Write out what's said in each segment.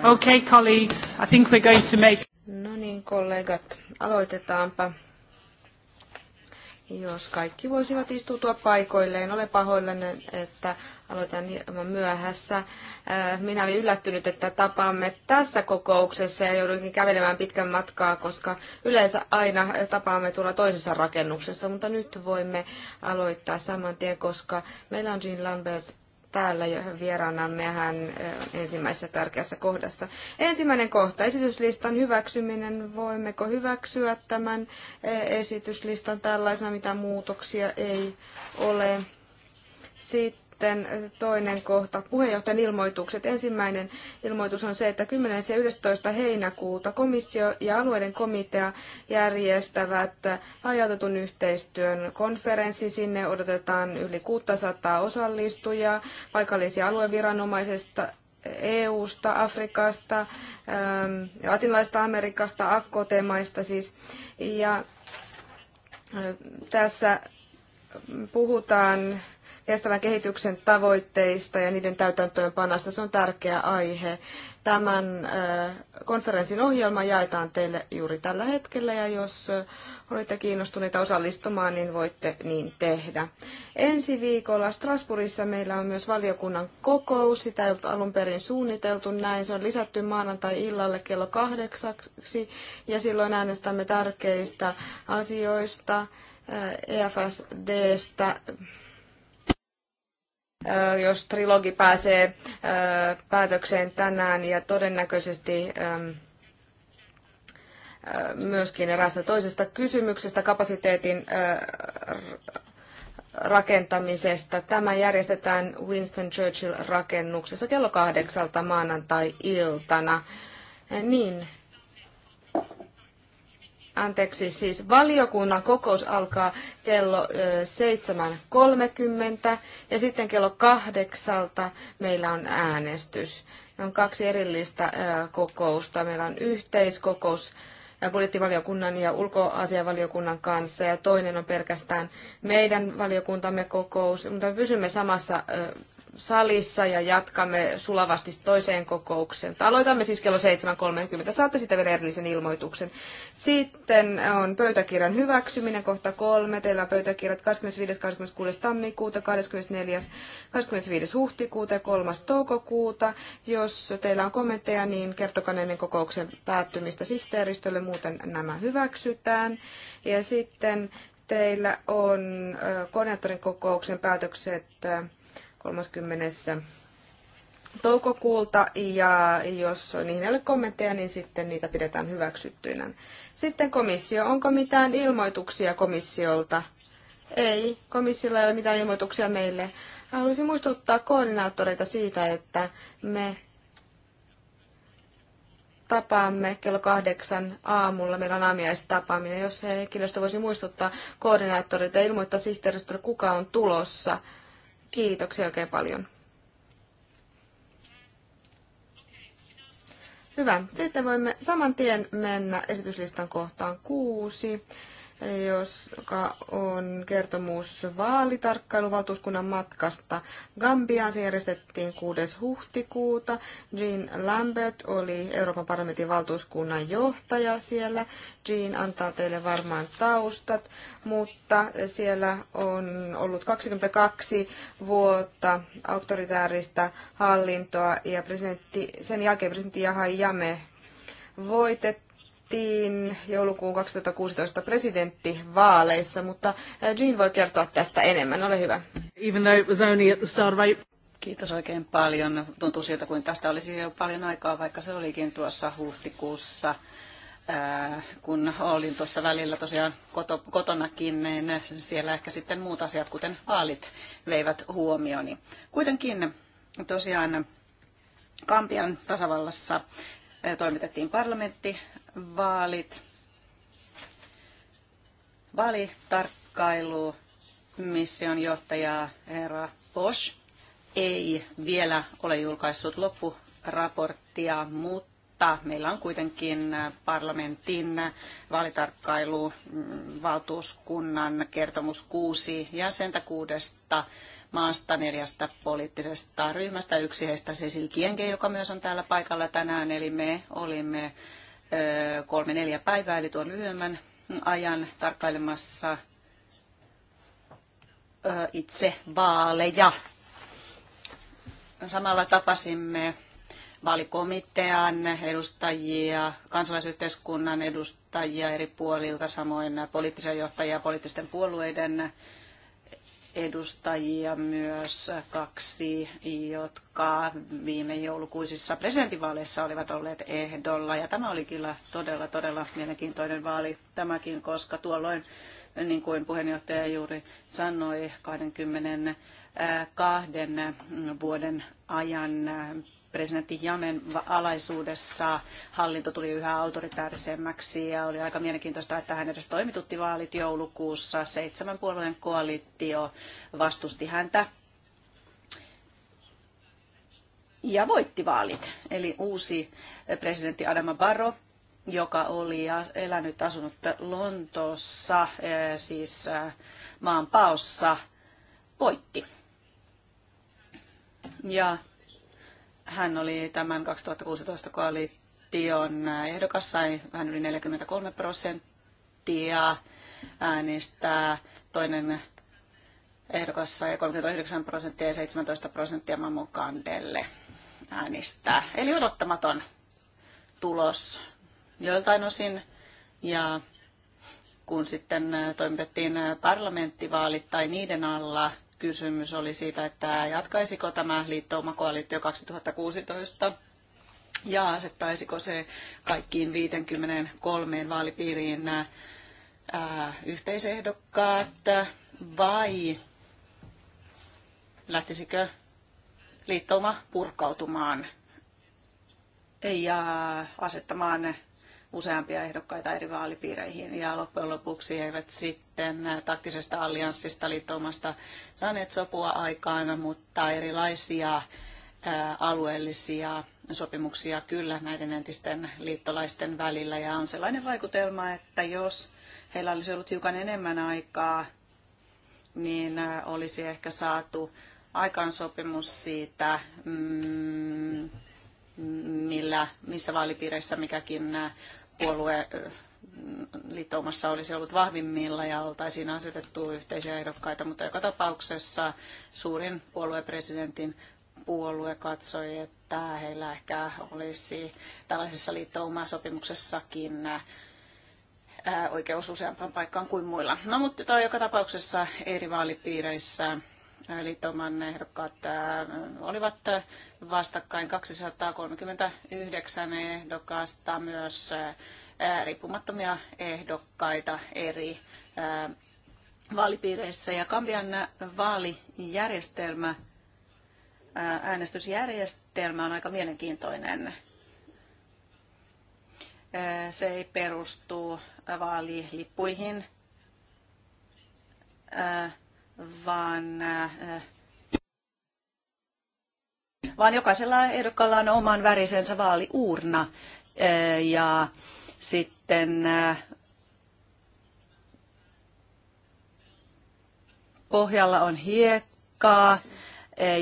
Okay, colleagues, I think we're going to make... No niin, kollegat, aloitetaanpa. Jos kaikki voisivat istutua paikoilleen, ole pahoillani, että aloitan hieman myöhässä. Äh, minä olin yllättynyt, että tapaamme tässä kokouksessa ja joudunkin kävelemään pitkän matkaa, koska yleensä aina tapaamme tuolla toisessa rakennuksessa, mutta nyt voimme aloittaa saman tien, koska meillä on Jean Lambert täällä vieraanamme hän ensimmäisessä tärkeässä kohdassa. Ensimmäinen kohta, esityslistan hyväksyminen. Voimmeko hyväksyä tämän esityslistan tällaisena, mitä muutoksia ei ole? Sitten sitten toinen kohta, puheenjohtajan ilmoitukset. Ensimmäinen ilmoitus on se, että 10. ja 11. heinäkuuta komissio ja alueiden komitea järjestävät hajautetun yhteistyön konferenssi. Sinne odotetaan yli 600 osallistujaa, paikallisia alueviranomaisista EU-sta, Afrikasta, ähm, latinalaista Amerikasta, AKT-maista siis. Ja äh, tässä puhutaan kestävän kehityksen tavoitteista ja niiden täytäntöönpanosta. Se on tärkeä aihe. Tämän äh, konferenssin ohjelma jaetaan teille juuri tällä hetkellä ja jos äh, olette kiinnostuneita osallistumaan, niin voitte niin tehdä. Ensi viikolla Strasbourgissa meillä on myös valiokunnan kokous. Sitä ei ollut alun perin suunniteltu näin. Se on lisätty maanantai-illalle kello kahdeksaksi ja silloin äänestämme tärkeistä asioista. Äh, EFSDstä, jos trilogi pääsee päätökseen tänään ja todennäköisesti myöskin erästä toisesta kysymyksestä, kapasiteetin rakentamisesta. Tämä järjestetään Winston Churchill-rakennuksessa kello kahdeksalta maanantai-iltana. Niin, anteeksi, siis valiokunnan kokous alkaa kello 7.30 ja sitten kello kahdeksalta meillä on äänestys. Ne on kaksi erillistä kokousta. Meillä on yhteiskokous budjettivaliokunnan ja ulkoasianvaliokunnan kanssa ja toinen on pelkästään meidän valiokuntamme kokous, mutta me pysymme samassa salissa ja jatkamme sulavasti toiseen kokoukseen. Aloitamme siis kello 7.30. Saatte sitten vielä erillisen ilmoituksen. Sitten on pöytäkirjan hyväksyminen kohta kolme. Teillä on pöytäkirjat 25. 26. tammikuuta, 24. 25. huhtikuuta ja 3. toukokuuta. Jos teillä on kommentteja, niin kertokaa ennen kokouksen päättymistä sihteeristölle, muuten nämä hyväksytään. Ja sitten teillä on koordinaattorin kokouksen päätökset 30. toukokuulta ja jos niihin ei ole kommentteja, niin sitten niitä pidetään hyväksyttyinä. Sitten komissio. Onko mitään ilmoituksia komissiolta? Ei, komissiolla ei ole mitään ilmoituksia meille. Haluaisin muistuttaa koordinaattoreita siitä, että me tapaamme kello kahdeksan aamulla. Meillä on aamiaistapaaminen. Jos henkilöstö voisi muistuttaa koordinaattoreita ja ilmoittaa sihteeristölle, kuka on tulossa – Kiitoksia oikein paljon. Hyvä. Sitten voimme saman tien mennä esityslistan kohtaan kuusi joka on kertomus vaalitarkkailuvaltuuskunnan matkasta Gambiaan. Se järjestettiin 6. huhtikuuta. Jean Lambert oli Euroopan parlamentin valtuuskunnan johtaja siellä. Jean antaa teille varmaan taustat, mutta siellä on ollut 22 vuotta autoritääristä hallintoa ja presidentti, sen jälkeen presidentti Jahai Jame voitettiin valittiin joulukuun 2016 presidenttivaaleissa, mutta äh, Jean voi kertoa tästä enemmän. Ole hyvä. Even though it was only at the start of April. Kiitos oikein paljon. Tuntuu siltä, kuin tästä olisi jo paljon aikaa, vaikka se olikin tuossa huhtikuussa. Ää, äh, kun olin tuossa välillä tosiaan koto, kotonakin, niin siellä ehkä sitten muut asiat, kuten vaalit, veivät huomioni. Kuitenkin tosiaan Kampian tasavallassa äh, toimitettiin parlamentti vaalit. Vaalitarkkailu mission johtaja herra Bosch ei vielä ole julkaissut loppuraporttia, mutta meillä on kuitenkin parlamentin valtuuskunnan kertomus kuusi jäsentä kuudesta maasta neljästä poliittisesta ryhmästä. Yksi heistä Cecil Kienke, joka myös on täällä paikalla tänään, eli me olimme kolme-neljä päivää, eli tuon lyhyemmän ajan tarkkailemassa itse vaaleja. Samalla tapasimme vaalikomitean edustajia, kansalaisyhteiskunnan edustajia eri puolilta, samoin poliittisia johtajia, poliittisten puolueiden edustajia myös kaksi, jotka viime joulukuisissa presidentinvaaleissa olivat olleet ehdolla. Ja tämä oli kyllä todella, todella mielenkiintoinen vaali tämäkin, koska tuolloin, niin kuin puheenjohtaja juuri sanoi, 22 vuoden ajan presidentti Jamen alaisuudessa hallinto tuli yhä autoritäärisemmäksi ja oli aika mielenkiintoista, että hän edes toimitutti vaalit joulukuussa. Seitsemän puolueen koalitio vastusti häntä ja voitti vaalit. Eli uusi presidentti Adama Barro, joka oli elänyt, asunut Lontoossa, eh, siis eh, maanpaossa, voitti. Ja hän oli tämän 2016 koalition ehdokas, sai vähän yli 43 prosenttia äänistä. Toinen ehdokas sai 39 prosenttia ja 17 prosenttia Mamu Kandelle äänistä. Eli odottamaton tulos joiltain osin. Ja kun sitten toimitettiin parlamenttivaalit tai niiden alla, kysymys oli siitä, että jatkaisiko tämä liittoumakoalitio 2016 ja asettaisiko se kaikkiin 53 vaalipiiriin nämä äh, yhteisehdokkaat vai lähtisikö liittouma purkautumaan ja asettamaan useampia ehdokkaita eri vaalipiireihin ja loppujen lopuksi eivät sitten taktisesta allianssista liittoumasta saaneet sopua aikaan, mutta erilaisia alueellisia sopimuksia kyllä näiden entisten liittolaisten välillä ja on sellainen vaikutelma, että jos heillä olisi ollut hiukan enemmän aikaa, niin olisi ehkä saatu aikaan sopimus siitä, mm, millä, missä vaalipiireissä mikäkin puolue liittoumassa olisi ollut vahvimmilla ja oltaisiin asetettu yhteisiä ehdokkaita, mutta joka tapauksessa suurin puoluepresidentin puolue katsoi, että heillä ehkä olisi tällaisessa liittoumasopimuksessakin oikeus useampaan paikkaan kuin muilla. No mutta tämä on joka tapauksessa eri vaalipiireissä liittoman ehdokkaat äh, olivat vastakkain 239 ehdokasta, myös äh, riippumattomia ehdokkaita eri äh, vaalipiireissä. Ja Kambian vaalijärjestelmä, äänestysjärjestelmä on aika mielenkiintoinen. Se ei perustu vaalilippuihin vaan äh, vaan jokaisella ehdokkaalla on oman värisensä vaaliuurna äh, ja sitten äh, pohjalla on hiekkaa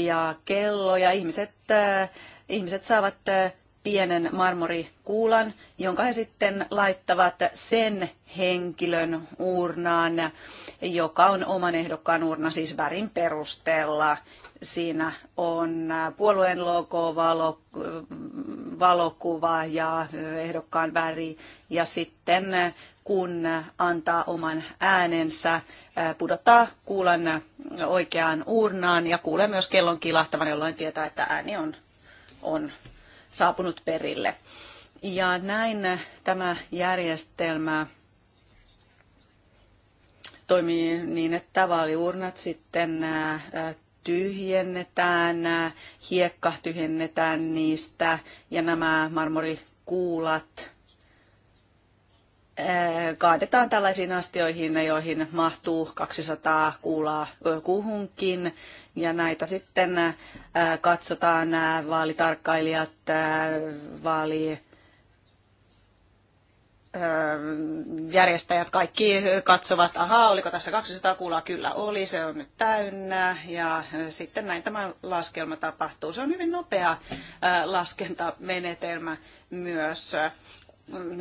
ja kello ja ihmiset, ihmiset saavat pienen marmorikuulan, jonka he sitten laittavat sen henkilön urnaan, joka on oman ehdokkaan urna siis värin perusteella. Siinä on puolueen logo, valo, valokuva ja ehdokkaan väri. Ja sitten kun antaa oman äänensä, pudottaa kuulan oikeaan urnaan ja kuulee myös kellon kilahtavan, jolloin tietää, että ääni on, on saapunut perille. Ja näin tämä järjestelmä toimii niin, että vaaliurnat sitten tyhjennetään, hiekka tyhjennetään niistä ja nämä marmorikuulat Äh, kaadetaan tällaisiin astioihin, joihin mahtuu 200 kuulaa kuhunkin. Ja näitä sitten äh, katsotaan äh, vaalitarkkailijat, vaali järjestäjät kaikki katsovat, ahaa, oliko tässä 200 kuulaa? Kyllä oli, se on nyt täynnä. Ja sitten näin tämä laskelma tapahtuu. Se on hyvin nopea laskentamenetelmä myös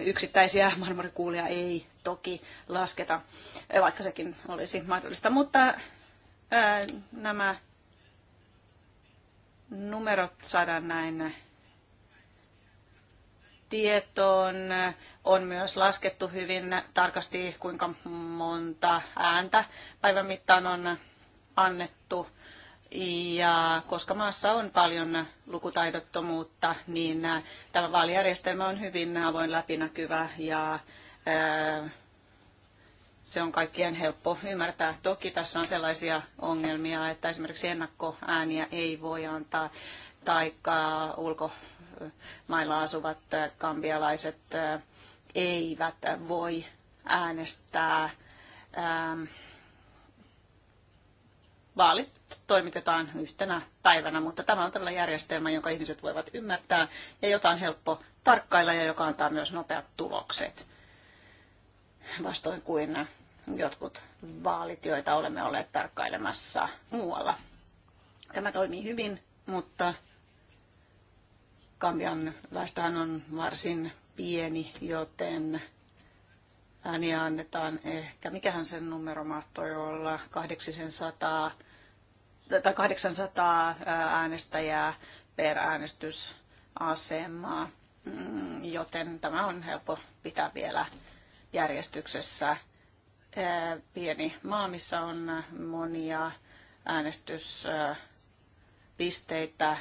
yksittäisiä marmorikuulia ei toki lasketa, vaikka sekin olisi mahdollista. Mutta ää, nämä numerot saadaan näin tietoon. On myös laskettu hyvin tarkasti, kuinka monta ääntä päivän mittaan on annettu ja koska maassa on paljon lukutaidottomuutta, niin äh, tämä vaalijärjestelmä on hyvin avoin läpinäkyvä ja äh, se on kaikkien helppo ymmärtää. Toki tässä on sellaisia ongelmia, että esimerkiksi ennakkoääniä ei voi antaa, taikka ulkomailla asuvat äh, kambialaiset eivät voi äänestää ähm, vaalit toimitetaan yhtenä päivänä, mutta tämä on tällainen järjestelmä, jonka ihmiset voivat ymmärtää ja jota on helppo tarkkailla ja joka antaa myös nopeat tulokset. Vastoin kuin jotkut vaalit, joita olemme olleet tarkkailemassa muualla. Tämä toimii hyvin, mutta Kambian väestöhän on varsin pieni, joten ääniä annetaan ehkä, mikähän sen numero mahtoi olla, 800 tai 800 äänestäjää per äänestysasemaa, mm, joten tämä on helppo pitää vielä järjestyksessä. Pieni maa, missä on monia äänestyspisteitä.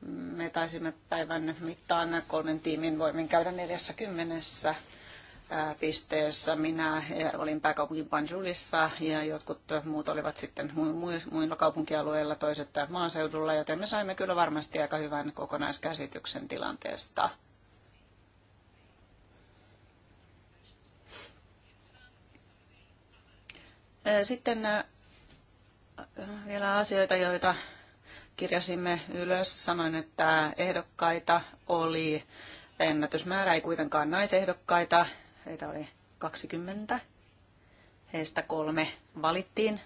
Mm, me taisimme päivän mittaan kolmen tiimin voimin käydä 40 pisteessä. Minä eh, olin pääkaupunki Banjulissa ja jotkut muut olivat sitten muilla kaupunkialueilla, toiset maaseudulla, joten me saimme kyllä varmasti aika hyvän kokonaiskäsityksen tilanteesta. Eh, sitten eh, vielä asioita, joita kirjasimme ylös. Sanoin, että ehdokkaita oli ennätysmäärä, ei kuitenkaan naisehdokkaita heitä oli 20. Heistä kolme valittiin,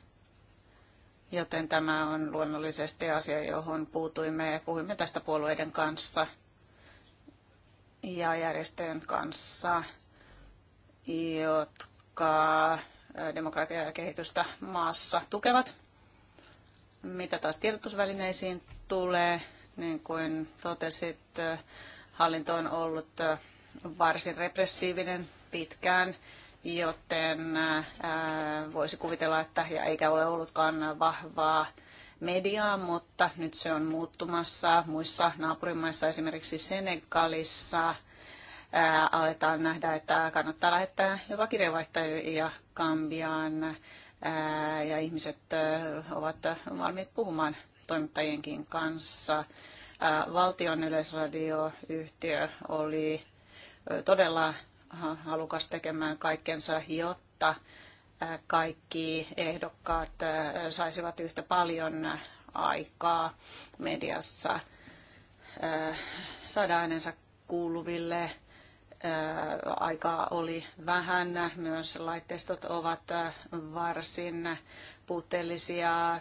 joten tämä on luonnollisesti asia, johon puutuimme ja puhuimme tästä puolueiden kanssa ja järjestöjen kanssa, jotka demokratiaa ja kehitystä maassa tukevat. Mitä taas tiedotusvälineisiin tulee, niin kuin totesit, hallinto on ollut varsin repressiivinen pitkään, joten voisi kuvitella, että ja eikä ole ollutkaan vahvaa mediaa, mutta nyt se on muuttumassa. Muissa naapurimaissa, esimerkiksi Senegalissa, ää, aletaan nähdä, että kannattaa lähettää jopa kirjeenvaihtajia Kambiaan ää, ja ihmiset ää, ovat valmiit puhumaan toimittajienkin kanssa. Ää, valtion yleisradioyhtiö oli todella halukas tekemään kaikkensa, jotta kaikki ehdokkaat saisivat yhtä paljon aikaa mediassa saada äänensä kuuluville. Aikaa oli vähän, myös laitteistot ovat varsin puutteellisia,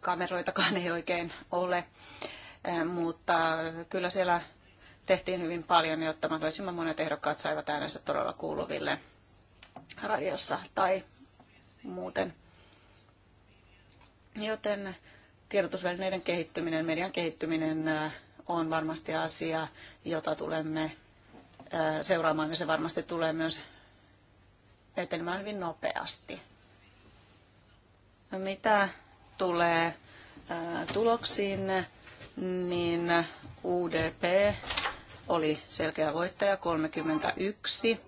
kameroitakaan ei oikein ole, mutta kyllä siellä tehtiin hyvin paljon, jotta mahdollisimman monet ehdokkaat saivat äänensä todella kuuluville radiossa tai muuten. Joten tiedotusvälineiden kehittyminen, median kehittyminen äh, on varmasti asia, jota tulemme äh, seuraamaan ja se varmasti tulee myös etenemään hyvin nopeasti. Mitä tulee äh, tuloksiin, niin UDP oli selkeä voittaja 31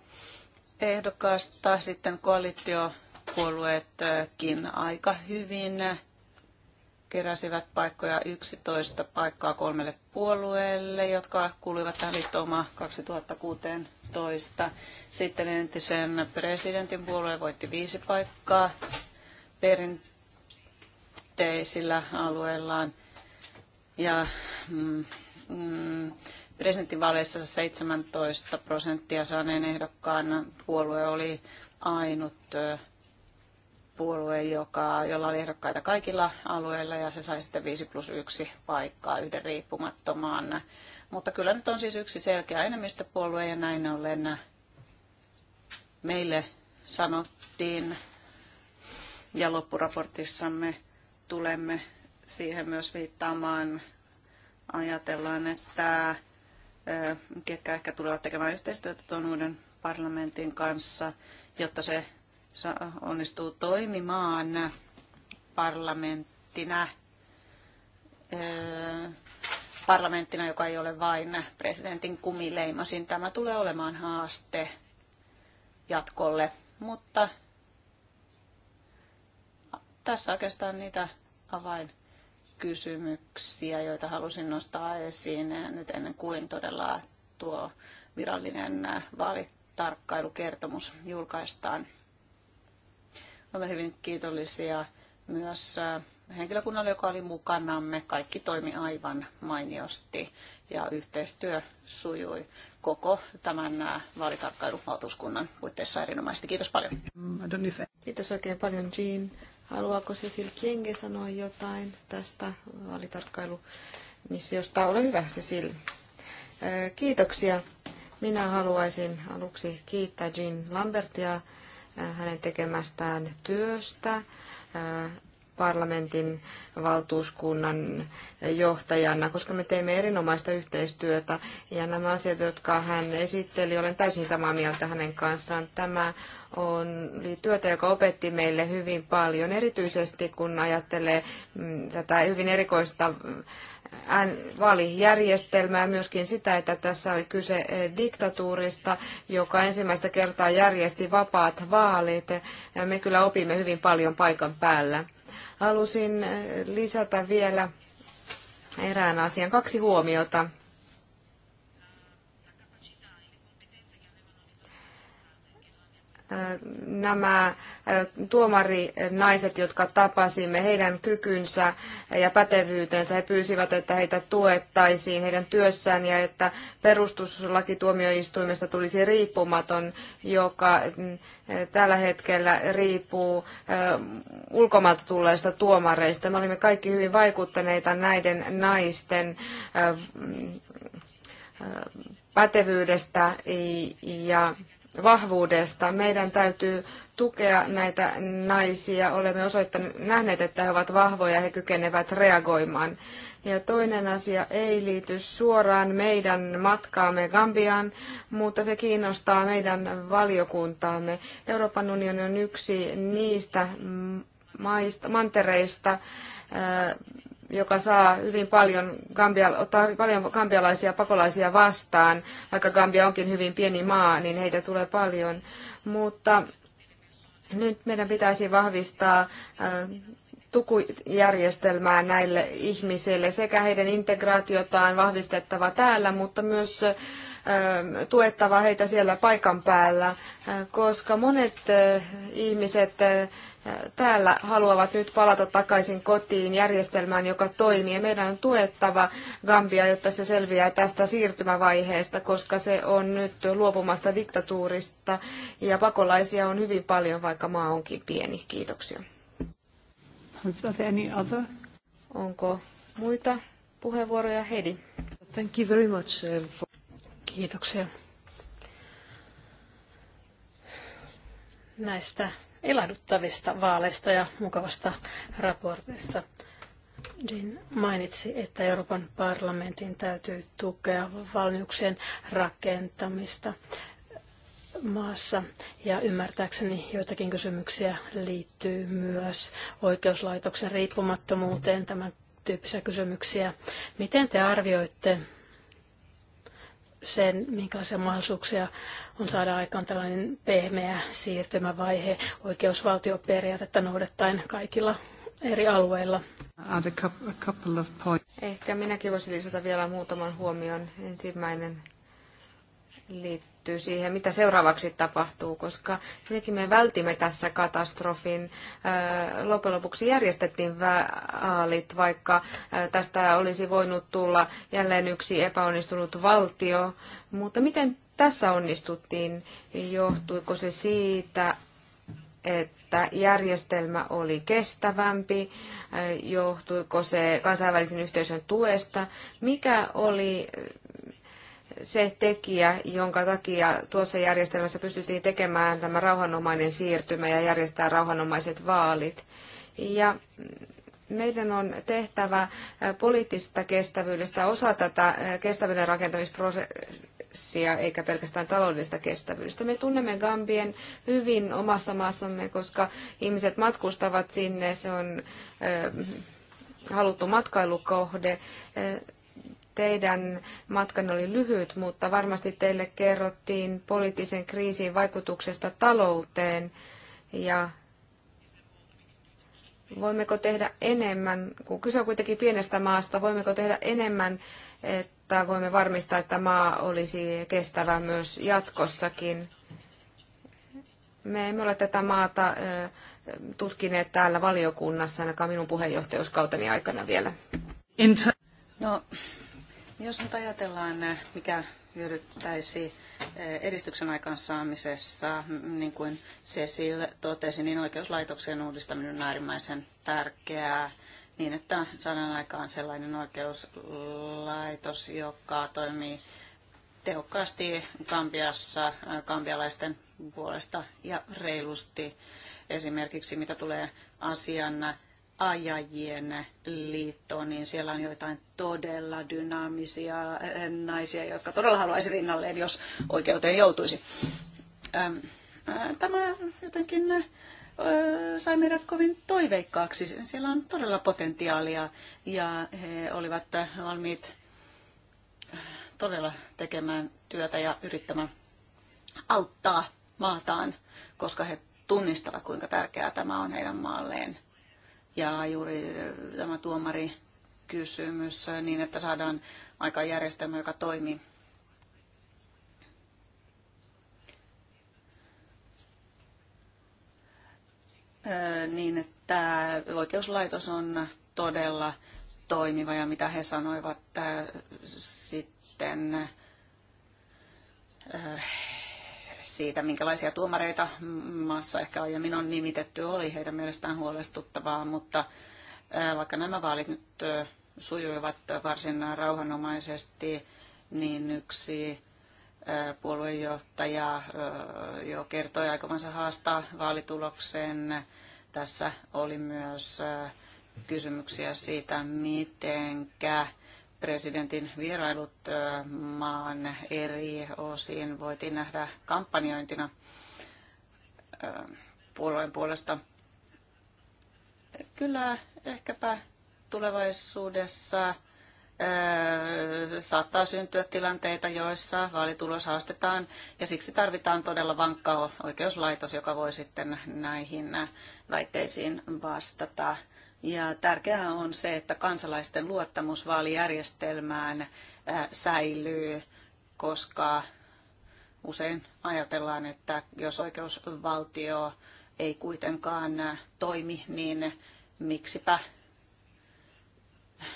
ehdokasta. Sitten koalitiopuolueetkin aika hyvin keräsivät paikkoja 11 paikkaa kolmelle puolueelle, jotka kuuluivat tähän liittoumaan 2016. Sitten entisen presidentin puolue voitti viisi paikkaa perinteisillä alueillaan. Ja mm, mm, presidentinvaaleissa 17 prosenttia saaneen ehdokkaan puolue oli ainut puolue, joka, jolla oli ehdokkaita kaikilla alueilla ja se sai sitten 5 plus 1 paikkaa yhden riippumattomaan. Mutta kyllä nyt on siis yksi selkeä enemmistöpuolue ja näin ollen meille sanottiin ja loppuraportissamme tulemme siihen myös viittaamaan. Ajatellaan, että ketkä ehkä tulevat tekemään yhteistyötä tuon uuden parlamentin kanssa, jotta se onnistuu toimimaan parlamenttina, parlamenttina, joka ei ole vain presidentin kumileimasin. Tämä tulee olemaan haaste jatkolle, mutta tässä oikeastaan niitä avain kysymyksiä, joita halusin nostaa esiin nyt ennen kuin todella tuo virallinen vaalitarkkailukertomus julkaistaan. Olemme hyvin kiitollisia myös henkilökunnalle, joka oli mukanamme. Kaikki toimi aivan mainiosti ja yhteistyö sujui koko tämän vaalitarkkailuvaltuuskunnan puitteissa erinomaisesti. Kiitos paljon. Kiitos oikein paljon Jean. Haluaako Cecil Kienge sanoa jotain tästä vaalitarkkailumissiosta? Ole hyvä, Cecil. Kiitoksia. Minä haluaisin aluksi kiittää Jean Lambertia hänen tekemästään työstä parlamentin valtuuskunnan johtajana, koska me teimme erinomaista yhteistyötä ja nämä asiat, jotka hän esitteli, olen täysin samaa mieltä hänen kanssaan. Tämä on työtä, joka opetti meille hyvin paljon, erityisesti kun ajattelee mm, tätä hyvin erikoista vaalijärjestelmää, myöskin sitä, että tässä oli kyse eh, diktatuurista, joka ensimmäistä kertaa järjesti vapaat vaalit. Me kyllä opimme hyvin paljon paikan päällä. Halusin eh, lisätä vielä erään asian kaksi huomiota. nämä tuomarinaiset, jotka tapasimme, heidän kykynsä ja pätevyytensä, he pyysivät, että heitä tuettaisiin heidän työssään ja että perustuslakituomioistuimesta tulisi riippumaton, joka mm, tällä hetkellä riippuu ulkomailta tulleista tuomareista. Me olimme kaikki hyvin vaikuttaneita näiden naisten mm, pätevyydestä ja vahvuudesta. Meidän täytyy tukea näitä naisia. Olemme osoittaneet, nähneet, että he ovat vahvoja ja he kykenevät reagoimaan. Ja toinen asia ei liity suoraan meidän matkaamme Gambiaan, mutta se kiinnostaa meidän valiokuntaamme. Euroopan unioni on yksi niistä maista, mantereista, joka saa hyvin paljon, Gambia, ottaa paljon gambialaisia pakolaisia vastaan, vaikka Gambia onkin hyvin pieni maa, niin heitä tulee paljon. Mutta nyt meidän pitäisi vahvistaa äh, tukujärjestelmää näille ihmisille sekä heidän integraatiotaan vahvistettava täällä, mutta myös Ähm, tuettava heitä siellä paikan päällä, äh, koska monet äh, ihmiset äh, täällä haluavat nyt palata takaisin kotiin järjestelmään, joka toimii. Meidän on tuettava Gambia, jotta se selviää tästä siirtymävaiheesta, koska se on nyt luopumasta diktatuurista ja pakolaisia on hyvin paljon, vaikka maa onkin pieni. Kiitoksia. Onko muita puheenvuoroja? Heidi. Thank you very much uh, for... Kiitoksia näistä ilahduttavista vaaleista ja mukavasta raportista. Jean mainitsi, että Euroopan parlamentin täytyy tukea valmiuksien rakentamista maassa. Ja ymmärtääkseni joitakin kysymyksiä liittyy myös oikeuslaitoksen riippumattomuuteen, tämän tyyppisiä kysymyksiä. Miten te arvioitte sen, minkälaisia mahdollisuuksia on saada aikaan tällainen pehmeä siirtymävaihe oikeusvaltioperiaatetta noudattaen kaikilla eri alueilla. Ehkä minäkin voisin lisätä vielä muutaman huomion. Ensimmäinen liittyy liittyy siihen, mitä seuraavaksi tapahtuu, koska tietenkin me vältimme tässä katastrofin. Loppujen lopuksi järjestettiin vaalit, vaikka tästä olisi voinut tulla jälleen yksi epäonnistunut valtio. Mutta miten tässä onnistuttiin? Johtuiko se siitä, että järjestelmä oli kestävämpi? Johtuiko se kansainvälisen yhteisön tuesta? Mikä oli se tekijä, jonka takia tuossa järjestelmässä pystyttiin tekemään tämä rauhanomainen siirtymä ja järjestää rauhanomaiset vaalit. Ja meidän on tehtävä äh, poliittisesta kestävyydestä osa tätä äh, kestävyyden rakentamisprosessia eikä pelkästään taloudellista kestävyydestä. Me tunnemme Gambien hyvin omassa maassamme, koska ihmiset matkustavat sinne, se on äh, haluttu matkailukohde. Teidän matkan oli lyhyt, mutta varmasti teille kerrottiin poliittisen kriisin vaikutuksesta talouteen ja voimmeko tehdä enemmän, kun kyse on kuitenkin pienestä maasta, voimmeko tehdä enemmän, että voimme varmistaa, että maa olisi kestävä myös jatkossakin. Me emme ole tätä maata tutkineet täällä valiokunnassa, ainakaan minun puheenjohtajuuskauteni aikana vielä. No, jos nyt ajatellaan, eh, mikä hyödyttäisi eh, edistyksen aikaansaamisessa, mm, niin kuin Cecil totesi, niin oikeuslaitoksen uudistaminen on äärimmäisen tärkeää niin, että saadaan aikaan sellainen oikeuslaitos, joka toimii tehokkaasti Kambiassa kambialaisten eh, puolesta ja reilusti. Esimerkiksi mitä tulee asian ajajien liittoon, niin siellä on joitain todella dynaamisia eh, naisia, jotka todella haluaisi rinnalleen, jos oikeuteen joutuisi. Tämä jotenkin sai meidät kovin toiveikkaaksi. Siellä on todella potentiaalia ja he olivat valmiit todella tekemään työtä ja yrittämään auttaa maataan, koska he tunnistavat, kuinka tärkeää tämä on heidän maalleen ja juuri tämä tuomari kysymys niin, että saadaan aikaan järjestelmä, joka toimii. Niin, että oikeuslaitos on todella toimiva ja mitä he sanoivat sitten siitä, minkälaisia tuomareita maassa ehkä aiemmin on nimitetty, oli heidän mielestään huolestuttavaa, mutta vaikka nämä vaalit nyt sujuivat varsin rauhanomaisesti, niin yksi puoluejohtaja jo kertoi aikovansa haastaa vaalituloksen. Tässä oli myös kysymyksiä siitä, mitenkä presidentin vierailut maan eri osiin voitiin nähdä kampanjointina puolueen puolesta. Kyllä ehkäpä tulevaisuudessa saattaa syntyä tilanteita, joissa vaalitulos haastetaan ja siksi tarvitaan todella vankka oikeuslaitos, joka voi sitten näihin väitteisiin vastata. Ja tärkeää on se, että kansalaisten luottamus vaalijärjestelmään äh, säilyy, koska usein ajatellaan, että jos oikeusvaltio ei kuitenkaan äh, toimi, niin miksipä,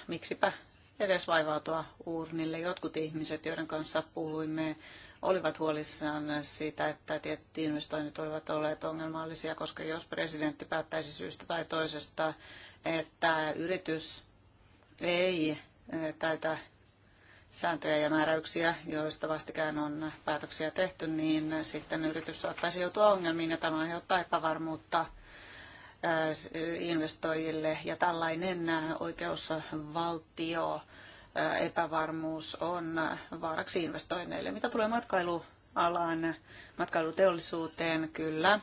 miksipä edes vaivautua uurnille. Jotkut ihmiset, joiden kanssa puhuimme, olivat huolissaan siitä, että tietyt investoinnit olivat olleet ongelmallisia, koska jos presidentti päättäisi syystä tai toisesta että yritys ei eh, täytä sääntöjä ja määräyksiä, joista vastikään on päätöksiä tehty, niin sitten yritys saattaisi joutua ongelmiin ja tämä aiheuttaa epävarmuutta eh, investoijille. Ja tällainen oikeusvaltio eh, epävarmuus on vaaraksi investoinneille. Mitä tulee matkailualaan, matkailuteollisuuteen, kyllä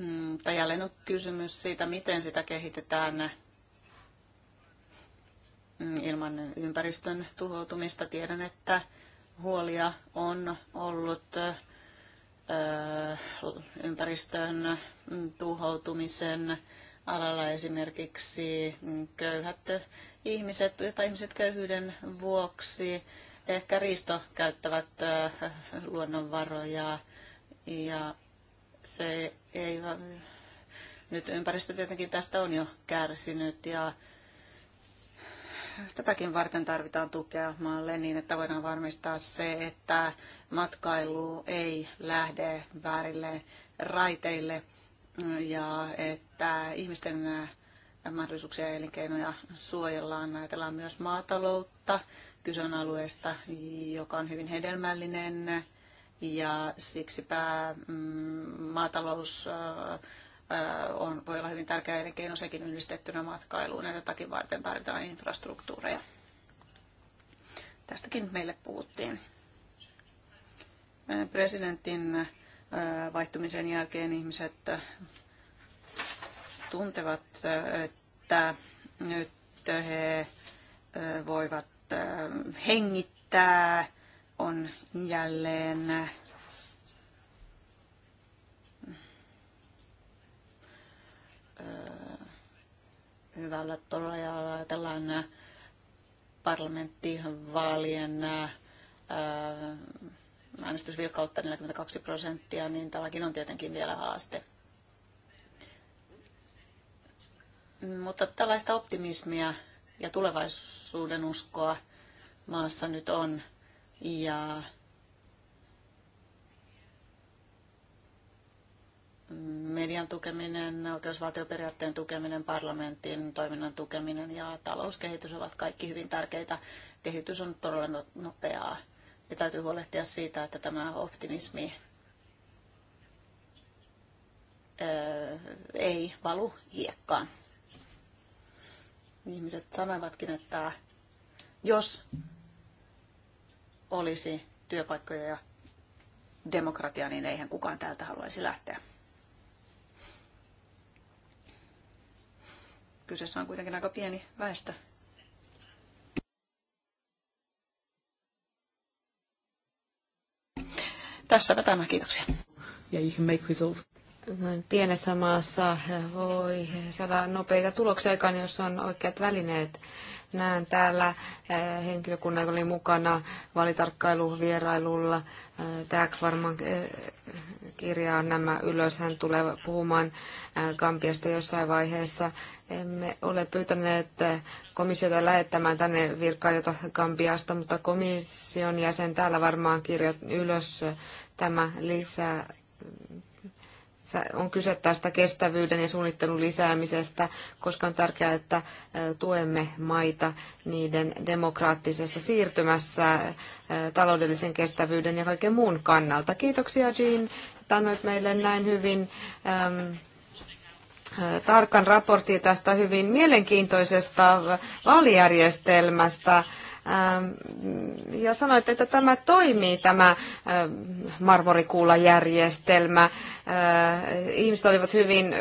mutta mm, jälleen on kysymys siitä, miten sitä kehitetään mm, ilman ympäristön tuhoutumista. Tiedän, että huolia on ollut ympäristön tuhoutumisen alalla esimerkiksi köyhät ihmiset tai ihmiset köyhyyden vuoksi ehkä riisto käyttävät luonnonvaroja ja se ei vaan... Nyt ympäristö tietenkin tästä on jo kärsinyt ja tätäkin varten tarvitaan tukea maalle niin, että voidaan varmistaa se, että matkailu ei lähde väärille raiteille ja että ihmisten äh, mahdollisuuksia ja elinkeinoja suojellaan. Ajatellaan myös maataloutta. Kyse on alueesta, joka on hyvin hedelmällinen ja siksipä mm, maatalous on, voi olla hyvin tärkeä elinkeino sekin yhdistettynä matkailuun ja jotakin varten tarvitaan infrastruktuureja. Tästäkin meille puhuttiin. Presidentin vaihtumisen jälkeen ihmiset tuntevat, että nyt he voivat hengittää on jälleen hyvällä tuolla ja ajatellaan parlamenttivaalien äänestysvilkautta 42 prosenttia, niin tämäkin on tietenkin vielä haaste. Mutta tällaista optimismia ja tulevaisuuden uskoa maassa nyt on. Ja median tukeminen, oikeusvaltioperiaatteen tukeminen, parlamentin toiminnan tukeminen ja talouskehitys ovat kaikki hyvin tärkeitä. Kehitys on todella no- nopeaa ja täytyy huolehtia siitä, että tämä optimismi ei valu hiekkaan. Ihmiset sanoivatkin, että jos olisi työpaikkoja ja demokratia niin eihän kukaan täältä haluaisi lähteä. Kyseessä on kuitenkin aika pieni väestö. Tässäpä tämä, kiitoksia. Yeah, you can make results. Noin pienessä maassa voi saada nopeita tuloksia aikaan, jos on oikeat välineet. Näen täällä eh, henkilökunnan, joka oli mukana valitarkkailuvierailulla. Tääk eh, varmaan eh, kirjaa nämä ylös. Hän tulee puhumaan Gambiasta jossain vaiheessa. Emme ole pyytäneet komissiota lähettämään tänne virkailijoita Gambiasta, mutta komission jäsen täällä varmaan kirjat ylös tämä lisää on kyse tästä kestävyyden ja suunnittelun lisäämisestä, koska on tärkeää, että tuemme maita niiden demokraattisessa siirtymässä taloudellisen kestävyyden ja kaiken muun kannalta. Kiitoksia Jean, että annoit meille näin hyvin äm, tarkan raportin tästä hyvin mielenkiintoisesta vaalijärjestelmästä Ähm, ja sanoitte, että tämä toimii, tämä äh, marmorikuulajärjestelmä. Äh, ihmiset olivat hyvin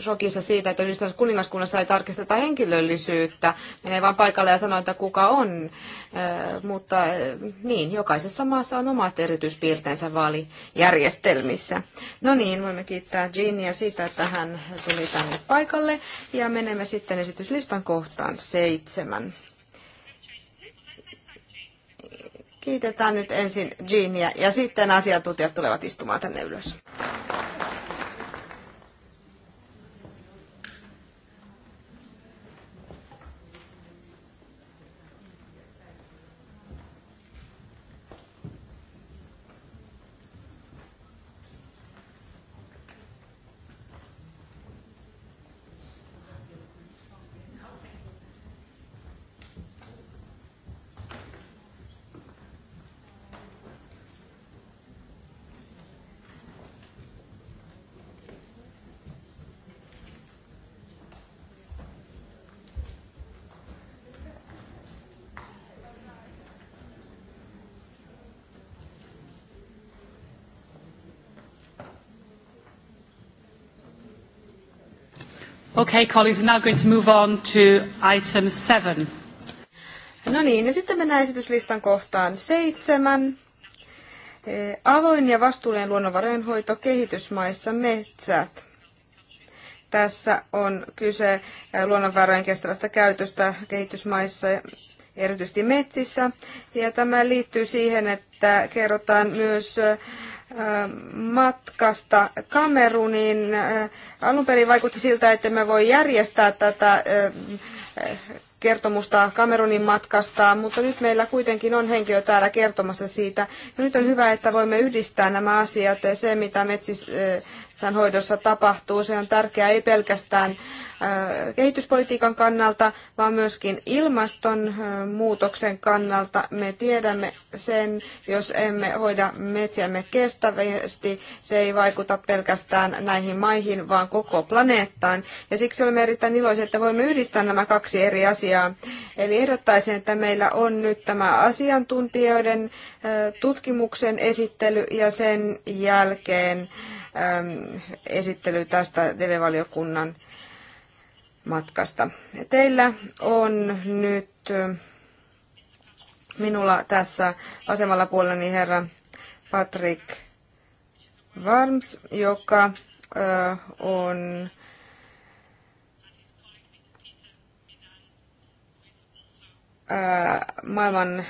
shokissa siitä, että yhdistyvässä kuningaskunnassa ei tarkisteta henkilöllisyyttä. Menee vain paikalle ja sanoo, että kuka on. Äh, mutta niin, jokaisessa maassa on omat erityispiirteensä vaalijärjestelmissä. No niin, voimme kiittää Jeania siitä, että hän tuli tänne paikalle. Ja menemme sitten esityslistan kohtaan seitsemän. Kiitetään nyt ensin Jeania ja sitten asiantuntijat tulevat istumaan tänne ylös. Okay, colleagues, we're now going to move on to item seven. No niin, ja sitten mennään esityslistan kohtaan seitsemän. Eh, avoin ja vastuullinen luonnonvarojen hoito kehitysmaissa metsät. Tässä on kyse eh, luonnonvarojen kestävästä käytöstä kehitysmaissa erityisesti metsissä. Ja tämä liittyy siihen, että kerrotaan myös eh, matkasta Kameruniin. Alun perin vaikutti siltä, että me voi järjestää tätä kertomusta Kamerunin matkasta, mutta nyt meillä kuitenkin on henkilö täällä kertomassa siitä. Ja nyt on hyvä, että voimme yhdistää nämä asiat, se mitä metsis, sen hoidossa tapahtuu. Se on tärkeää ei pelkästään kehityspolitiikan kannalta, vaan myöskin ilmastonmuutoksen kannalta. Me tiedämme sen, jos emme hoida metsiämme kestävästi, se ei vaikuta pelkästään näihin maihin, vaan koko planeettaan. Ja siksi olemme erittäin iloisia, että voimme yhdistää nämä kaksi eri asiaa. Eli ehdottaisin, että meillä on nyt tämä asiantuntijoiden tutkimuksen esittely ja sen jälkeen Ähm, esittely tästä TV-valiokunnan matkasta. Teillä on nyt äh, minulla tässä vasemmalla puolellani herra Patrick Varms, joka äh, on äh, maailman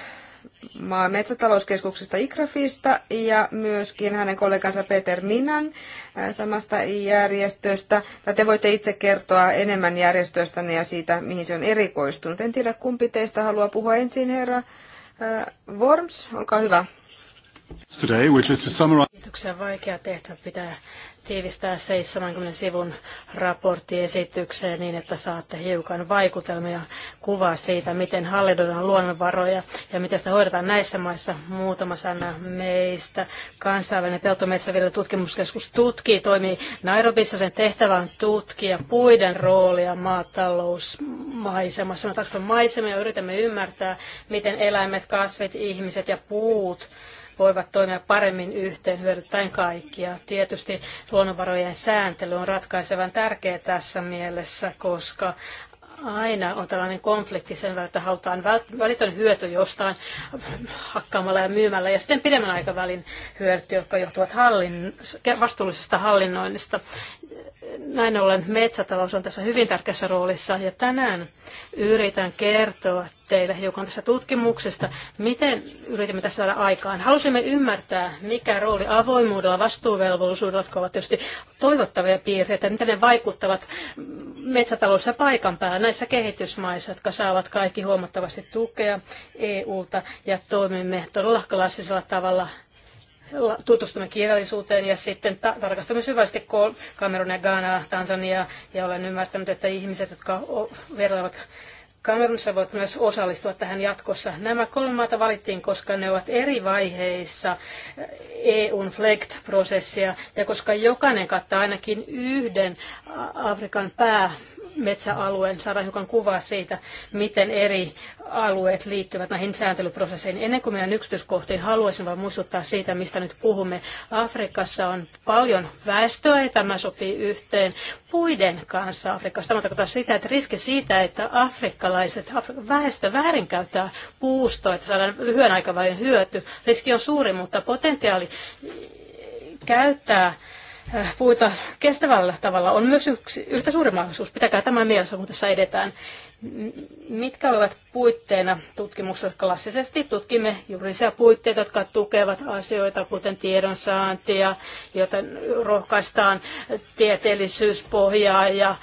maa- metsätalouskeskuksesta ICRAFista ja myöskin hänen kollegansa Peter Minan samasta järjestöstä. Tai te voitte itse kertoa enemmän järjestöstänne ja siitä, mihin se on erikoistunut. En tiedä, kumpi teistä haluaa puhua ensin, herra Worms, olkaa hyvä. Kiitoksia. Vaikea tehtävä pitää tiivistää 70 sivun raporttiesitykseen niin, että saatte hiukan vaikutelmia kuvaa siitä, miten hallinnoidaan luonnonvaroja ja miten sitä hoidetaan näissä maissa. Muutama sana meistä. Kansainvälinen peltometsäviljelyn tutkimuskeskus tutkii, toimii Nairobissa. Sen tehtävä on tutkia puiden roolia maatalousmaisemassa. Sanotaanko maisemia ja yritämme ymmärtää, miten eläimet, kasvit, ihmiset ja puut – voivat toimia paremmin yhteen hyödyttäen kaikkia. Tietysti luonnonvarojen sääntely on ratkaisevan tärkeä tässä mielessä, koska aina on tällainen konflikti sen välillä, että halutaan välitön hyöty jostain hakkaamalla ja myymällä ja sitten pidemmän aikavälin hyödyt, jotka johtuvat hallin, vastuullisesta hallinnoinnista näin ollen metsätalous on tässä hyvin tärkeässä roolissa ja tänään yritän kertoa teille hiukan tästä tutkimuksesta, miten yritimme tässä saada aikaan. Halusimme ymmärtää, mikä rooli avoimuudella, vastuuvelvollisuudella, jotka ovat tietysti toivottavia piirteitä, miten ne vaikuttavat ja paikan päällä näissä kehitysmaissa, jotka saavat kaikki huomattavasti tukea EUlta ja toimimme todella klassisella tavalla tutustumme kirjallisuuteen ja sitten ta- tarkastamme syvällisesti Kamerun ja Ghanaa, Tansania ja olen ymmärtänyt, että ihmiset, jotka vertaavat Kamerunissa voivat myös osallistua tähän jatkossa. Nämä kolme maata valittiin, koska ne ovat eri vaiheissa EUn eh, e FLECT-prosessia ja koska jokainen kattaa ainakin yhden Afrikan päämetsäalueen saadaan hiukan kuvaa siitä, miten eri alueet liittyvät näihin sääntelyprosesseihin. Ennen kuin mennään yksityiskohtiin, haluaisin vain muistuttaa siitä, mistä nyt puhumme. Afrikassa on paljon väestöä ja tämä sopii yhteen puiden kanssa Afrikassa. Tämä tarkoittaa sitä, että riski siitä, että afrikkalaiset väestö väärinkäyttää puustoa, että saadaan lyhyen aikavälin hyöty. Riski on suuri, mutta potentiaali käyttää äh, puita kestävällä tavalla on myös yksi, yhtä suuri mahdollisuus. Pitäkää tämä mielessä, kun tässä edetään. Mitkä olivat puitteina tutkimuksessa? Klassisesti tutkimme juridisia puitteita, jotka tukevat asioita, kuten tiedonsaantia, jota rohkaistaan tieteellisyyspohjaa ja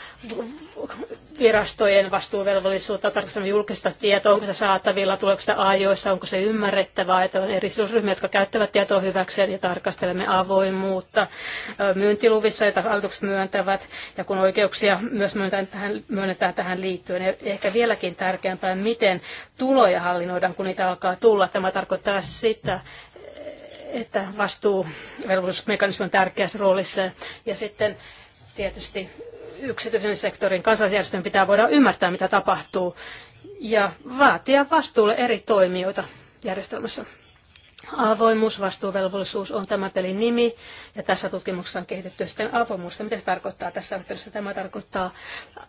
virastojen vastuuvelvollisuutta, tarkastamme julkista tietoa, onko se saatavilla, tuleeko sitä ajoissa, onko se ymmärrettävää, että on eri sidosryhmiä, jotka käyttävät tietoa hyväkseen ja tarkastelemme avoimuutta myyntiluvissa, joita hallitukset myöntävät ja kun oikeuksia myös myönnetään tähän, myönnetään tähän liittyen. Ja ehkä vieläkin tärkeämpää, miten tuloja hallinnoidaan, kun niitä alkaa tulla. Tämä tarkoittaa sitä, että vastuuvelvollisuusmekanismi on tärkeässä roolissa ja sitten tietysti yksityisen sektorin kansalaisjärjestön pitää voida ymmärtää, mitä tapahtuu, ja vaatia vastuulle eri toimijoita järjestelmässä. Avoimuusvastuuvelvollisuus on tämä pelin nimi, ja tässä tutkimuksessa on kehitetty sitten avoimuutta. Mitä se tarkoittaa tässä yhteydessä? Tämä tarkoittaa äh,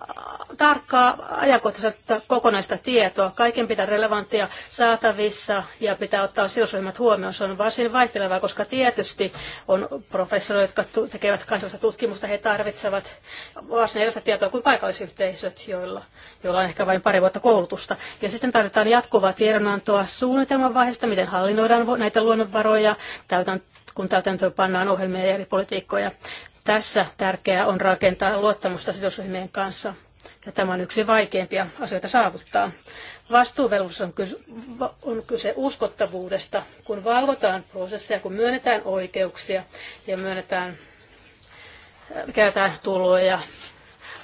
tarkkaa ajankohtaista kokonaista tietoa. Kaiken pitää relevanttia saatavissa ja pitää ottaa sidosryhmät huomioon. Se on varsin vaihtelevaa, koska tietysti on professoreita, jotka tekevät kansallista tutkimusta. He tarvitsevat varsin erilaista tietoa kuin paikallisyhteisöt, joilla, joilla on ehkä vain pari vuotta koulutusta. Ja sitten tarvitaan jatkuvaa tiedonantoa suunnitelman vaiheesta, miten hallinnoidaan näitä näitä luonnonvaroja, kun täytäntöön pannaan ohjelmia ja eri politiikkoja. Tässä tärkeää on rakentaa luottamusta sidosryhmien kanssa. Ja tämä on yksi vaikeimpia asioita saavuttaa. Vastuuvelvollisuus on kyse, on kyse uskottavuudesta, kun valvotaan prosesseja, kun myönnetään oikeuksia ja myönnetään äh, kerätään tuloja,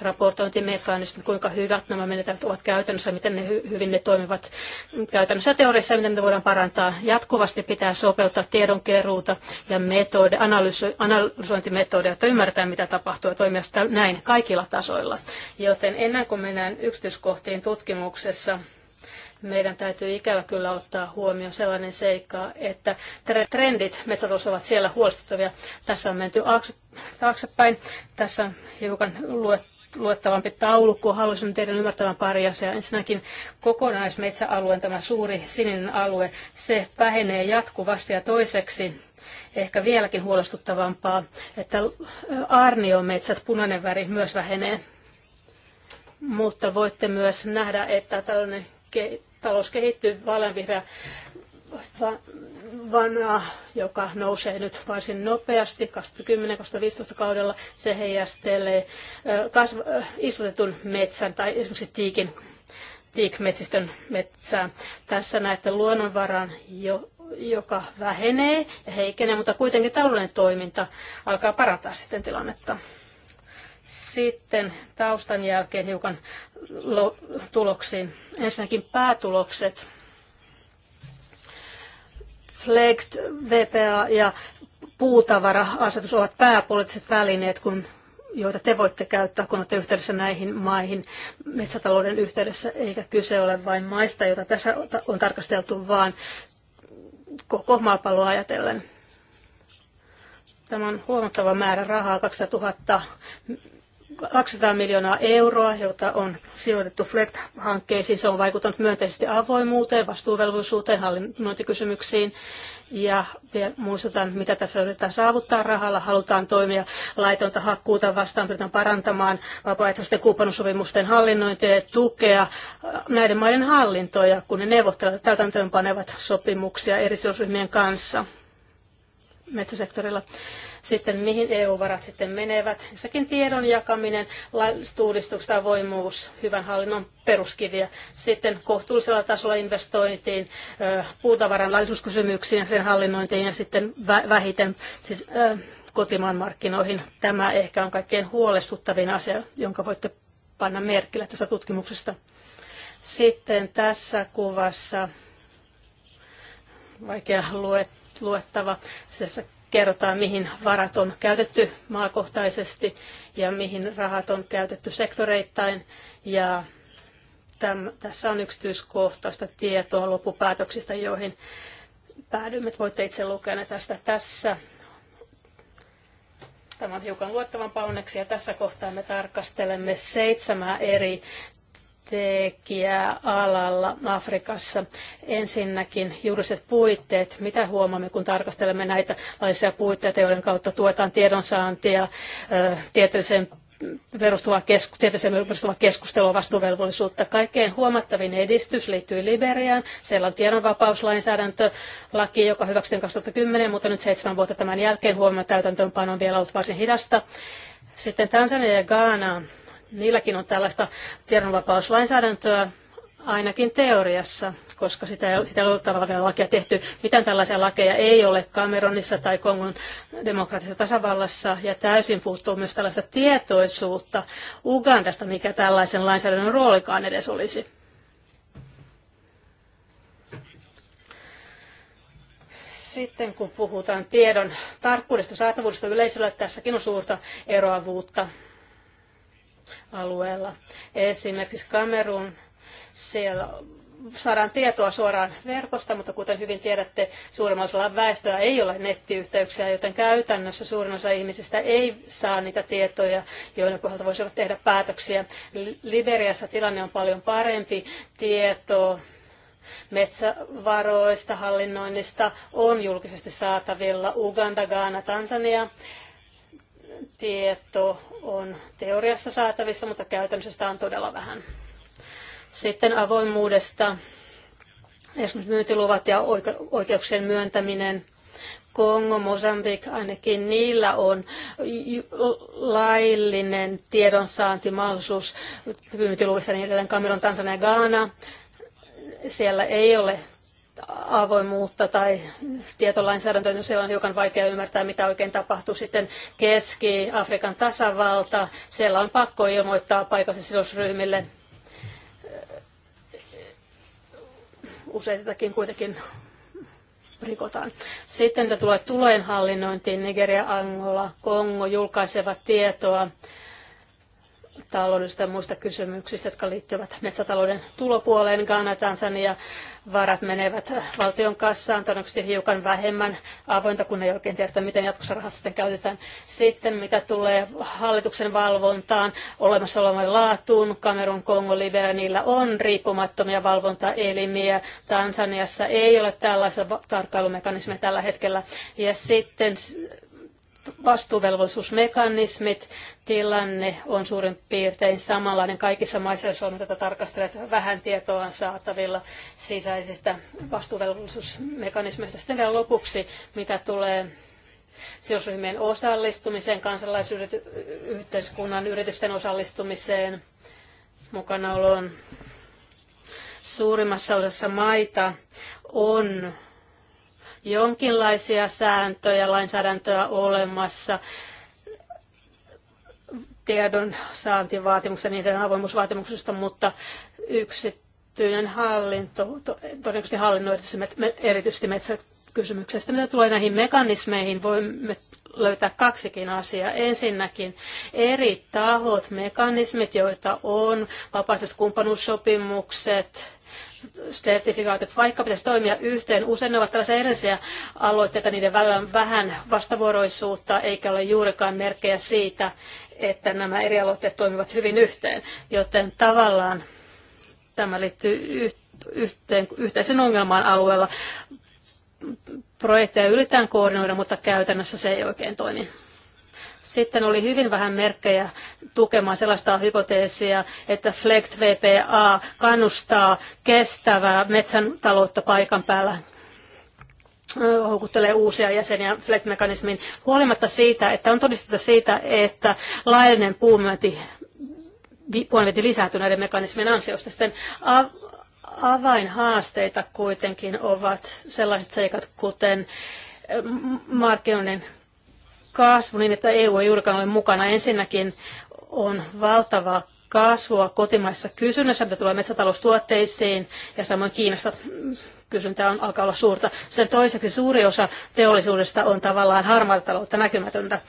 raportointimekanismit, kuinka hyvät nämä menetelmät ovat käytännössä, miten ne hyvin ne toimivat käytännössä teoriassa, miten ne voidaan parantaa. Jatkuvasti pitää sopeuttaa tiedonkeruuta ja metode, analyso, analysointimetodeja, että ymmärtää, mitä tapahtuu ja toimia sitä näin kaikilla tasoilla. Joten ennen kuin mennään yksityiskohtiin tutkimuksessa, meidän täytyy ikävä kyllä ottaa huomioon sellainen seikka, että trendit metsätalous ovat siellä huolestuttavia. Tässä on menty taaksepäin. Tässä hiukan luettu luettavampi taulukko. Haluaisin teidän ymmärtävän pari asiaa. Ensinnäkin kokonaismetsäalueen tämä suuri sininen alue, se vähenee jatkuvasti ja toiseksi ehkä vieläkin huolestuttavampaa, että aarniometsät, punainen väri, myös vähenee. Mutta voitte myös nähdä, että tällainen talous kehittyy vaaleanvihreä vanha, joka nousee nyt varsin nopeasti 2010-2015 kaudella. Se heijastelee kasv- istutetun metsän tai esimerkiksi tiikin, tiikmetsistön metsää. Tässä näette luonnonvaran, jo, joka vähenee ja heikenee, mutta kuitenkin taloudellinen toiminta alkaa parantaa sitten tilannetta. Sitten taustan jälkeen hiukan tuloksiin. Ensinnäkin päätulokset Flekt, VPA ja puutavara-asetus ovat pääpoliittiset välineet, kun joita te voitte käyttää, kun olette yhteydessä näihin maihin metsätalouden yhteydessä, eikä kyse ole vain maista, joita tässä on tarkasteltu, vaan koko maapalloa ajatellen. Tämä on huomattava määrä rahaa, 2000 200 miljoonaa euroa, jota on sijoitettu FLECT-hankkeisiin. Se on vaikuttanut myönteisesti avoimuuteen, vastuuvelvollisuuteen, hallinnointikysymyksiin. Ja vielä muistutan, mitä tässä yritetään saavuttaa rahalla. Halutaan toimia laitonta hakkuuta vastaan, pyritään parantamaan vapaaehtoisten kumppanuussopimusten hallinnointia ja tukea näiden maiden hallintoja, kun ne neuvottelevat täytäntöönpanevat sopimuksia eri sidosryhmien kanssa metsäsektorilla. Sitten mihin EU-varat sitten menevät. Sekin tiedon jakaminen, uudistukset, avoimuus, hyvän hallinnon peruskiviä. Sitten kohtuullisella tasolla investointiin, puutavaran laillisuuskysymyksiin ja sen hallinnointiin ja sitten vähiten siis, kotimaan markkinoihin. Tämä ehkä on kaikkein huolestuttavin asia, jonka voitte panna merkille tästä tutkimuksesta. Sitten tässä kuvassa, vaikea luettava, tässä kerrotaan, mihin varat on käytetty maakohtaisesti ja mihin rahat on käytetty sektoreittain. Ja täm, tässä on yksityiskohtaista tietoa loppupäätöksistä, joihin päädymme. Voitte itse lukea ne tästä tässä. Tämä on hiukan luettavan onneksi ja tässä kohtaa me tarkastelemme seitsemää eri tekijää alalla Afrikassa. Ensinnäkin juridiset puitteet. Mitä huomaamme, kun tarkastelemme näitä laisia puitteita, joiden kautta tuetaan tiedonsaantia, tieteelliseen perustuvaa, kesku, tieteeseen perustuvaa keskustelua vastuuvelvollisuutta. Kaikkein huomattavin edistys liittyy Liberiaan. Siellä on tiedonvapauslainsäädäntö, laki, joka hyväksyttiin 2010, mutta nyt seitsemän vuotta tämän jälkeen huomioon täytäntöönpano on vielä ollut varsin hidasta. Sitten Tansania ja Ghana Niilläkin on tällaista tiedonvapauslainsäädäntöä, ainakin teoriassa, koska sitä ei, sitä ei ole tavallaan lakia tehty. Mitään tällaisia lakeja ei ole Cameronissa tai Kongon demokraattisessa tasavallassa, ja täysin puuttuu myös tällaista tietoisuutta Ugandasta, mikä tällaisen lainsäädännön roolikaan edes olisi. Sitten kun puhutaan tiedon tarkkuudesta saatavuudesta yleisöllä tässäkin on suurta eroavuutta alueella. Esimerkiksi Kamerun, siellä saadaan tietoa suoraan verkosta, mutta kuten hyvin tiedätte, suurin osalla väestöä ei ole nettiyhteyksiä, joten käytännössä suurin osa ihmisistä ei saa niitä tietoja, joiden pohjalta voisivat tehdä päätöksiä. Liberiassa tilanne on paljon parempi. Tieto metsävaroista, hallinnoinnista on julkisesti saatavilla Uganda, Ghana, Tansania tieto on teoriassa saatavissa, mutta käytännössä sitä on todella vähän. Sitten avoimuudesta, esimerkiksi myyntiluvat ja oikeuksien myöntäminen. Kongo, Mosambik, ainakin niillä on laillinen tiedonsaantimahdollisuus myyntiluvissa, niin edelleen kameron Tansania ja Ghana. Siellä ei ole avoimuutta tai tietolainsäädäntöä, niin siellä on hiukan vaikea ymmärtää, mitä oikein tapahtuu. Sitten Keski-Afrikan tasavalta, siellä on pakko ilmoittaa paikallisille sidosryhmille useitakin kuitenkin rikotaan. Sitten mitä tulee tulojen hallinnointiin, Nigeria, Angola, Kongo julkaisevat tietoa taloudellisista ja muista kysymyksistä, jotka liittyvät metsätalouden tulopuoleen, Ghana, Tansania, varat menevät valtion kassaan, todennäköisesti hiukan vähemmän avointa, kun ei oikein tiedä, miten jatkossa rahat sitten käytetään. Sitten mitä tulee hallituksen valvontaan, olemassa olevan laatuun, Kamerun, Kongo, Liberia, niillä on riippumattomia valvontaelimiä. Tansaniassa ei ole tällaista tarkkailumekanismia tällä hetkellä. Ja sitten vastuuvelvollisuusmekanismit. Tilanne on suurin piirtein samanlainen kaikissa maissa, jos on tätä tarkastelet. Vähän tietoa on saatavilla sisäisistä vastuuvelvollisuusmekanismeista. Sitten vielä lopuksi, mitä tulee sidosryhmien osallistumiseen, kansalaisyhteiskunnan yritysten osallistumiseen, mukanaoloon. Suurimmassa osassa maita on jonkinlaisia sääntöjä, lainsäädäntöä olemassa, tiedon saantivaatimuksia, niiden avoimuusvaatimuksesta, mutta yksityinen hallinto, todennäköisesti hallinnoi erityisesti metsäkysymyksestä. Mitä tulee näihin mekanismeihin, voimme löytää kaksikin asiaa. Ensinnäkin eri tahot, mekanismit, joita on, vapaaehtoiset kumppanuussopimukset, sertifikaatit, vaikka pitäisi toimia yhteen. Usein ne ovat tällaisia erillisiä aloitteita, niiden välillä on vähän vastavuoroisuutta, eikä ole juurikaan merkkejä siitä, että nämä eri aloitteet toimivat hyvin yhteen. Joten tavallaan tämä liittyy yhteen, yhteisen ongelmaan alueella. Projekteja yritetään koordinoida, mutta käytännössä se ei oikein toimi. Sitten oli hyvin vähän merkkejä tukemaan sellaista hypoteesia, että FLECT VPA kannustaa kestävää metsätaloutta paikan päällä houkuttelee uusia jäseniä flect mekanismiin huolimatta siitä, että on todistettu siitä, että laillinen puumyönti puolivetin lisääntyy näiden mekanismien ansiosta. Sitten avainhaasteita kuitenkin ovat sellaiset seikat, kuten markkinoiden kasvu niin, että EU ei juurikaan ole mukana. Ensinnäkin on valtava kasvua kotimaisessa kysynnässä, mitä tulee metsätaloustuotteisiin ja samoin Kiinasta kysyntä on, alkaa olla suurta. Sen toiseksi suuri osa teollisuudesta on tavallaan harmaata taloutta näkymätöntä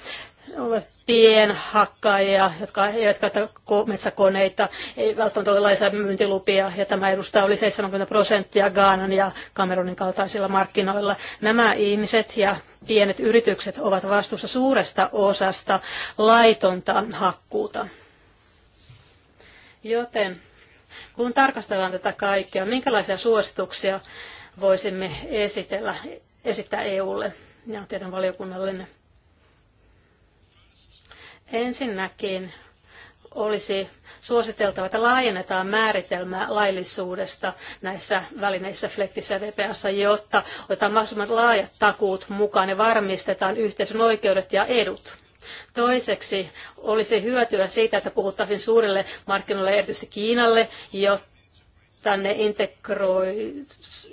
ovat pienhakkaajia, jotka eivät käytä metsäkoneita, ei välttämättä ole laisia myyntilupia, ja tämä edustaa oli 70 prosenttia Gaanan ja Kamerunin kaltaisilla markkinoilla. Nämä ihmiset ja pienet yritykset ovat vastuussa suuresta osasta laitonta hakkuuta. Joten kun tarkastellaan tätä kaikkea, minkälaisia suosituksia voisimme esitellä, esittää EUlle ja teidän valiokunnallenne? Ensinnäkin olisi suositeltava, että laajennetaan määritelmää laillisuudesta näissä välineissä Flektissä ja VPAssa, jotta otetaan mahdollisimman laajat takuut mukaan ja varmistetaan yhteisön oikeudet ja edut. Toiseksi olisi hyötyä siitä, että puhuttaisiin suurille markkinoille, erityisesti Kiinalle, jotta tänne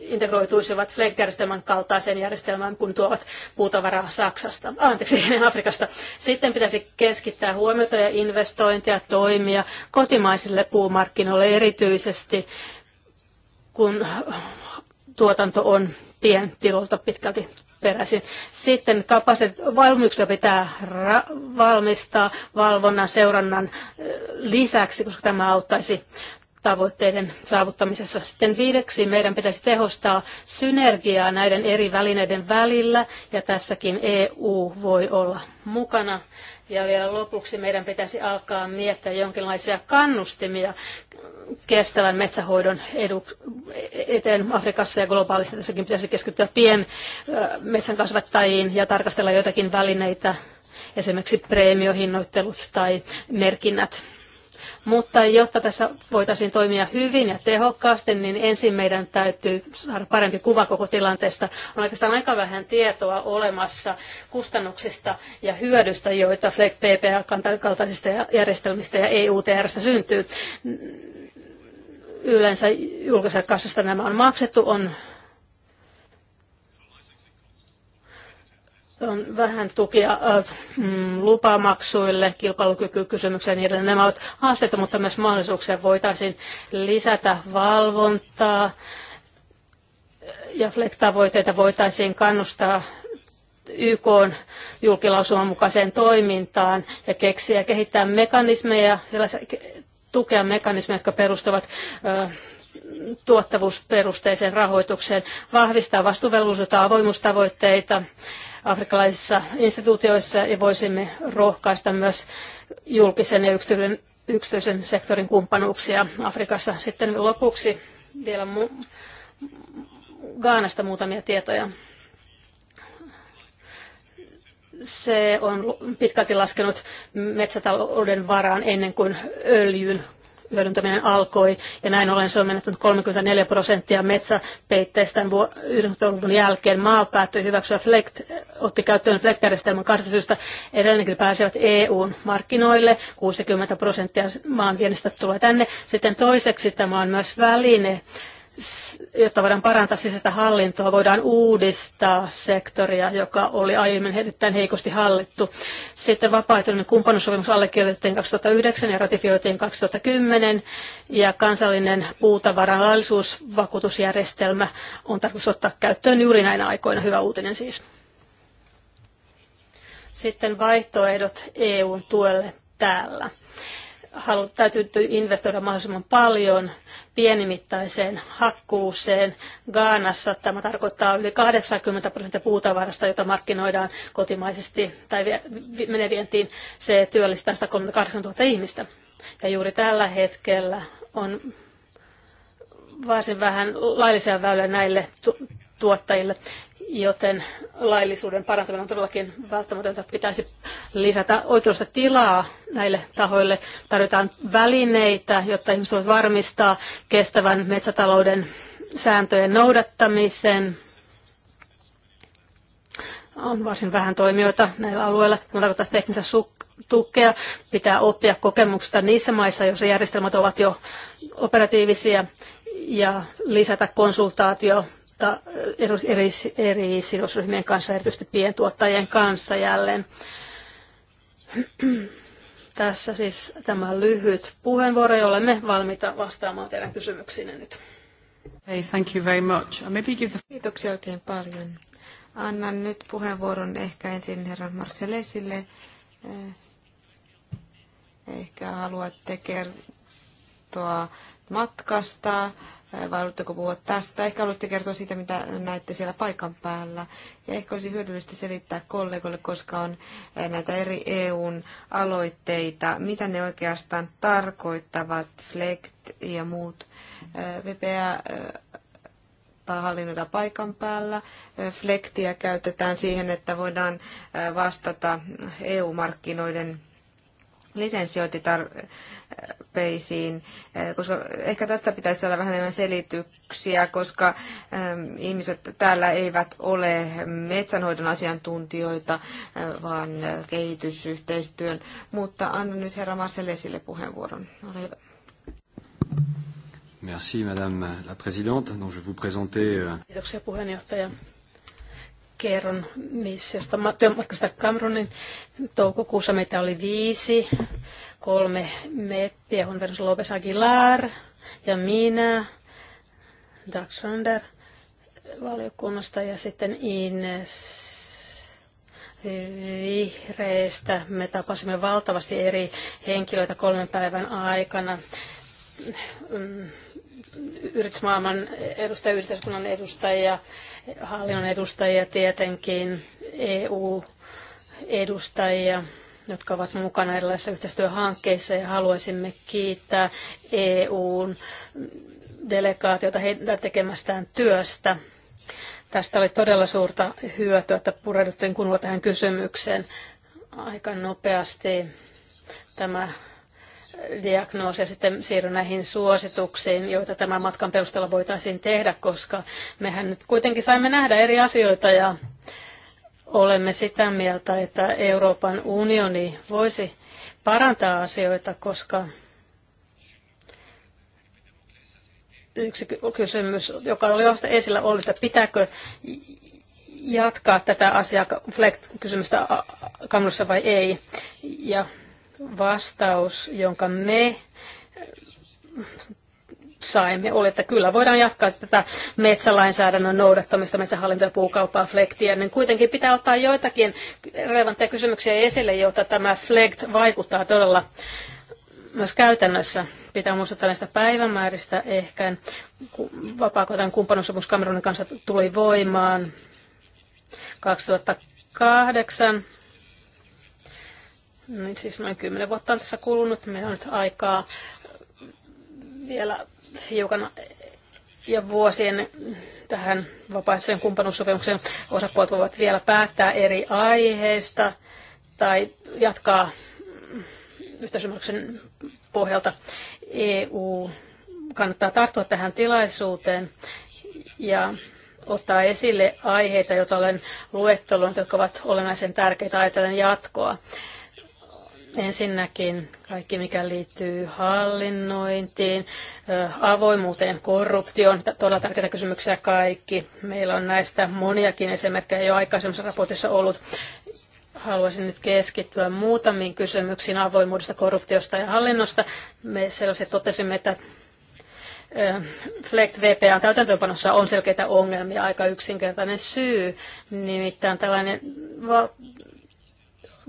integroituisivat flake järjestelmän kaltaiseen järjestelmään, kun tuovat puutavaraa Saksasta, ah, anteeksi, Afrikasta. Sitten pitäisi keskittää huomiota ja investointia, toimia kotimaisille puumarkkinoille erityisesti, kun tuotanto on pientilolta pitkälti peräisin. Sitten kapasit, valmiuksia pitää ra- valmistaa valvonnan seurannan lisäksi, koska tämä auttaisi tavoitteiden saavuttamisessa. Sitten viideksi meidän pitäisi tehostaa synergiaa näiden eri välineiden välillä ja tässäkin EU voi olla mukana. Ja vielä lopuksi meidän pitäisi alkaa miettiä jonkinlaisia kannustimia kestävän metsähoidon edu, eteen Afrikassa ja globaalisti. Tässäkin pitäisi keskittyä pien metsän kasvattajiin ja tarkastella jotakin välineitä, esimerkiksi preemiohinnoittelut tai merkinnät mutta jotta tässä voitaisiin toimia hyvin ja tehokkaasti, niin ensin meidän täytyy saada parempi kuva koko tilanteesta. On oikeastaan aika vähän tietoa olemassa kustannuksista ja hyödystä, joita FLEC PPA-kaltaisista järjestelmistä ja EUTRstä syntyy. Yleensä julkisessa kassasta nämä on maksettu, on on vähän tukea äh, lupamaksuille, kilpailukykykysymykseen ja niin edelleen. Nämä ovat haasteita, mutta myös mahdollisuuksia voitaisiin lisätä valvontaa ja FLEC-tavoitteita voitaisiin kannustaa YK julkilausuman mukaiseen toimintaan ja keksiä ja kehittää mekanismeja, sellaisia tukea mekanismeja, jotka perustuvat tuottavuusperusteiseen rahoitukseen, vahvistaa vastuuvelvollisuutta, avoimuustavoitteita, afrikkalaisissa instituutioissa ja voisimme rohkaista myös julkisen ja yksityisen, yksityisen sektorin kumppanuuksia Afrikassa. Sitten lopuksi vielä mu- Gaanasta muutamia tietoja. Se on pitkälti laskenut metsätalouden varaan ennen kuin öljyn hyödyntäminen alkoi, ja näin ollen se on menettänyt 34 prosenttia metsäpeitteistä 90 jälkeen. Maa päättyi hyväksyä Flekt otti käyttöön FLECT-järjestelmän kahdesta syystä. Edelleenkin pääsevät eu markkinoille, 60 prosenttia maan tulee tänne. Sitten toiseksi tämä on myös väline, jotta voidaan parantaa sisäistä hallintoa, voidaan uudistaa sektoria, joka oli aiemmin erittäin heikosti hallittu. Sitten vapaaehtoinen kumppanuussopimus allekirjoitettiin 2009 ja ratifioitiin 2010, ja kansallinen puutavaran laillisuusvakuutusjärjestelmä on tarkoitus ottaa käyttöön juuri näinä aikoina. Hyvä uutinen siis. Sitten vaihtoehdot EUn tuelle täällä halu, täytyy investoida mahdollisimman paljon pienimittaiseen hakkuuseen. Gaanassa tämä tarkoittaa yli 80 prosenttia puutavarasta, jota markkinoidaan kotimaisesti tai menee vientiin. Se työllistää 138 000 ihmistä. Ja juuri tällä hetkellä on varsin vähän laillisia väyliä näille tuottajille joten laillisuuden parantaminen on todellakin välttämätöntä. Pitäisi lisätä oikeudellista tilaa näille tahoille. Tarvitaan välineitä, jotta ihmiset voivat varmistaa kestävän metsätalouden sääntöjen noudattamisen. On varsin vähän toimijoita näillä alueilla. Tämä tarkoittaa teknistä tukea. Pitää oppia kokemuksista niissä maissa, joissa järjestelmät ovat jo operatiivisia ja lisätä konsultaatio kautta eri, eri sidosryhmien kanssa, erityisesti pientuottajien kanssa jälleen. Tässä siis tämä lyhyt puheenvuoro, jolle me valmiita vastaamaan teidän kysymyksiinne nyt. Hey, thank you very much. Uh, maybe give the... Kiitoksia oikein paljon. Annan nyt puheenvuoron ehkä ensin herra Marcelesille. Eh, ehkä haluatte kertoa matkasta, vai haluatteko puhua tästä? Ehkä haluatte kertoa siitä, mitä näette siellä paikan päällä. Ja ehkä olisi hyödyllistä selittää kollegoille, koska on näitä eri EUn aloitteita, mitä ne oikeastaan tarkoittavat, FLECT ja muut. VPA tai hallinnoida paikan päällä. Flektiä käytetään siihen, että voidaan vastata EU-markkinoiden lisensiointitarpeisiin, eh, koska ehkä tästä pitäisi saada vähän enemmän selityksiä, koska ehm, ihmiset täällä eivät ole metsänhoidon asiantuntijoita, eh, vaan kehitysyhteistyön. Mutta annan nyt herra Marcellesille puheenvuoron. Ole hyvä. Merci, madame la présidente. Donc, je vais vous présenter... Euh, Kiitoksia puheenjohtaja kerron missiosta työmatkasta Kamerunin toukokuussa. Meitä oli viisi, kolme meppiä, on verran Lopes Aguilar ja minä, Doug Sander valiokunnasta ja sitten Ines vihreistä. Me tapasimme valtavasti eri henkilöitä kolmen päivän aikana mm, yritysmaailman edustajia, yhteiskunnan edustajia, hallinnon edustajia tietenkin, EU-edustajia, jotka ovat mukana erilaisissa yhteistyöhankkeissa ja haluaisimme kiittää EUn delegaatiota heidän tekemästään työstä. Tästä oli todella suurta hyötyä, että pureuduttiin kunnolla tähän kysymykseen aika nopeasti. Tämä ja Sitten siirry näihin suosituksiin, joita tämän matkan perusteella voitaisiin tehdä, koska mehän nyt kuitenkin saimme nähdä eri asioita ja olemme sitä mieltä, että Euroopan unioni voisi parantaa asioita, koska yksi kysymys, joka oli vasta esillä, oli, että pitääkö jatkaa tätä asiaa, kysymystä kannussa vai ei. Ja vastaus, jonka me saimme, oli, että kyllä voidaan jatkaa tätä metsälainsäädännön noudattamista, metsähallinto- ja puukauppaa flektiä, niin kuitenkin pitää ottaa joitakin relevantteja kysymyksiä esille, joita tämä flekt vaikuttaa todella myös käytännössä. Pitää muistuttaa näistä päivämääristä ehkä. Vapaakotan kumppanuussopimus Kamerunin kanssa tuli voimaan 2008 niin siis noin kymmenen vuotta on tässä kulunut. Meillä on nyt aikaa vielä hiukan ja vuosien tähän vapaaehtoiseen kumppanuussopimukseen osapuolet voivat vielä päättää eri aiheista tai jatkaa yhteisymmärryksen pohjalta. EU kannattaa tarttua tähän tilaisuuteen ja ottaa esille aiheita, joita olen luettelun, jotka ovat olennaisen tärkeitä ajatellen jatkoa. Ensinnäkin kaikki, mikä liittyy hallinnointiin, avoimuuteen, korruptioon, todella tärkeitä kysymyksiä kaikki. Meillä on näistä moniakin esimerkkejä jo aikaisemmassa raportissa ollut. Haluaisin nyt keskittyä muutamiin kysymyksiin avoimuudesta, korruptiosta ja hallinnosta. Me selvästi totesimme, että Flect VPAn täytäntöönpanossa on selkeitä ongelmia, aika yksinkertainen syy, nimittäin tällainen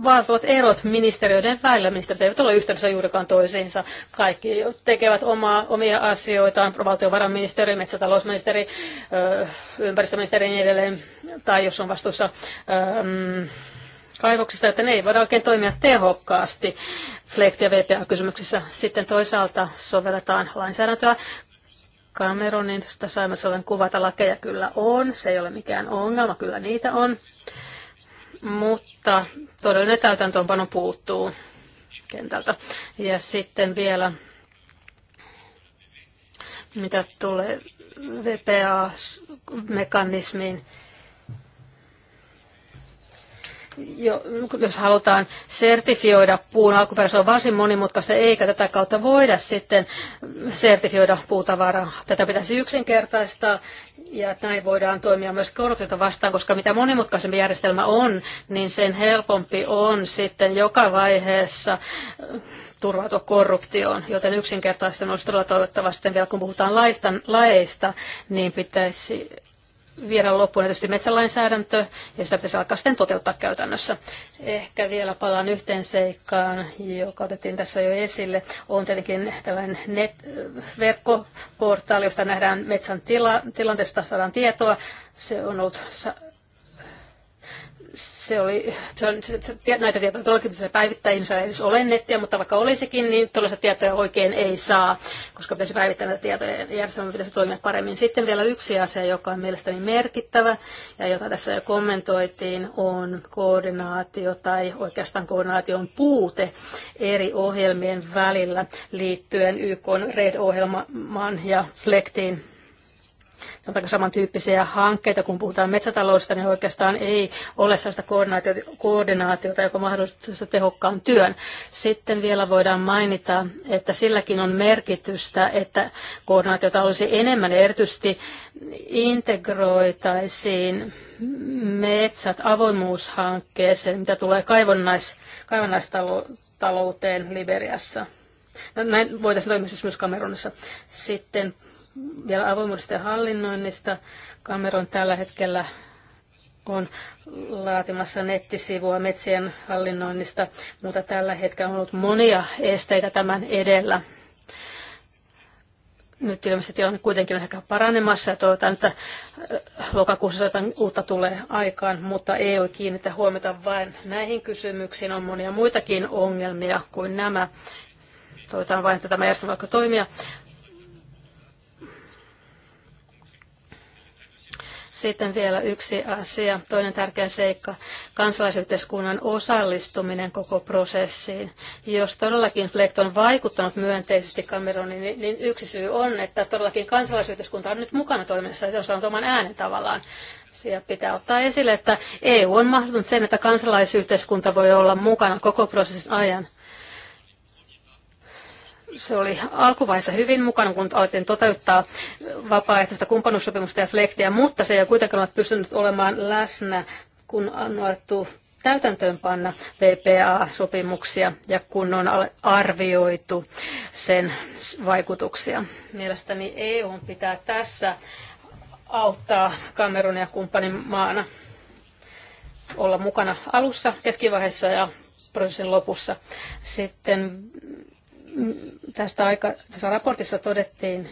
valtavat erot ministeriöiden välillä. Ministeriöt eivät ole yhteydessä juurikaan toisiinsa. Kaikki tekevät omaa, omia asioitaan, valtiovarainministeri, metsätalousministeri, ympäristöministeri ja niin edelleen, tai jos on vastuussa kaivoksista, että ne ei voida oikein toimia tehokkaasti Flekti- ja VPA-kysymyksissä. Sitten toisaalta sovelletaan lainsäädäntöä. Cameronin, tässä Saimassa olen kuvata, lakeja kyllä on, se ei ole mikään ongelma, kyllä niitä on mutta todellinen täytäntöönpano puuttuu kentältä. Ja sitten vielä, mitä tulee VPA-mekanismiin, jo, jos halutaan sertifioida puun alkuperä, se on varsin monimutkaista, eikä tätä kautta voida sitten sertifioida puutavaraa. Tätä pitäisi yksinkertaistaa ja näin voidaan toimia myös korruptiota vastaan, koska mitä monimutkaisempi järjestelmä on, niin sen helpompi on sitten joka vaiheessa äh, turvautua korruptioon, joten yksinkertaisesti olisi todella toivottavasti vielä, kun puhutaan laista, laeista, niin pitäisi viedä loppuun tietysti metsälainsäädäntö, ja sitä pitäisi alkaa sitten toteuttaa käytännössä. Ehkä vielä palaan yhteen seikkaan, joka otettiin tässä jo esille. On tietenkin tällainen net, verkkoportaali, josta nähdään metsän tila, tilanteesta, saadaan tietoa. Se on ollut se oli, se se, se, näitä tietoja todellakin pitäisi päivittää, ihmisellä ei edes ole nettiä, mutta vaikka olisikin, niin tällaisia tietoja oikein ei saa, koska pitäisi päivittää näitä tietoja ja järjestelmä pitäisi toimia paremmin. Sitten vielä yksi asia, joka on mielestäni merkittävä ja jota tässä jo kommentoitiin, on koordinaatio tai oikeastaan koordinaation puute eri ohjelmien välillä liittyen YK Red-ohjelmaan ja Flektiin jotakin samantyyppisiä hankkeita, kun puhutaan metsätaloudesta, niin oikeastaan ei ole sellaista koordinaatiota, joka mahdollistaa tehokkaan työn. Sitten vielä voidaan mainita, että silläkin on merkitystä, että koordinaatiota olisi enemmän, erityisesti integroitaisiin metsät avoimuushankkeeseen, mitä tulee kaivonnais, kaivonnaistalouteen Liberiassa. No, näin voitaisiin toimia siis myös Kamerunissa. Sitten vielä avoimuudesta ja hallinnoinnista. Cameron tällä hetkellä on laatimassa nettisivua metsien hallinnoinnista, mutta tällä hetkellä on ollut monia esteitä tämän edellä. Nyt ilmeisesti tilanne kuitenkin on ehkä paranemassa ja toivotaan, että äh, lokakuussa jotain uutta tulee aikaan, mutta EU ole kiinnitä huomiota vain näihin kysymyksiin. On monia muitakin ongelmia kuin nämä. Toivotaan vain, että tämä järjestelmä alkaa toimia. Sitten vielä yksi asia, toinen tärkeä seikka, kansalaisyhteiskunnan osallistuminen koko prosessiin. Jos todellakin Flekt on vaikuttanut myönteisesti Cameroniin, niin, niin yksi syy on, että todellakin kansalaisyhteiskunta on nyt mukana toiminnassa ja se on saanut oman äänen tavallaan. Siellä pitää ottaa esille, että EU on mahdollistanut sen, että kansalaisyhteiskunta voi olla mukana koko prosessin ajan se oli alkuvaiheessa hyvin mukana, kun alettiin toteuttaa vapaaehtoista kumppanuussopimusta ja flektiä, mutta se ei kuitenkaan ole pystynyt olemaan läsnä, kun on alettu täytäntöönpanna VPA-sopimuksia ja kun on arvioitu sen vaikutuksia. Mielestäni EU pitää tässä auttaa Kamerunia kumppanin maana olla mukana alussa, keskivaiheessa ja prosessin lopussa. Sitten Tästä aika, tässä raportissa todettiin,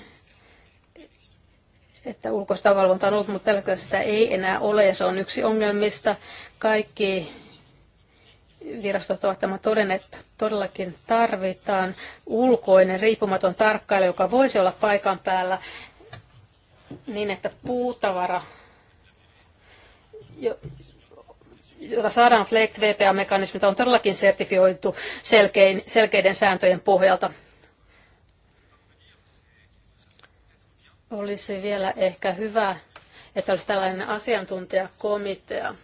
että ulkoista valvontaa on ollut, mutta tällä hetkellä sitä ei enää ole ja se on yksi ongelmista. Kaikki virastot ovat tämän todenneet, että todellakin tarvitaan ulkoinen riippumaton tarkkailija, joka voisi olla paikan päällä niin, että puutavara, joka saadaan Flect VPA-mekanismilta, on todellakin sertifioitu selkein, selkeiden sääntöjen pohjalta. Olisi vielä ehkä hyvä, että olisi tällainen asiantuntijakomitea,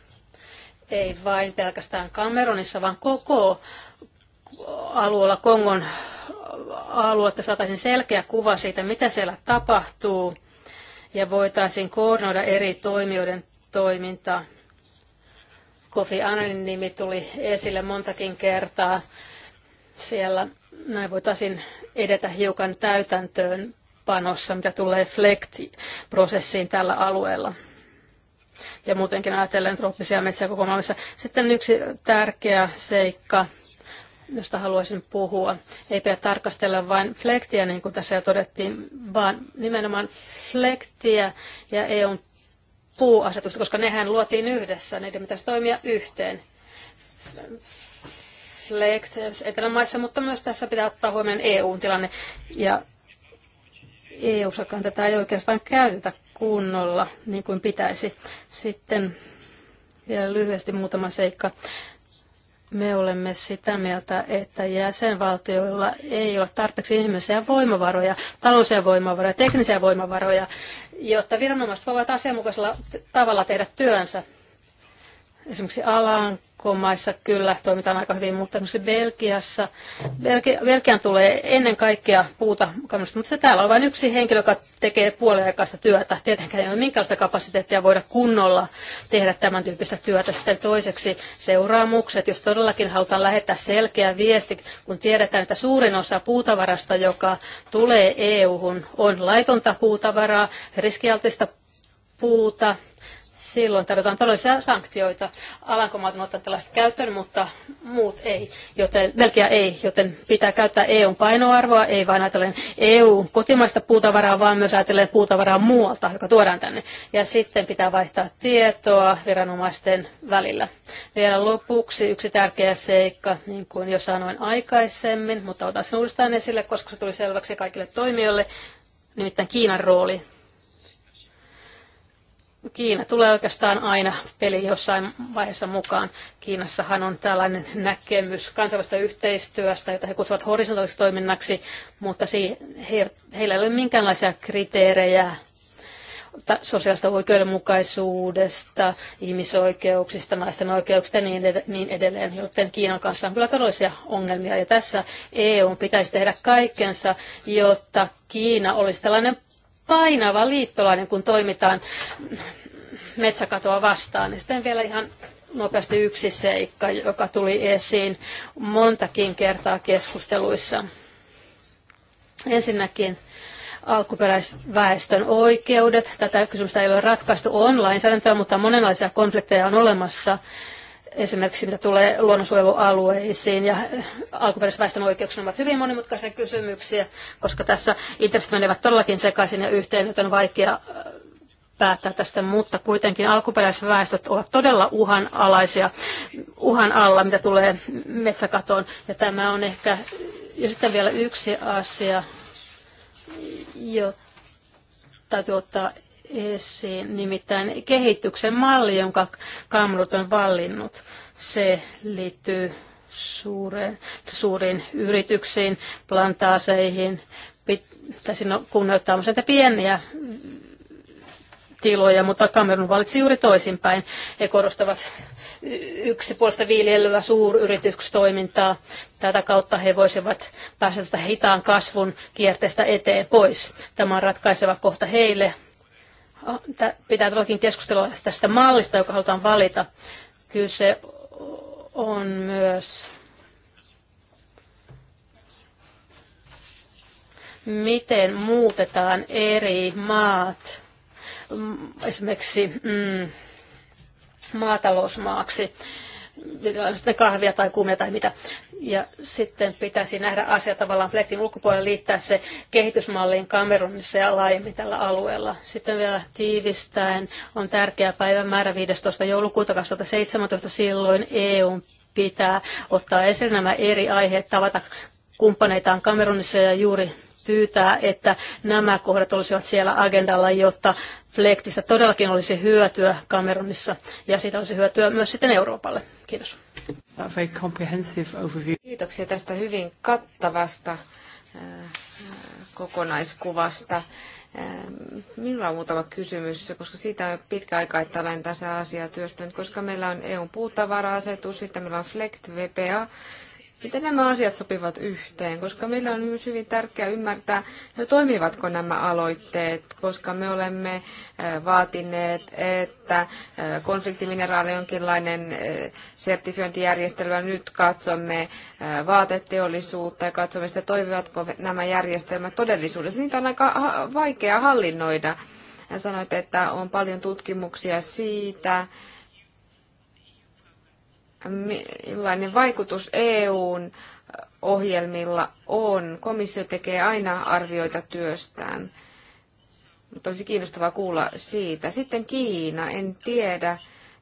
ei vain pelkästään Cameronissa vaan koko alueella Kongon että saataisiin selkeä kuva siitä, mitä siellä tapahtuu, ja voitaisiin koordinoida eri toimijoiden toimintaa. Kofi Annanin nimi tuli esille montakin kertaa. Siellä näin voitaisiin edetä hiukan täytäntöön panossa, mitä tulee FLECT-prosessiin tällä alueella. Ja muutenkin ajatellen trooppisia metsiä koko maailmassa. Sitten yksi tärkeä seikka, josta haluaisin puhua. Ei pidä tarkastella vain flektiä, niin kuin tässä jo todettiin, vaan nimenomaan flektiä ja EUn puuasetusta, koska nehän luotiin yhdessä, niiden pitäisi toimia yhteen. Flekt etelämaissa, mutta myös tässä pitää ottaa huomioon EUn tilanne. Ja EU-sakaan tätä ei oikeastaan käytetä kunnolla, niin kuin pitäisi. Sitten vielä lyhyesti muutama seikka me olemme sitä mieltä, että jäsenvaltioilla ei ole tarpeeksi ihmisiä voimavaroja, taloudellisia voimavaroja, teknisiä voimavaroja, jotta viranomaiset voivat asianmukaisella tavalla tehdä työnsä. Esimerkiksi Alankomaissa kyllä toimitaan aika hyvin, mutta esimerkiksi Belgiassa, Belgi, Belgian tulee ennen kaikkea puuta kannusta, mutta se täällä on vain yksi henkilö, joka tekee puoliaikaista työtä. Tietenkään ei ole minkäänlaista kapasiteettia voida kunnolla tehdä tämän tyyppistä työtä. Sitten toiseksi seuraamukset, jos todellakin halutaan lähettää selkeä viesti, kun tiedetään, että suurin osa puutavarasta, joka tulee EU-hun, on laitonta puutavaraa, riskialtista puuta, silloin tarvitaan todellisia sanktioita. Alankomaat on ottanut tällaista käyttöön, mutta muut ei, joten Belgia ei, joten pitää käyttää EUn painoarvoa, ei vain ajatellen EUn kotimaista puutavaraa, vaan myös ajatellen puutavaraa muualta, joka tuodaan tänne. Ja sitten pitää vaihtaa tietoa viranomaisten välillä. Vielä lopuksi yksi tärkeä seikka, niin kuin jo sanoin aikaisemmin, mutta otan sen uudestaan esille, koska se tuli selväksi kaikille toimijoille, nimittäin Kiinan rooli Kiina tulee oikeastaan aina peli jossain vaiheessa mukaan. Kiinassahan on tällainen näkemys kansainvälistä yhteistyöstä, jota he kutsuvat horisontaaliseksi toiminnaksi, mutta he, heillä ei ole minkäänlaisia kriteerejä sosiaalista oikeudenmukaisuudesta, ihmisoikeuksista, naisten oikeuksista ja niin, niin edelleen, joten Kiinan kanssa on kyllä todellisia ongelmia. Ja tässä EU pitäisi tehdä kaikkensa, jotta Kiina olisi tällainen painava liittolainen, kun toimitaan metsäkatoa vastaan. Ja niin sitten vielä ihan nopeasti yksi seikka, joka tuli esiin montakin kertaa keskusteluissa. Ensinnäkin alkuperäisväestön oikeudet. Tätä kysymystä ei ole ratkaistu online, lainsäädäntöä, mutta monenlaisia konflikteja on olemassa esimerkiksi mitä tulee luonnonsuojelualueisiin ja alkuperäisväestön oikeuksiin, ovat hyvin monimutkaisia kysymyksiä, koska tässä intressit menevät todellakin sekaisin ja yhteen, joten on vaikea äh, päättää tästä, mutta kuitenkin alkuperäisväestöt ovat todella uhanalaisia, uhan alla, mitä tulee metsäkatoon. Ja tämä on ehkä, ja sitten vielä yksi asia, jota täytyy ottaa esiin, nimittäin kehityksen malli, jonka Kamrut on vallinnut. Se liittyy suureen, suuriin yrityksiin, plantaaseihin, pitäisi kunnioittaa näitä pieniä tiloja, mutta Cameron valitsi juuri toisinpäin. He korostavat yksipuolista viljelyä, suuryritystoimintaa. Tätä kautta he voisivat päästä sitä hitaan kasvun kierteestä eteen pois. Tämä on ratkaiseva kohta heille, Ah, pitää todellakin keskustella tästä mallista, joka halutaan valita. Kyse on myös miten muutetaan eri maat mm, esimerkiksi mm, maatalousmaaksi sitten kahvia tai kuumia tai mitä. Ja sitten pitäisi nähdä asia tavallaan flektin ulkopuolella liittää se kehitysmalliin Kamerunissa ja laajemmin tällä alueella. Sitten vielä tiivistäen on tärkeä päivämäärä 15. joulukuuta 2017 silloin EU pitää ottaa esille nämä eri aiheet, tavata kumppaneitaan Kamerunissa ja juuri pyytää, että nämä kohdat olisivat siellä agendalla, jotta Flektistä todellakin olisi hyötyä Kamerunissa ja siitä olisi hyötyä myös sitten Euroopalle. Kiitos. Kiitoksia tästä hyvin kattavasta äh, kokonaiskuvasta. Ähm, minulla on muutama kysymys, koska siitä on pitkä aika, että olen tässä asiaa työstänyt, koska meillä on EUn puutavara-asetus, sitten meillä on FLECT, VPA, Miten nämä asiat sopivat yhteen? Koska meillä on myös hyvin tärkeää ymmärtää, no toimivatko nämä aloitteet, koska me olemme vaatineet, että konfliktimineraali jonkinlainen sertifiointijärjestelmä. Nyt katsomme vaateteollisuutta ja katsomme sitä, toimivatko nämä järjestelmät todellisuudessa. Niitä on aika vaikea hallinnoida. Sanoit, että on paljon tutkimuksia siitä, millainen vaikutus EUn ohjelmilla on. Komissio tekee aina arvioita työstään. Mutta olisi kiinnostavaa kuulla siitä. Sitten Kiina. En tiedä,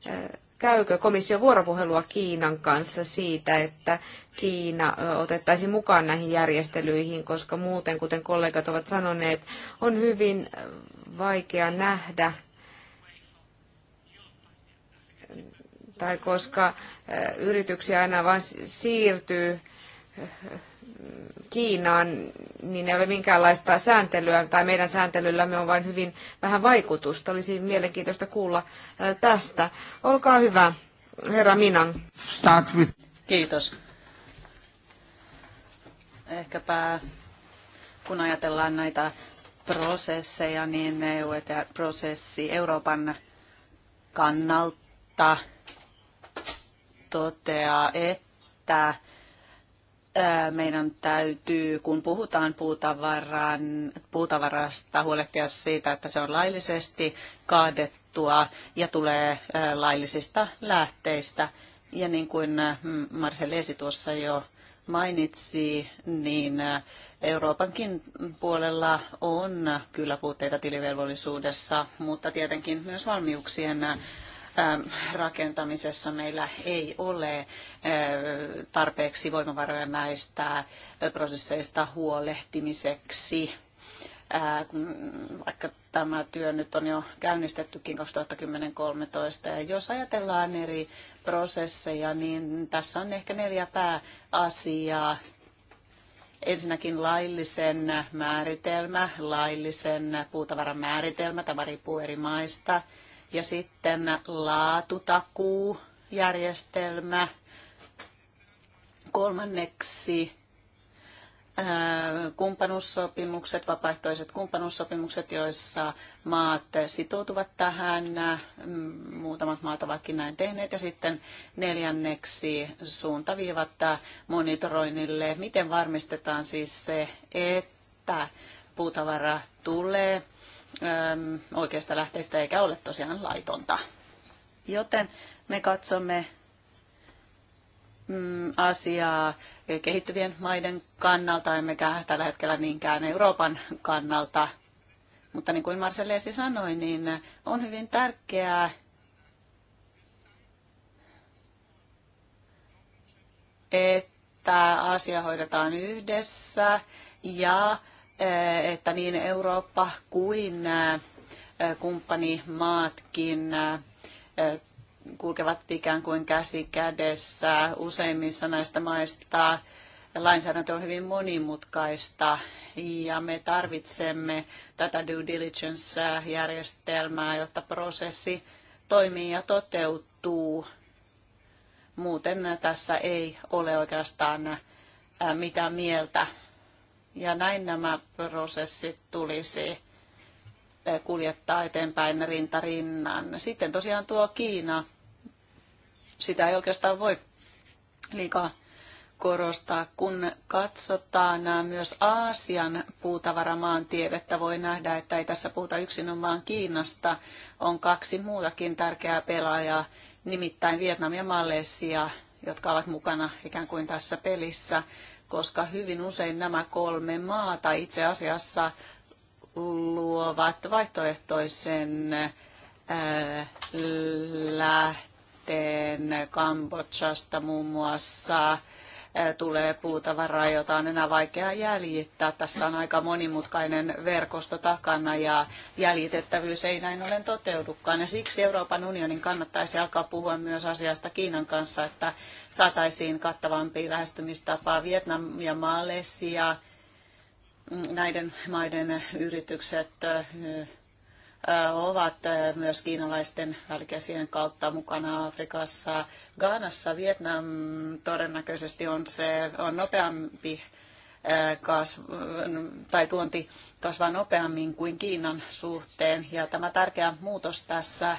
eh, käykö komissio vuoropuhelua Kiinan kanssa siitä, että Kiina eh, otettaisiin mukaan näihin järjestelyihin, koska muuten, kuten kollegat ovat sanoneet, on hyvin eh, vaikea nähdä, tai koska yrityksiä aina vain siirtyy Kiinaan, niin ei ole minkäänlaista sääntelyä, tai meidän sääntelyllämme on vain hyvin vähän vaikutusta. Olisi mielenkiintoista kuulla tästä. Olkaa hyvä, herra Minan. Start with... Kiitos. Ehkäpä kun ajatellaan näitä prosesseja, niin EU-prosessi Euroopan kannalta toteaa, että meidän täytyy, kun puhutaan puutavaran, puutavarasta, huolehtia siitä, että se on laillisesti kaadettua ja tulee laillisista lähteistä. Ja niin kuin Marselesi tuossa jo mainitsi, niin Euroopankin puolella on kyllä puutteita tilivelvollisuudessa, mutta tietenkin myös valmiuksien Ähm, rakentamisessa meillä ei ole äh, tarpeeksi voimavaroja näistä äh, prosesseista huolehtimiseksi äh, vaikka tämä työ nyt on jo käynnistettykin 2013 Ja jos ajatellaan eri prosesseja, niin tässä on ehkä neljä pääasiaa. Ensinnäkin laillisen määritelmä, laillisen puutavaran määritelmä, tämä riippuu eri maista. Ja sitten laatutakuujärjestelmä. Kolmanneksi kumppanuussopimukset, vapaaehtoiset kumppanuussopimukset, joissa maat sitoutuvat tähän. Mm, muutamat maat ovatkin näin tehneet. Ja sitten neljänneksi suuntaviivat monitoroinnille. Miten varmistetaan siis se, että puutavara tulee oikeasta lähteestä eikä ole tosiaan laitonta. Joten me katsomme mm, asiaa kehittyvien maiden kannalta, emmekä tällä hetkellä niinkään Euroopan kannalta. Mutta niin kuin Marcellesi sanoi, niin on hyvin tärkeää, että asia hoidetaan yhdessä ja Eh, että niin Eurooppa kuin eh, kumppanimaatkin eh, kulkevat ikään kuin käsi kädessä. Useimmissa näistä maista lainsäädäntö on hyvin monimutkaista ja me tarvitsemme tätä due diligence-järjestelmää, jotta prosessi toimii ja toteutuu. Muuten tässä ei ole oikeastaan mitään mieltä ja näin nämä prosessit tulisi eh, kuljettaa eteenpäin rinta rinnan. Sitten tosiaan tuo Kiina, sitä ei oikeastaan voi liikaa korostaa. Kun katsotaan eh, myös Aasian puutavaramaantiedettä, voi nähdä, että ei tässä puhuta yksinomaan Kiinasta. On kaksi muutakin tärkeää pelaajaa, nimittäin Vietnam ja Malesia, jotka ovat mukana ikään kuin tässä pelissä koska hyvin usein nämä kolme maata itse asiassa luovat vaihtoehtoisen äh, lähteen Kambodžasta muun muassa tulee puutavaraa, jota on enää vaikea jäljittää. Tässä on aika monimutkainen verkosto takana ja jäljitettävyys ei näin ollen toteudukaan. Ja siksi Euroopan unionin kannattaisi alkaa puhua myös asiasta Kiinan kanssa, että saataisiin kattavampi lähestymistapa Vietnam ja Malesia mm, näiden maiden yritykset ovat myös kiinalaisten jälkeisien kautta mukana Afrikassa. Gaanassa Vietnam todennäköisesti on se on nopeampi kasv, tai tuonti kasvaa nopeammin kuin Kiinan suhteen. Ja tämä tärkeä muutos tässä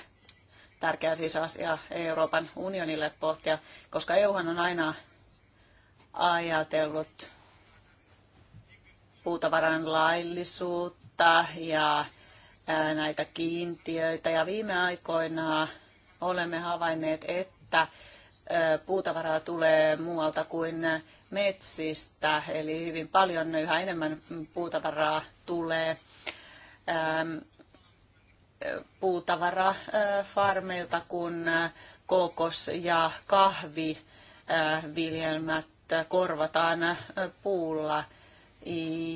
tärkeä siis asia Euroopan unionille pohtia, koska EU on aina ajatellut puutavaran laillisuutta ja näitä kiintiöitä ja viime aikoina olemme havainneet, että puutavaraa tulee muualta kuin metsistä, eli hyvin paljon yhä enemmän puutavaraa tulee puutavarafarmeilta kuin kokos- ja kahviviljelmät korvataan puulla –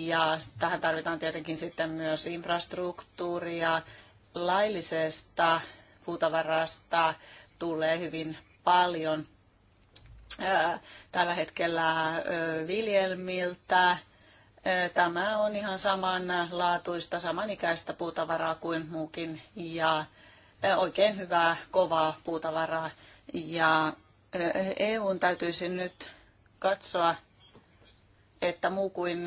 ja tähän tarvitaan tietenkin sitten myös infrastruktuuria. Laillisesta puutavarasta tulee hyvin paljon tällä hetkellä viljelmiltä. Tämä on ihan samanlaatuista, samanikäistä puutavaraa kuin muukin ja oikein hyvää, kovaa puutavaraa. Ja EUn täytyisi nyt katsoa että muu kuin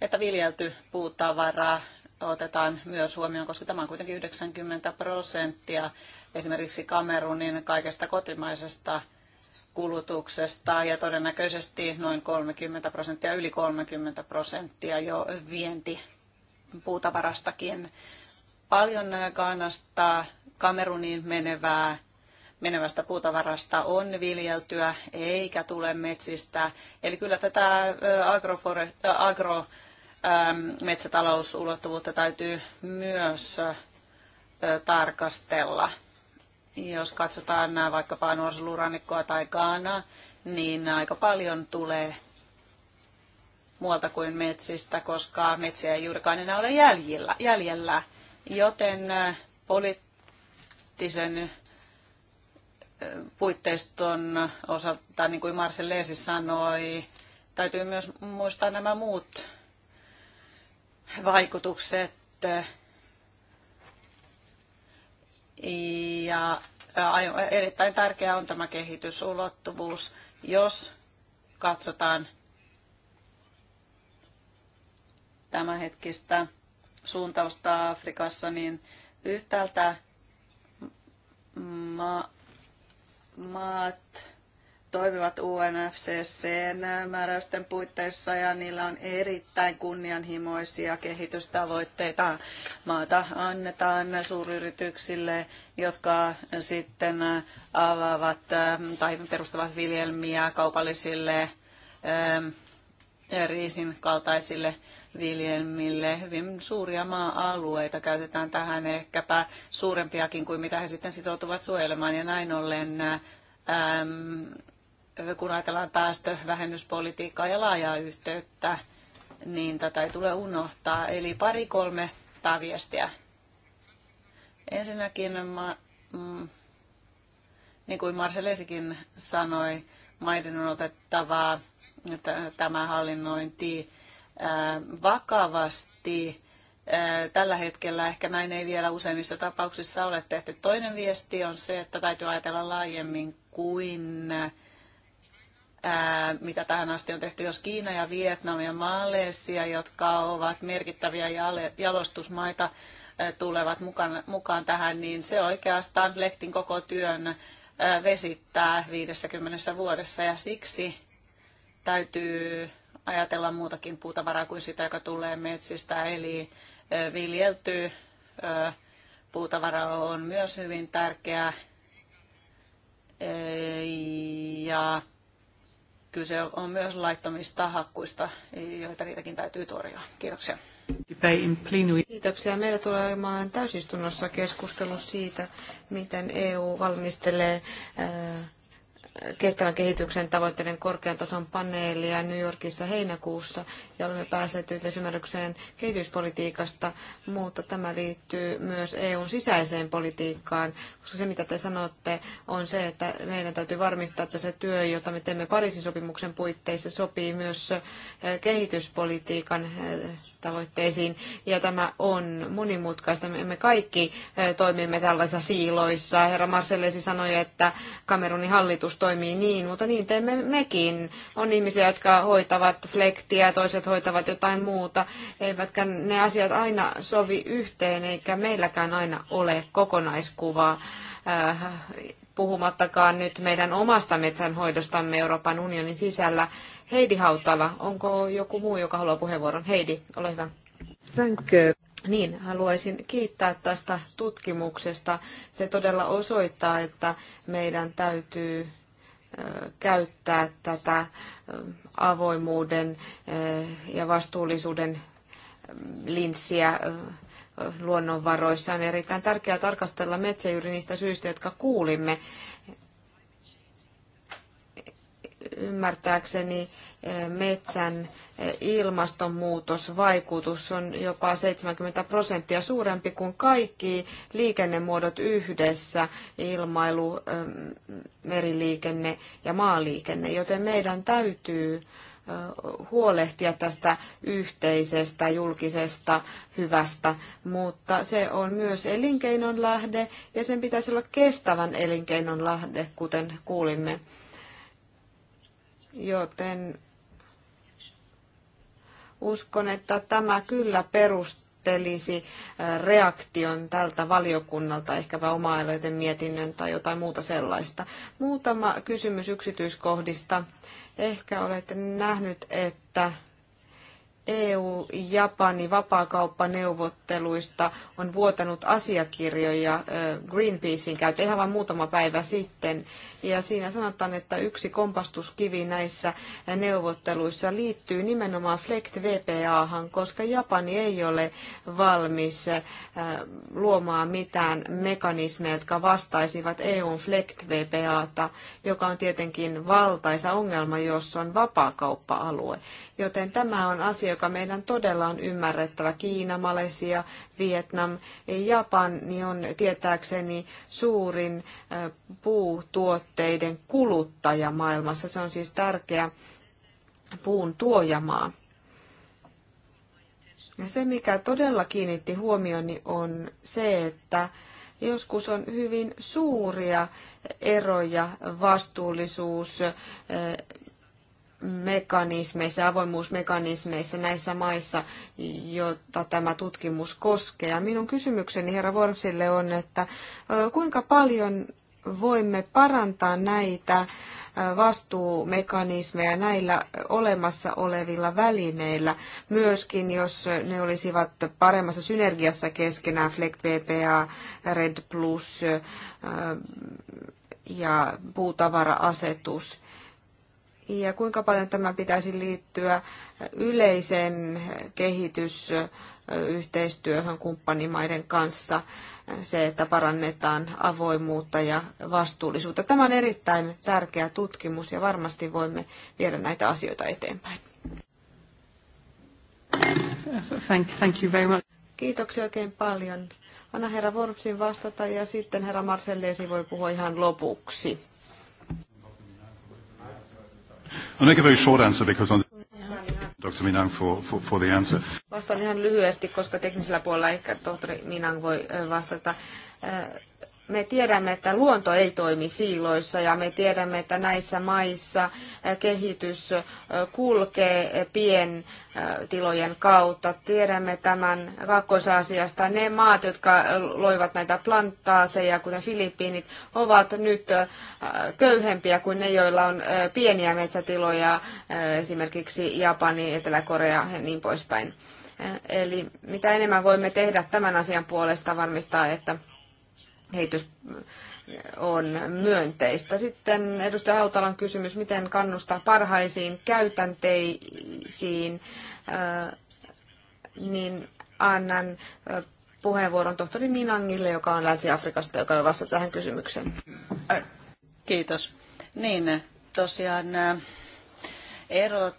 että viljelty puutavara otetaan myös huomioon, koska tämä on kuitenkin 90 prosenttia esimerkiksi Kamerunin kaikesta kotimaisesta kulutuksesta ja todennäköisesti noin 30 prosenttia, yli 30 prosenttia jo vienti puutavarastakin. Paljon Kaanasta Kameruniin menevää menevästä puutavarasta on viljeltyä eikä tule metsistä. Eli kyllä tätä agro täytyy myös tarkastella. Jos katsotaan vaikkapa nuorisolurannikkoa tai kaana, niin aika paljon tulee muualta kuin metsistä, koska metsiä ei juurikaan enää ole jäljellä. jäljellä. Joten poliittisen puitteiston osalta, niin kuin Marcel Leesi sanoi, täytyy myös muistaa nämä muut vaikutukset. Ja erittäin tärkeää on tämä kehitysulottuvuus, jos katsotaan tämänhetkistä suuntausta Afrikassa, niin yhtäältä ma- maat toimivat UNFCCn määräysten puitteissa ja niillä on erittäin kunnianhimoisia kehitystavoitteita. Maata annetaan suuryrityksille, jotka sitten avaavat tai perustavat viljelmiä kaupallisille riisin kaltaisille viljelmille. Hyvin suuria maa-alueita käytetään tähän ehkäpä suurempiakin kuin mitä he sitten sitoutuvat suojelemaan. Ja näin ollen, äm, kun ajatellaan päästövähennyspolitiikkaa ja laajaa yhteyttä, niin tätä ei tule unohtaa. Eli pari-kolme viestiä. Ensinnäkin ma- mm, niin kuin Marcelesikin sanoi, maiden on otettava tämä hallinnointi vakavasti. Tällä hetkellä ehkä näin ei vielä useimmissa tapauksissa ole tehty. Toinen viesti on se, että täytyy ajatella laajemmin kuin mitä tähän asti on tehty, jos Kiina ja Vietnam ja Malesia, jotka ovat merkittäviä jalostusmaita, tulevat mukaan, mukaan tähän, niin se oikeastaan Lehtin koko työn vesittää 50 vuodessa ja siksi täytyy ajatella muutakin puutavaraa kuin sitä, joka tulee metsistä, eli viljelty puutavara on myös hyvin tärkeää. Ja kyse on myös laittomista hakkuista, joita niitäkin täytyy torjua. Kiitoksia. Kiitoksia. Meillä tulee olemaan täysistunnossa keskustelu siitä, miten EU valmistelee äh, kestävän kehityksen tavoitteiden korkean tason paneelia New Yorkissa heinäkuussa ja olemme päässeet yhteisymmärrykseen kehityspolitiikasta, mutta tämä liittyy myös EUn sisäiseen politiikkaan, koska se mitä te sanotte on se, että meidän täytyy varmistaa, että se työ, jota me teemme Pariisin sopimuksen puitteissa, sopii myös eh, kehityspolitiikan eh, tavoitteisiin, ja tämä on monimutkaista. Me kaikki toimimme tällaisissa siiloissa. Herra Marcellesi sanoi, että Kamerunin hallitus toimii niin, mutta niin teemme mekin. On ihmisiä, jotka hoitavat flektiä, toiset hoitavat jotain muuta, eivätkä ne asiat aina sovi yhteen, eikä meilläkään aina ole kokonaiskuvaa puhumattakaan nyt meidän omasta metsänhoidostamme Euroopan unionin sisällä. Heidi Hautala, onko joku muu, joka haluaa puheenvuoron? Heidi, ole hyvä. Thank you. Niin, haluaisin kiittää tästä tutkimuksesta. Se todella osoittaa, että meidän täytyy käyttää tätä avoimuuden ja vastuullisuuden linssiä luonnonvaroissa. On erittäin tärkeää tarkastella metsäjuuri niistä syistä, jotka kuulimme ymmärtääkseni eh, metsän eh, ilmastonmuutosvaikutus on jopa 70 prosenttia suurempi kuin kaikki liikennemuodot yhdessä, ilmailu, eh, meriliikenne ja maaliikenne, joten meidän täytyy huolehtia tästä yhteisestä julkisesta hyvästä, mutta se on myös elinkeinon lähde ja sen pitäisi olla kestävän elinkeinon lähde, kuten kuulimme. Joten uskon, että tämä kyllä perustelisi äh, reaktion tältä valiokunnalta, ehkäpä oma mietinnön tai jotain muuta sellaista. Muutama kysymys yksityiskohdista. Ehkä olette nähnyt, että EU-Japani vapaakauppaneuvotteluista on vuotanut asiakirjoja Greenpeacein käyttö ihan vain muutama päivä sitten. Ja siinä sanotaan, että yksi kompastuskivi näissä neuvotteluissa liittyy nimenomaan FLECT VPAhan, koska Japani ei ole valmis luomaan mitään mekanismeja, jotka vastaisivat EUn FLECT VPAta, joka on tietenkin valtaisa ongelma, jos on vapaakauppa-alue. Joten tämä on asia, asia, joka meidän todella on ymmärrettävä. Kiina, Malesia, Vietnam, Japani niin on tietääkseni suurin puutuotteiden kuluttaja maailmassa. Se on siis tärkeä puun tuojamaa. Ja se, mikä todella kiinnitti huomioni, on se, että joskus on hyvin suuria eroja vastuullisuus mekanismeissa, avoimuusmekanismeissa näissä maissa, jota tämä tutkimus koskee. Ja minun kysymykseni herra Worsille on, että kuinka paljon voimme parantaa näitä vastuumekanismeja näillä olemassa olevilla välineillä, myöskin jos ne olisivat paremmassa synergiassa keskenään, Flect VPA, Red Plus ja puutavara-asetus ja kuinka paljon tämä pitäisi liittyä yleiseen kehitysyhteistyöhön kumppanimaiden kanssa, se, että parannetaan avoimuutta ja vastuullisuutta. Tämä on erittäin tärkeä tutkimus ja varmasti voimme viedä näitä asioita eteenpäin. Thank, thank you very much. Kiitoksia oikein paljon. Anna herra Vorpsin vastata ja sitten herra Marsellesi voi puhua ihan lopuksi. I'll make a very short answer because on Dr. Minang for, for, for the answer. Vastaan ihan lyhyesti, koska teknisellä puolella ehkä tohtori Minang voi vastata me tiedämme, että luonto ei toimi siiloissa ja me tiedämme, että näissä maissa kehitys kulkee pientilojen kautta. Tiedämme tämän kakkoisasiasta. Ne maat, jotka loivat näitä plantaaseja, kuten Filippiinit, ovat nyt köyhempiä kuin ne, joilla on pieniä metsätiloja, esimerkiksi Japani, Etelä-Korea ja niin poispäin. Eli mitä enemmän voimme tehdä tämän asian puolesta, varmistaa, että Heitos on myönteistä. Sitten edustaja Hautalan kysymys, miten kannustaa parhaisiin käytänteisiin, niin annan puheenvuoron tohtori Minangille, joka on Länsi-Afrikasta, joka vastaa tähän kysymykseen. Kiitos. Niin, tosiaan erot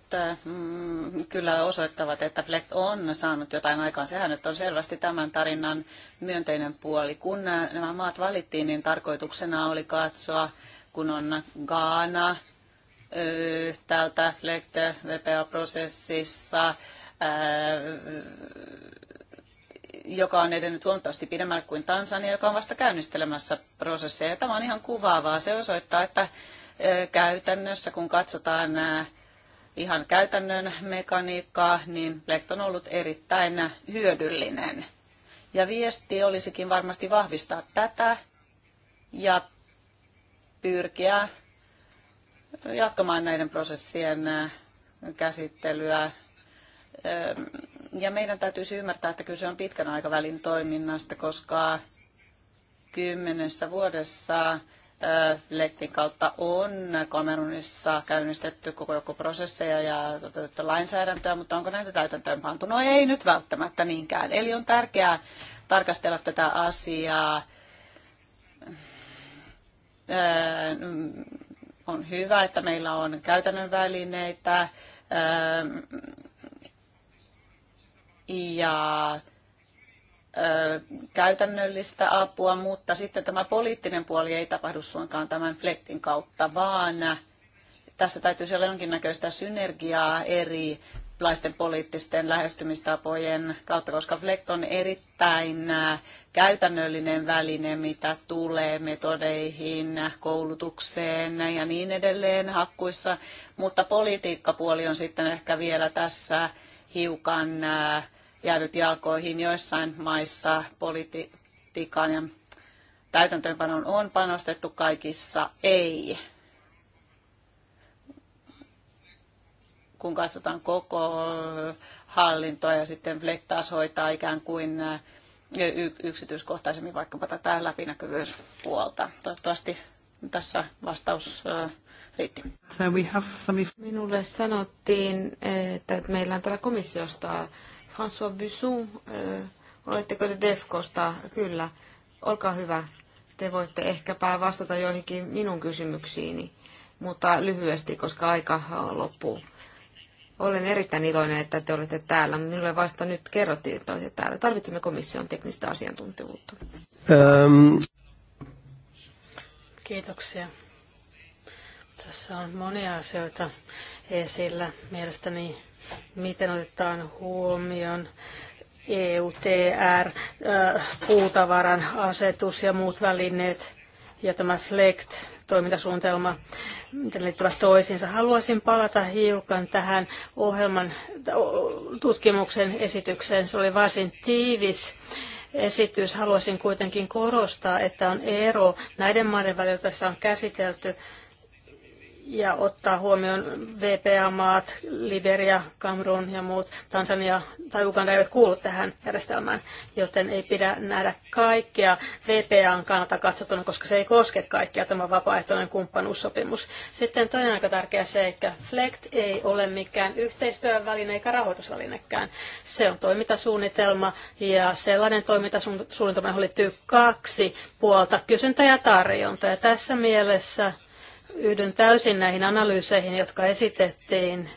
mm, kyllä osoittavat, että Fleck on saanut jotain aikaan. Sehän nyt on selvästi tämän tarinan myönteinen puoli. Kun nämä maat valittiin, niin tarkoituksena oli katsoa, kun on Gaana täältä fleck vpa prosessissa joka on edennyt huomattavasti pidemmälle kuin Tansania, joka on vasta käynnistelemässä prosesseja. Tämä on ihan kuvaavaa. Se osoittaa, että käytännössä kun katsotaan ihan käytännön mekaniikkaa, niin Plekt on ollut erittäin hyödyllinen. Ja viesti olisikin varmasti vahvistaa tätä ja pyrkiä jatkamaan näiden prosessien äh, käsittelyä. Ja meidän täytyisi ymmärtää, että kyse on pitkän aikavälin toiminnasta, koska kymmenessä vuodessa Lettin kautta on Kamerunissa käynnistetty koko joku prosesseja ja toteutettu lainsäädäntöä, mutta onko näitä täytäntöönpantu? No ei nyt välttämättä niinkään. Eli on tärkeää tarkastella tätä asiaa. On hyvä, että meillä on käytännön välineitä ja käytännöllistä apua, mutta sitten tämä poliittinen puoli ei tapahdu suinkaan tämän pletin kautta, vaan tässä täytyy olla jonkinnäköistä synergiaa eri laisten poliittisten lähestymistapojen kautta, koska Flekt on erittäin käytännöllinen väline, mitä tulee metodeihin, koulutukseen ja niin edelleen hakkuissa, mutta politiikkapuoli on sitten ehkä vielä tässä hiukan jäänyt jalkoihin joissain maissa politiikan ja täytäntöönpanoon on panostettu, kaikissa ei. Kun katsotaan koko hallintoa ja sitten Fleck taas hoitaa ikään kuin yksityiskohtaisemmin vaikkapa tätä läpinäkyvyyspuolta. Toivottavasti tässä vastaus riitti. Minulle sanottiin, että meillä on täällä komissiosta François Busson, oletteko te Defkosta? Kyllä. Olkaa hyvä. Te voitte ehkäpä vastata joihinkin minun kysymyksiini, mutta lyhyesti, koska aika loppuu. Olen erittäin iloinen, että te olette täällä. Minulle vasta nyt kerrottiin, että olette täällä. Tarvitsemme komission teknistä asiantuntevuutta. Um. Kiitoksia. Tässä on monia asioita, esillä mielestäni, miten otetaan huomioon EUTR, äh, puutavaran asetus ja muut välineet ja tämä FLECT, toimintasuunnitelma, miten liittyvät toisiinsa. Haluaisin palata hiukan tähän ohjelman tutkimuksen esitykseen. Se oli varsin tiivis esitys. Haluaisin kuitenkin korostaa, että on ero näiden maiden välillä, tässä on käsitelty ja ottaa huomioon VPA-maat, Liberia, Kamerun ja muut, Tansania tai Uganda eivät kuulu tähän järjestelmään, joten ei pidä nähdä kaikkea VPAn kannalta katsottuna, koska se ei koske kaikkia tämä vapaaehtoinen kumppanuussopimus. Sitten toinen aika tärkeä seikka, FLECT ei ole mikään yhteistyöväline eikä rahoitusvälinekään. Se on toimintasuunnitelma ja sellainen toimintasuunnitelma, johon liittyy kaksi puolta, kysyntä ja tarjonta. Ja tässä mielessä Yhdyn täysin näihin analyyseihin, jotka esitettiin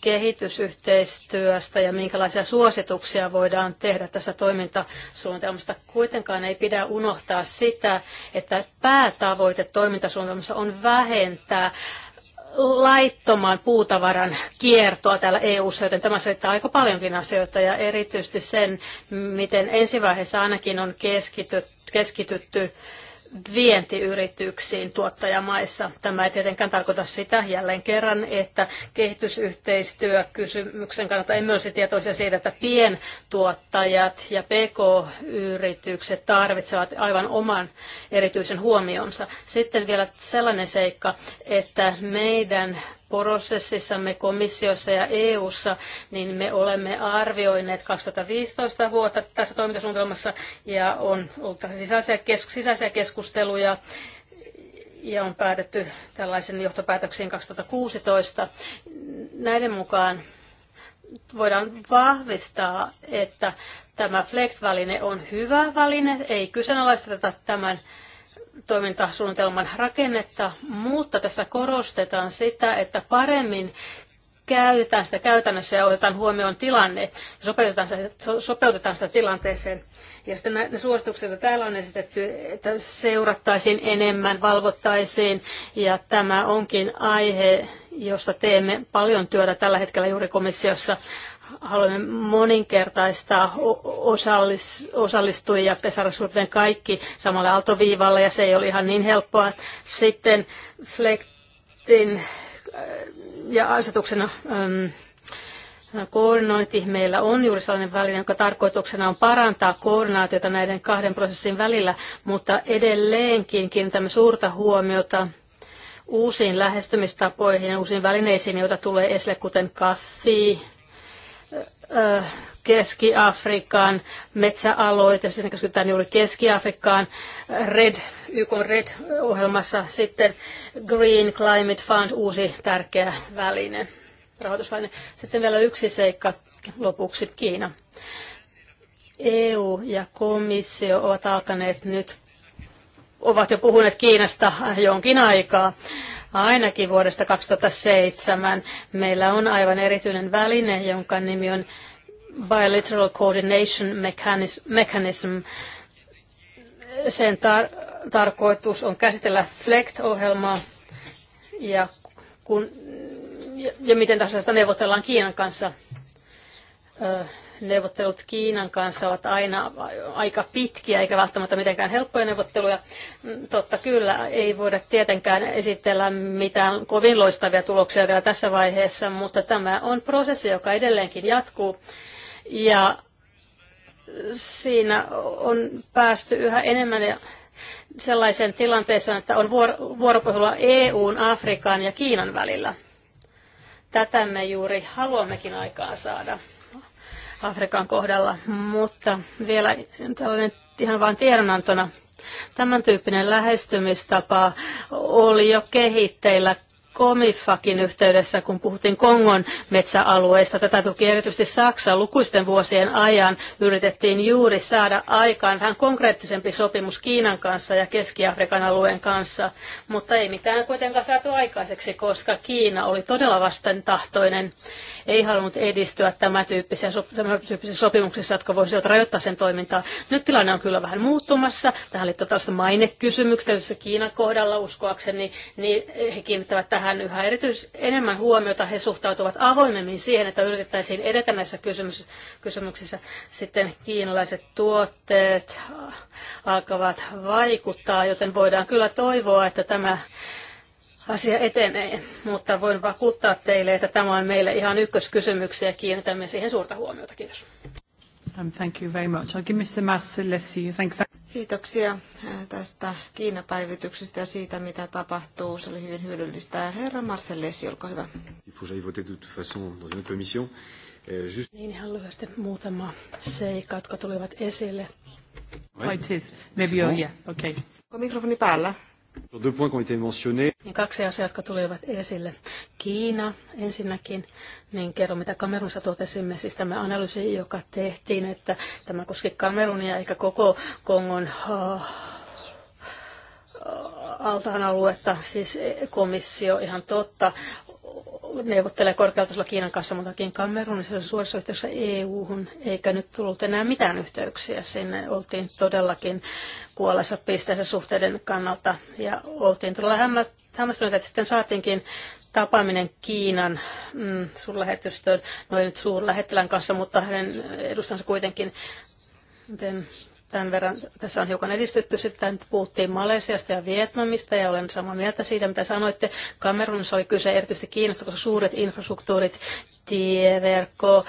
kehitysyhteistyöstä ja minkälaisia suosituksia voidaan tehdä tästä toimintasuunnitelmasta. Kuitenkaan ei pidä unohtaa sitä, että päätavoite toimintasuunnitelmassa on vähentää laittoman puutavaran kiertoa täällä EU-ssa, joten tämä selittää aika paljonkin asioita ja erityisesti sen, miten ensivaiheessa ainakin on keskitytty, keskitytty vientiyrityksiin tuottajamaissa. Tämä ei tietenkään tarkoita sitä jälleen kerran, että kehitysyhteistyökysymyksen kannalta emme olisi tietoisia siitä, että pientuottajat ja PK-yritykset tarvitsevat aivan oman erityisen huomionsa. Sitten vielä sellainen seikka, että meidän prosessissamme komissiossa ja EU:ssa, niin me olemme arvioineet 2015 vuotta tässä toimintasuunnitelmassa ja on ollut sisäisiä, kesk- sisäisiä keskusteluja ja on päätetty tällaisen johtopäätöksiin 2016. Näiden mukaan voidaan vahvistaa, että tämä FLECT-väline on hyvä väline, ei kyseenalaisteta tämän toimintasuunnitelman rakennetta, mutta tässä korostetaan sitä, että paremmin käytetään sitä käytännössä ja otetaan huomioon tilanne ja sopeutetaan sitä, sopeutetaan sitä tilanteeseen. Ja sitten ne suositukset, joita täällä on esitetty, että seurattaisiin enemmän, valvottaisiin ja tämä onkin aihe, josta teemme paljon työtä tällä hetkellä juuri komissiossa haluamme moninkertaistaa osallis, osallistujia, ja saada suurten kaikki samalle altoviivalle, ja se ei ole ihan niin helppoa. Sitten Flektin äh, ja asetuksen ähm, koordinointi meillä on juuri sellainen väline, jonka tarkoituksena on parantaa koordinaatiota näiden kahden prosessin välillä, mutta edelleenkin kiinnitämme suurta huomiota uusiin lähestymistapoihin ja uusiin välineisiin, joita tulee esille, kuten kaffi, Keski-Afrikan metsäaloite, siinä keskitytään juuri Keski-Afrikkaan, Red, YK Red-ohjelmassa sitten Green Climate Fund, uusi tärkeä väline, rahoitusväline. Sitten vielä yksi seikka lopuksi, Kiina. EU ja komissio ovat alkaneet nyt, ovat jo puhuneet Kiinasta jonkin aikaa ainakin vuodesta 2007. Meillä on aivan erityinen väline, jonka nimi on Bilateral Coordination Mechanism. Sen tar- tarkoitus on käsitellä FLECT-ohjelmaa ja, kun, ja, ja miten tässä neuvotellaan Kiinan kanssa. Ö, neuvottelut Kiinan kanssa ovat aina aika pitkiä eikä välttämättä mitenkään helppoja neuvotteluja. Mm, totta kyllä, ei voida tietenkään esitellä mitään kovin loistavia tuloksia vielä tässä vaiheessa, mutta tämä on prosessi, joka edelleenkin jatkuu. Ja siinä on päästy yhä enemmän sellaisen tilanteeseen, että on vuoropuhelua EUn, Afrikan ja Kiinan välillä. Tätä me juuri haluammekin aikaan saada. Afrikan kohdalla, mutta vielä tällainen ihan vain tiedonantona Tämän tyyppinen lähestymistapa oli jo kehitteillä Komifakin yhteydessä, kun puhuttiin Kongon metsäalueista. Tätä tuki erityisesti Saksa lukuisten vuosien ajan. Yritettiin juuri saada aikaan vähän konkreettisempi sopimus Kiinan kanssa ja Keski-Afrikan alueen kanssa, mutta ei mitään kuitenkaan saatu aikaiseksi, koska Kiina oli todella tahtoinen, Ei halunnut edistyä tämän tyyppisiä, tyyppisiä sopimuksissa, jotka voisivat rajoittaa sen toimintaa. Nyt tilanne on kyllä vähän muuttumassa. Tähän liittyy tällaista mainekysymyksiä, Kiinan kohdalla uskoakseni, niin he kiinnittävät tähän tähän yhä erityis enemmän huomiota. He suhtautuvat avoimemmin siihen, että yritettäisiin edetä näissä kysymys- kysymyksissä. Sitten kiinalaiset tuotteet äh, alkavat vaikuttaa, joten voidaan kyllä toivoa, että tämä asia etenee. Mutta voin vakuuttaa teille, että tämä on meille ihan ykköskysymyksiä ja kiinnitämme siihen suurta huomiota. Kiitos. Um, thank you very much. I'll give Mr. Kiitoksia eh, tästä Kiina-päivityksestä ja siitä, mitä tapahtuu. Se oli hyvin hyödyllistä. Herra Marcellesi, olkaa hyvä. Eh, niin ihan lyhyesti muutama seikka, jotka tulivat esille. Right. Maybe, yeah. okay. Mikrofoni päällä. Niin kaksi asiaa, jotka tulivat esille. Kiina ensinnäkin, niin kerro mitä Kamerunsa totesimme, siis tämä analyysi, joka tehtiin, että tämä koski Kamerunia eikä koko Kongon altaan aluetta, siis komissio ihan totta neuvottelee korkealtaisella Kiinan kanssa, mutta Kamerunissa on suorassa yhteydessä EU-hun, eikä nyt tullut enää mitään yhteyksiä sinne. Oltiin todellakin kuollessa pisteessä suhteiden kannalta. Ja oltiin todella hämmästyneitä, että sitten saatiinkin tapaaminen Kiinan mm, suurlähetystöön, noin nyt suurlähettilän kanssa, mutta hänen edustansa kuitenkin. Miten Tämän verran tässä on hiukan edistytty. Sitten puhuttiin Malesiasta ja Vietnamista ja olen samaa mieltä siitä, mitä sanoitte. Kamerunissa oli kyse erityisesti Kiinasta, koska suuret infrastruktuurit, tieverkko,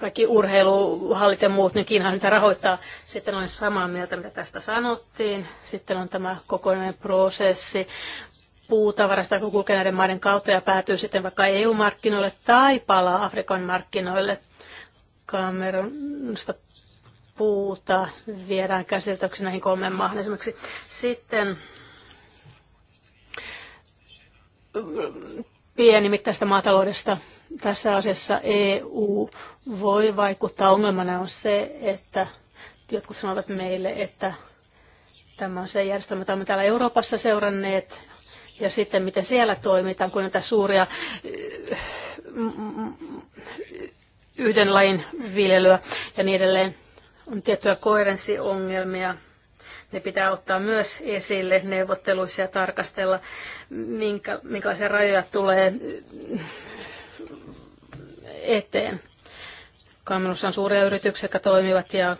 kaikki urheiluhallit ja muut, niin Kiinahan niitä rahoittaa. Sitten olen samaa mieltä, mitä tästä sanottiin. Sitten on tämä kokonainen prosessi puutavarasta, kun kulkee näiden maiden kautta ja päätyy sitten vaikka EU-markkinoille tai palaa Afrikan markkinoille. Kamerunista puuta viedään käsiteltäväksi näihin kolmeen maahan esimerkiksi. Sitten mm, pienimittäistä maataloudesta tässä asiassa EU voi vaikuttaa. Ongelmana on se, että jotkut sanovat meille, että tämä on se järjestelmä, jota me täällä Euroopassa seuranneet, ja sitten miten siellä toimitaan, kun näitä suuria mm, mm, yhden lain viljelyä ja niin edelleen on tiettyjä koherenssiongelmia. Ne pitää ottaa myös esille neuvotteluissa ja tarkastella, minkä, minkälaisia rajoja tulee eteen. Kamelussa on suuria yrityksiä, jotka toimivat ja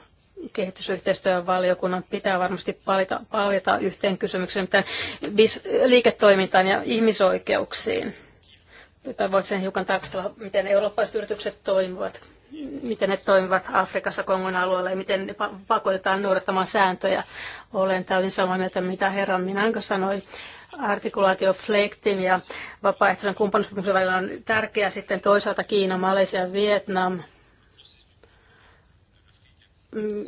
kehitysyhteistyön valiokunnan pitää varmasti palita, palita yhteen kysymykseen liiketoimintaan ja ihmisoikeuksiin. voit sen hiukan tarkastella, miten eurooppalaiset yritykset toimivat miten ne toimivat Afrikassa Kongon alueella ja miten ne pakotetaan noudattamaan sääntöjä. Olen täysin samaa mieltä, mitä herran Minanko sanoi. Artikulaatio Flektin ja vapaaehtoisen kumppanuussopimuksen välillä on tärkeää sitten toisaalta Kiina, Malesia, Vietnam. Mm.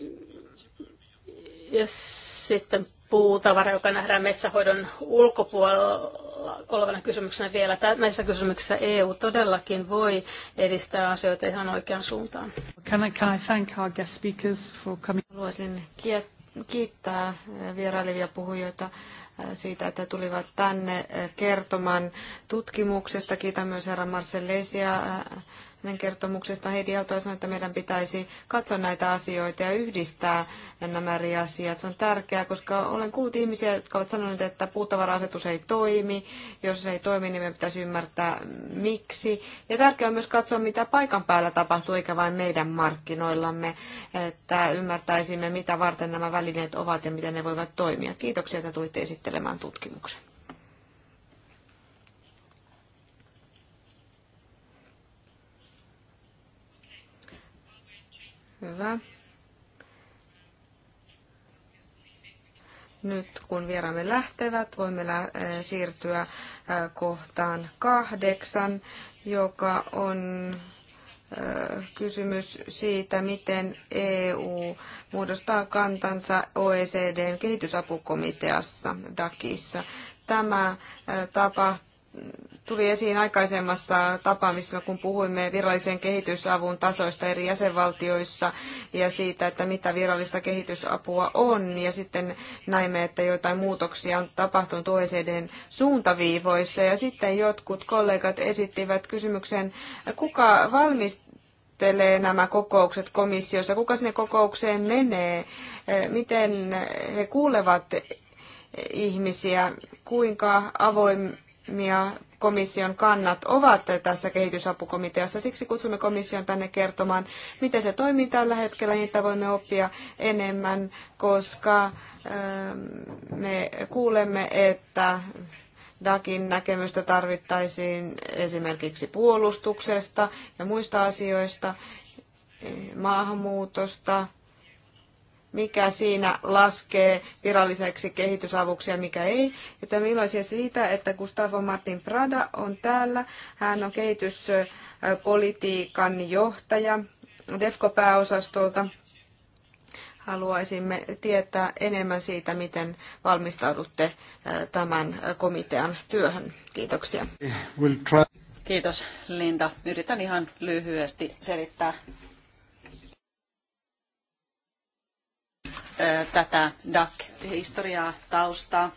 Ja sitten puutavara, joka nähdään metsähoidon ulkopuolella olevana kysymyksenä vielä. Näissä kysymyksissä EU todellakin voi edistää asioita ihan oikeaan suuntaan. Can I, can I thank our guest speakers for coming? Haluaisin kiittää vierailevia puhujoita siitä, että tulivat tänne kertomaan tutkimuksesta. Kiitän myös herra Marcellesia hänen kertomuksesta. Heidi Autoa sanoi, että meidän pitäisi katsoa näitä asioita ja yhdistää nämä eri asiat. Se on tärkeää, koska olen kuullut ihmisiä, jotka ovat sanoneet, että puutavara-asetus ei toimi. Jos se ei toimi, niin me pitäisi ymmärtää miksi. Ja tärkeää on myös katsoa, mitä paikan päällä tapahtuu, eikä vain meidän markkinoillamme, että ymmärtäisimme, mitä varten nämä välineet ovat ja miten ne voivat toimia. Kiitoksia, että tulitte esittelemään tutkimuksen. Hyvä. Nyt kun vieraamme lähtevät, voimme lä- äh, siirtyä äh, kohtaan kahdeksan, joka on äh, kysymys siitä, miten EU muodostaa kantansa OECDn kehitysapukomiteassa DAKissa. Tämä tapahtuu tuli esiin aikaisemmassa tapaamisessa, kun puhuimme virallisen kehitysavun tasoista eri jäsenvaltioissa ja siitä, että mitä virallista kehitysapua on. Ja sitten näimme, että joitain muutoksia on tapahtunut OECDn suuntaviivoissa. Ja sitten jotkut kollegat esittivät kysymyksen, kuka valmistelee nämä kokoukset komissiossa, kuka sinne kokoukseen menee, miten he kuulevat ihmisiä, kuinka avoin ja komission kannat ovat tässä kehitysapukomiteassa. Siksi kutsumme komission tänne kertomaan, miten se toimii tällä hetkellä, niitä voimme oppia enemmän, koska ähm, me kuulemme, että DAKin näkemystä tarvittaisiin esimerkiksi puolustuksesta ja muista asioista, maahanmuutosta, mikä siinä laskee viralliseksi kehitysavuksi ja mikä ei. Joten millaisia siitä, että Gustavo Martin Prada on täällä. Hän on kehityspolitiikan johtaja DEFCO-pääosastolta. Haluaisimme tietää enemmän siitä, miten valmistaudutte äh, tämän äh, komitean työhön. Kiitoksia. Kiitos Linda. Yritän ihan lyhyesti selittää tätä DAC-historiaa, taustaa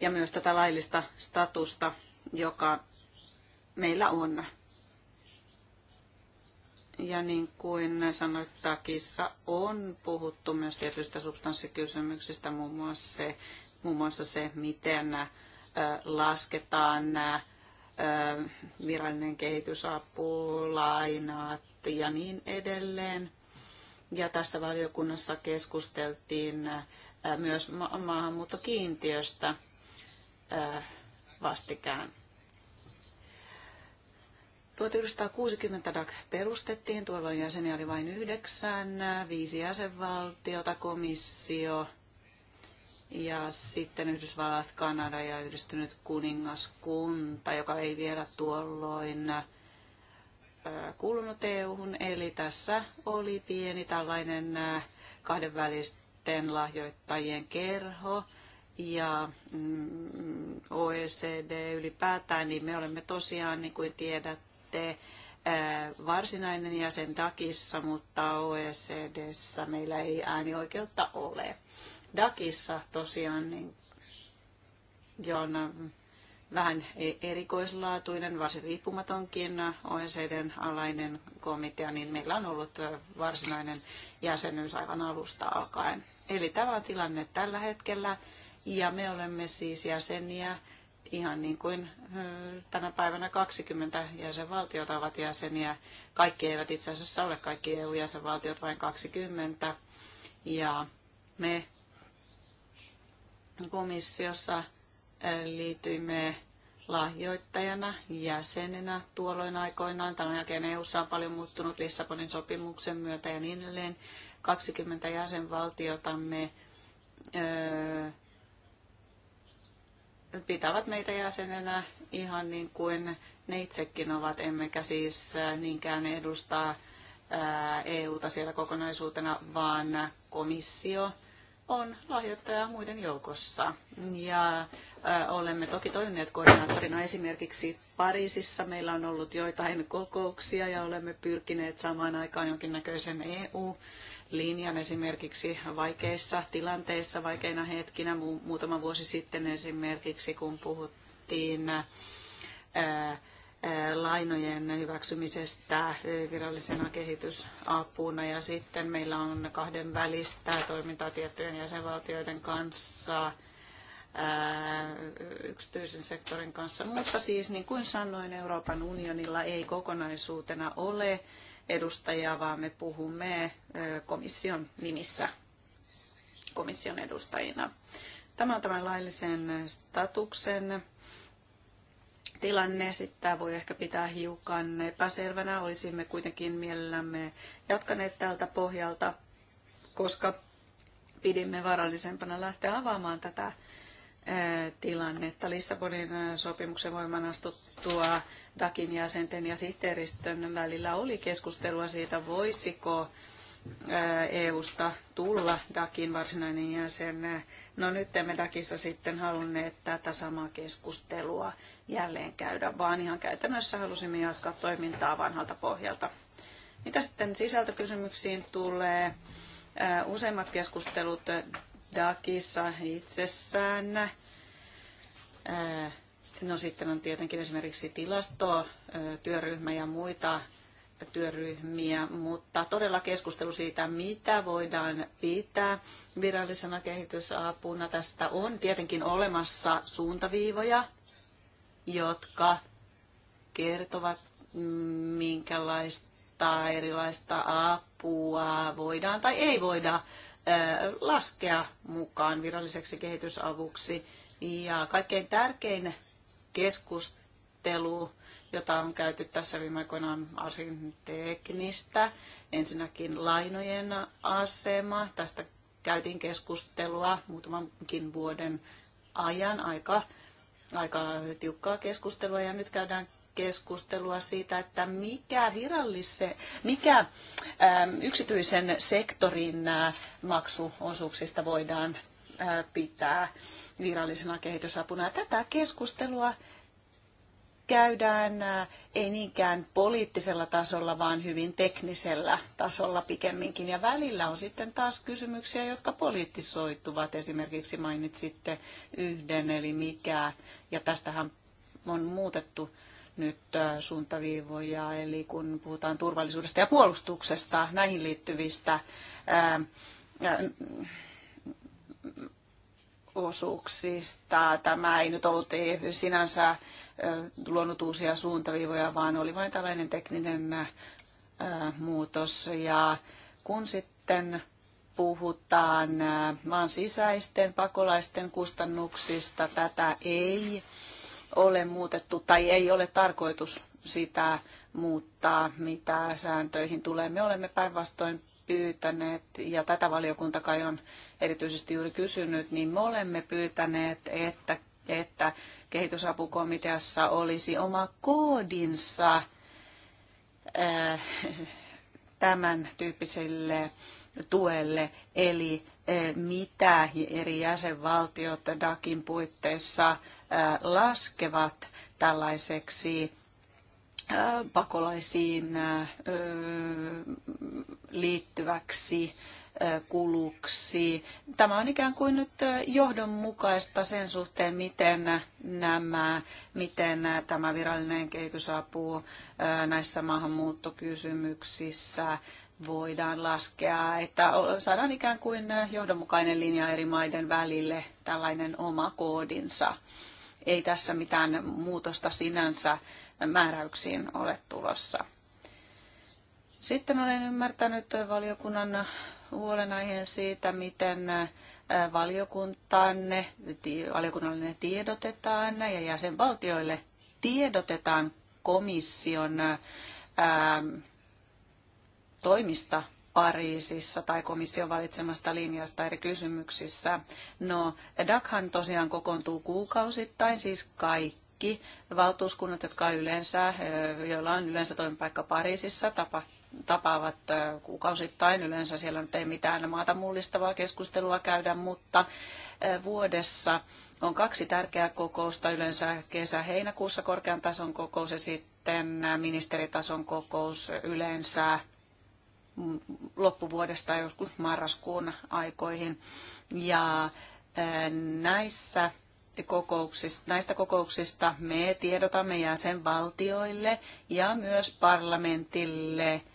ja myös tätä laillista statusta, joka meillä on. Ja niin kuin sanoit, takissa on puhuttu myös tietyistä substanssikysymyksistä, muun muassa se, muun muassa se miten lasketaan virallinen kehitysapu, lainat ja niin edelleen. Ja tässä valiokunnassa keskusteltiin myös maahanmuuttokiintiöstä vastikään. 1960 DAC perustettiin, tuolloin jäseniä oli vain yhdeksän, viisi jäsenvaltiota, komissio ja sitten Yhdysvallat, Kanada ja yhdistynyt kuningaskunta, joka ei vielä tuolloin kuulunut EU-hun, eli tässä oli pieni tällainen kahdenvälisten lahjoittajien kerho ja mm, OECD ylipäätään, niin me olemme tosiaan, niin kuin tiedätte, varsinainen jäsen DAKissa, mutta OECDssä meillä ei äänioikeutta ole. DAKissa tosiaan niin, Joona vähän erikoislaatuinen, varsin riippumatonkin OECDn alainen komitea, niin meillä on ollut varsinainen jäsenyys aivan alusta alkaen. Eli tämä on tilanne tällä hetkellä, ja me olemme siis jäseniä ihan niin kuin tänä päivänä 20 jäsenvaltiota ovat jäseniä. Kaikki eivät itse asiassa ole kaikki EU-jäsenvaltiot, vain 20. Ja me komissiossa liityimme lahjoittajana, jäsenenä tuolloin aikoinaan. Tämän jälkeen EU on paljon muuttunut Lissabonin sopimuksen myötä ja niin edelleen. 20 jäsenvaltiotamme pitävät meitä jäsenenä ihan niin kuin ne itsekin ovat, emmekä siis niinkään edustaa EUta siellä kokonaisuutena, vaan komissio on lahjoittaja muiden joukossa. Ja äh, olemme toki toimineet koordinaattorina esimerkiksi Pariisissa. Meillä on ollut joitain kokouksia ja olemme pyrkineet samaan aikaan jonkinnäköisen EU-linjan esimerkiksi vaikeissa tilanteissa, vaikeina hetkinä. Muutama vuosi sitten esimerkiksi, kun puhuttiin äh, lainojen hyväksymisestä virallisena kehitysapuna ja sitten meillä on kahden välistä toimintaa tiettyjen jäsenvaltioiden kanssa, yksityisen sektorin kanssa. Mutta siis niin kuin sanoin, Euroopan unionilla ei kokonaisuutena ole edustajia, vaan me puhumme komission nimissä komission edustajina. Tämä on tämän laillisen statuksen tilanne. Sitten voi ehkä pitää hiukan epäselvänä. Olisimme kuitenkin mielellämme jatkaneet tältä pohjalta, koska pidimme varallisempana lähteä avaamaan tätä tilannetta. Lissabonin sopimuksen voiman astuttua DAKin jäsenten ja sihteeristön välillä oli keskustelua siitä, voisiko EUsta tulla DAKin varsinainen jäsen. No nyt emme DAKissa sitten halunneet tätä samaa keskustelua jälleen käydä, vaan ihan käytännössä halusimme jatkaa toimintaa vanhalta pohjalta. Mitä sitten sisältökysymyksiin tulee? Useimmat keskustelut DAKissa itsessään. No sitten on tietenkin esimerkiksi tilasto työryhmä ja muita työryhmiä, mutta todella keskustelu siitä, mitä voidaan pitää virallisena kehitysapuna. Tästä on tietenkin olemassa suuntaviivoja, jotka kertovat, minkälaista erilaista apua voidaan tai ei voida laskea mukaan viralliseksi kehitysavuksi. Ja kaikkein tärkein keskustelu, jota on käyty tässä viime aikoina, on asian teknistä. Ensinnäkin lainojen asema. Tästä käytiin keskustelua muutamankin vuoden ajan aika aika tiukkaa keskustelua ja nyt käydään keskustelua siitä, että mikä virallisse, mikä ähm, yksityisen sektorin äh, maksuosuuksista voidaan äh, pitää virallisena kehitysapuna. Tätä keskustelua käydään ei niinkään poliittisella tasolla, vaan hyvin teknisellä tasolla pikemminkin. Ja välillä on sitten taas kysymyksiä, jotka poliittisoituvat. Esimerkiksi mainitsitte yhden, eli mikä, ja tästähän on muutettu nyt suuntaviivoja, eli kun puhutaan turvallisuudesta ja puolustuksesta, näihin liittyvistä ää, ää, osuuksista. Tämä ei nyt ollut sinänsä luonut uusia suuntaviivoja, vaan oli vain tällainen tekninen muutos. Ja kun sitten puhutaan maan sisäisten pakolaisten kustannuksista, tätä ei ole muutettu tai ei ole tarkoitus sitä muuttaa, mitä sääntöihin tulee. Me olemme päinvastoin pyytäneet, ja tätä valiokunta kai on erityisesti juuri kysynyt, niin me olemme pyytäneet, että että kehitysapukomiteassa olisi oma koodinsa äh, tämän tyyppiselle tuelle, eli äh, mitä eri jäsenvaltiot DAKin puitteissa äh, laskevat tällaiseksi pakolaisiin liittyväksi kuluksi. Tämä on ikään kuin nyt johdonmukaista sen suhteen, miten, nämä, miten tämä virallinen kehitysapu näissä maahanmuuttokysymyksissä voidaan laskea, että saadaan ikään kuin johdonmukainen linja eri maiden välille tällainen oma koodinsa. Ei tässä mitään muutosta sinänsä määräyksiin ole tulossa. Sitten olen ymmärtänyt valiokunnan huolenaiheen siitä, miten valiokuntaanne, valiokunnallinen tiedotetaan ja jäsenvaltioille tiedotetaan komission ää, toimista Pariisissa tai komission valitsemasta linjasta eri kysymyksissä. No, DAChan tosiaan kokoontuu kuukausittain, siis kaikki valtuuskunnat, jotka yleensä, joilla on yleensä toimipaikka Pariisissa, tapahtuu tapaavat kuukausittain. Yleensä siellä nyt ei mitään maata mullistavaa keskustelua käydä, mutta vuodessa on kaksi tärkeää kokousta, yleensä kesä-heinäkuussa korkean tason kokous ja sitten ministeritason kokous yleensä mm, loppuvuodesta joskus marraskuun aikoihin. Ja näissä kokouksista, näistä kokouksista me tiedotamme jäsenvaltioille ja myös parlamentille –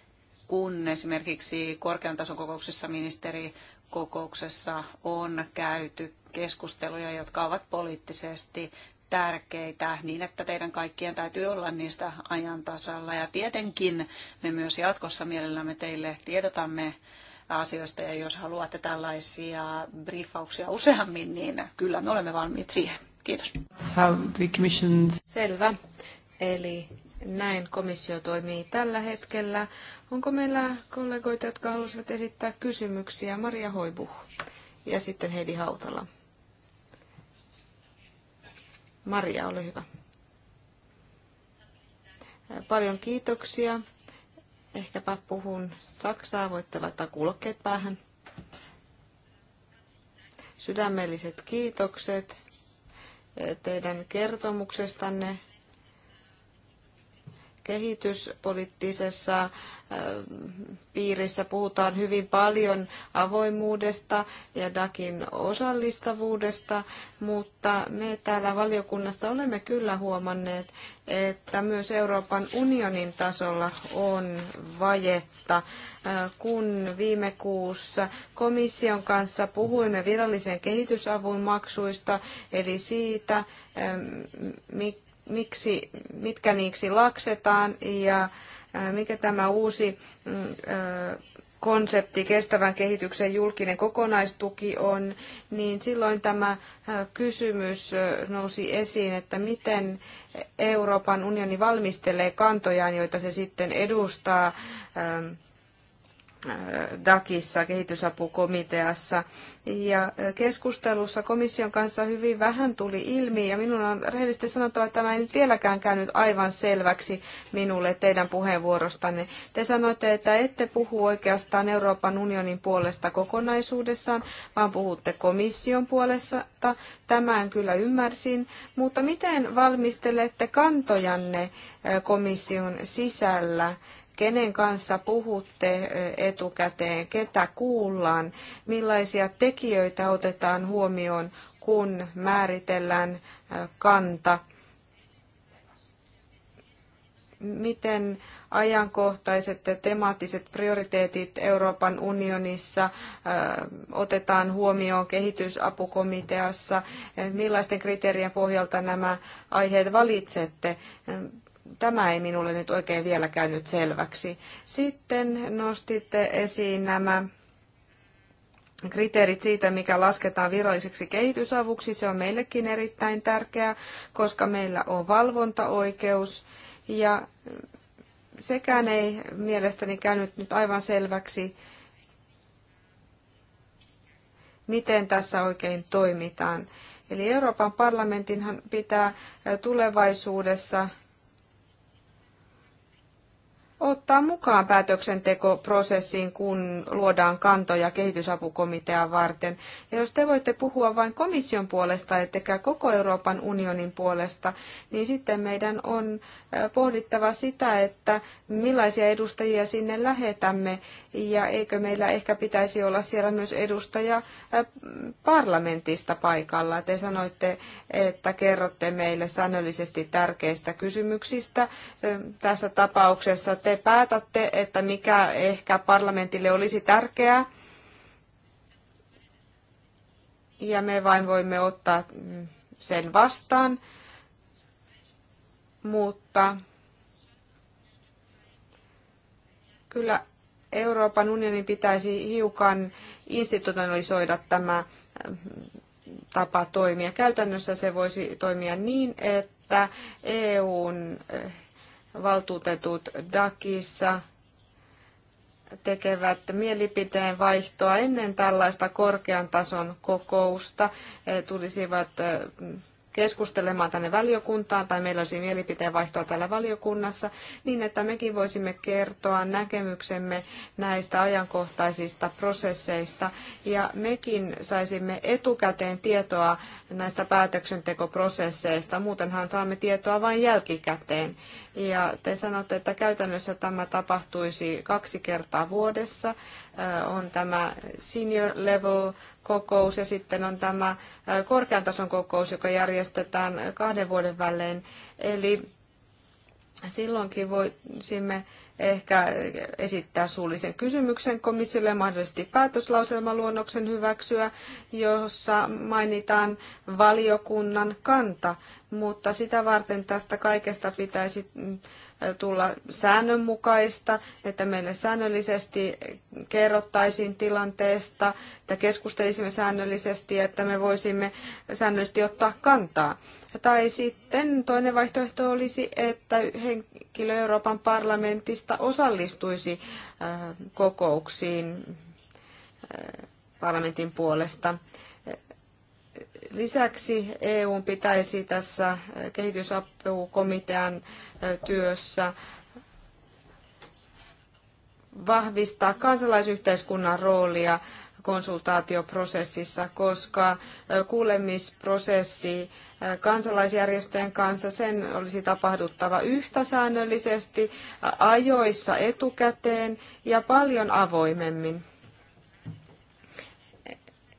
kun esimerkiksi korkean tason kokouksessa, ministerikokouksessa on käyty keskusteluja, jotka ovat poliittisesti tärkeitä niin, että teidän kaikkien täytyy olla niistä ajan tasalla. Ja tietenkin me myös jatkossa mielellämme teille tiedotamme asioista ja jos haluatte tällaisia briefauksia useammin, niin kyllä me olemme valmiit siihen. Kiitos. Selvä. Eli näin komissio toimii tällä hetkellä. Onko meillä kollegoita, jotka haluaisivat esittää kysymyksiä? Maria Hoibuh ja sitten Heidi Hautala. Maria, ole hyvä. Paljon kiitoksia. Ehkäpä puhun saksaa, voitte laittaa kulkeet päähän. Sydämelliset kiitokset teidän kertomuksestanne kehityspoliittisessa piirissä puhutaan hyvin paljon avoimuudesta ja DAKin osallistavuudesta, mutta me täällä valiokunnassa olemme kyllä huomanneet, että myös Euroopan unionin tasolla on vajetta. Kun viime kuussa komission kanssa puhuimme virallisen kehitysavun maksuista, eli siitä, mikä miksi, mitkä niiksi laksetaan ja mikä tämä uusi mm, konsepti kestävän kehityksen julkinen kokonaistuki on, niin silloin tämä kysymys nousi esiin, että miten Euroopan unioni valmistelee kantojaan, joita se sitten edustaa DAKissa, kehitysapukomiteassa. Ja keskustelussa komission kanssa hyvin vähän tuli ilmi, ja minun on rehellisesti sanottava, että tämä ei nyt vieläkään käynyt aivan selväksi minulle teidän puheenvuorostanne. Te sanoitte, että ette puhu oikeastaan Euroopan unionin puolesta kokonaisuudessaan, vaan puhutte komission puolesta. Tämän kyllä ymmärsin, mutta miten valmistelette kantojanne komission sisällä? kenen kanssa puhutte etukäteen, ketä kuullaan, millaisia tekijöitä otetaan huomioon, kun määritellään kanta, miten ajankohtaiset temaattiset prioriteetit Euroopan unionissa otetaan huomioon kehitysapukomiteassa, millaisten kriteerien pohjalta nämä aiheet valitsette tämä ei minulle nyt oikein vielä käynyt selväksi. Sitten nostitte esiin nämä kriteerit siitä, mikä lasketaan viralliseksi kehitysavuksi. Se on meillekin erittäin tärkeää, koska meillä on valvontaoikeus ja sekään ei mielestäni käynyt nyt aivan selväksi, miten tässä oikein toimitaan. Eli Euroopan parlamentinhan pitää tulevaisuudessa ottaa mukaan päätöksentekoprosessiin, kun luodaan kantoja kehitysapukomiteaa varten. Ja jos te voitte puhua vain komission puolesta, ettekä koko Euroopan unionin puolesta, niin sitten meidän on pohdittava sitä, että millaisia edustajia sinne lähetämme, ja eikö meillä ehkä pitäisi olla siellä myös edustaja parlamentista paikalla. Te sanoitte, että kerrotte meille säännöllisesti tärkeistä kysymyksistä. Tässä tapauksessa te päätätte, että mikä ehkä parlamentille olisi tärkeää. Ja me vain voimme ottaa sen vastaan. Mutta kyllä Euroopan unionin pitäisi hiukan institutionalisoida tämä mm, tapa toimia. Käytännössä se voisi toimia niin, että EUn eh, valtuutetut DAKissa tekevät mielipiteen vaihtoa ennen tällaista korkean tason kokousta. He tulisivat keskustelemaan tänne valiokuntaan tai meillä olisi mielipiteen vaihtoa täällä valiokunnassa, niin että mekin voisimme kertoa näkemyksemme näistä ajankohtaisista prosesseista ja mekin saisimme etukäteen tietoa näistä päätöksentekoprosesseista, muutenhan saamme tietoa vain jälkikäteen. Ja te sanotte, että käytännössä tämä tapahtuisi kaksi kertaa vuodessa. On tämä senior level kokous ja sitten on tämä korkean tason kokous, joka järjestetään kahden vuoden välein. Eli silloinkin voisimme ehkä esittää suullisen kysymyksen komissiolle ja mahdollisesti päätöslauselmaluonnoksen hyväksyä, jossa mainitaan valiokunnan kanta, mutta sitä varten tästä kaikesta pitäisi mm, tulla säännönmukaista, että meille säännöllisesti kerrottaisiin tilanteesta, että keskustelisimme säännöllisesti, että me voisimme säännöllisesti ottaa kantaa. Tai sitten toinen vaihtoehto olisi, että henkilö Euroopan parlamentista osallistuisi äh, kokouksiin äh, parlamentin puolesta. Lisäksi EUn pitäisi tässä kehitysapukomitean työssä vahvistaa kansalaisyhteiskunnan roolia konsultaatioprosessissa, koska kuulemisprosessi kansalaisjärjestöjen kanssa sen olisi tapahduttava yhtä säännöllisesti, ajoissa etukäteen ja paljon avoimemmin.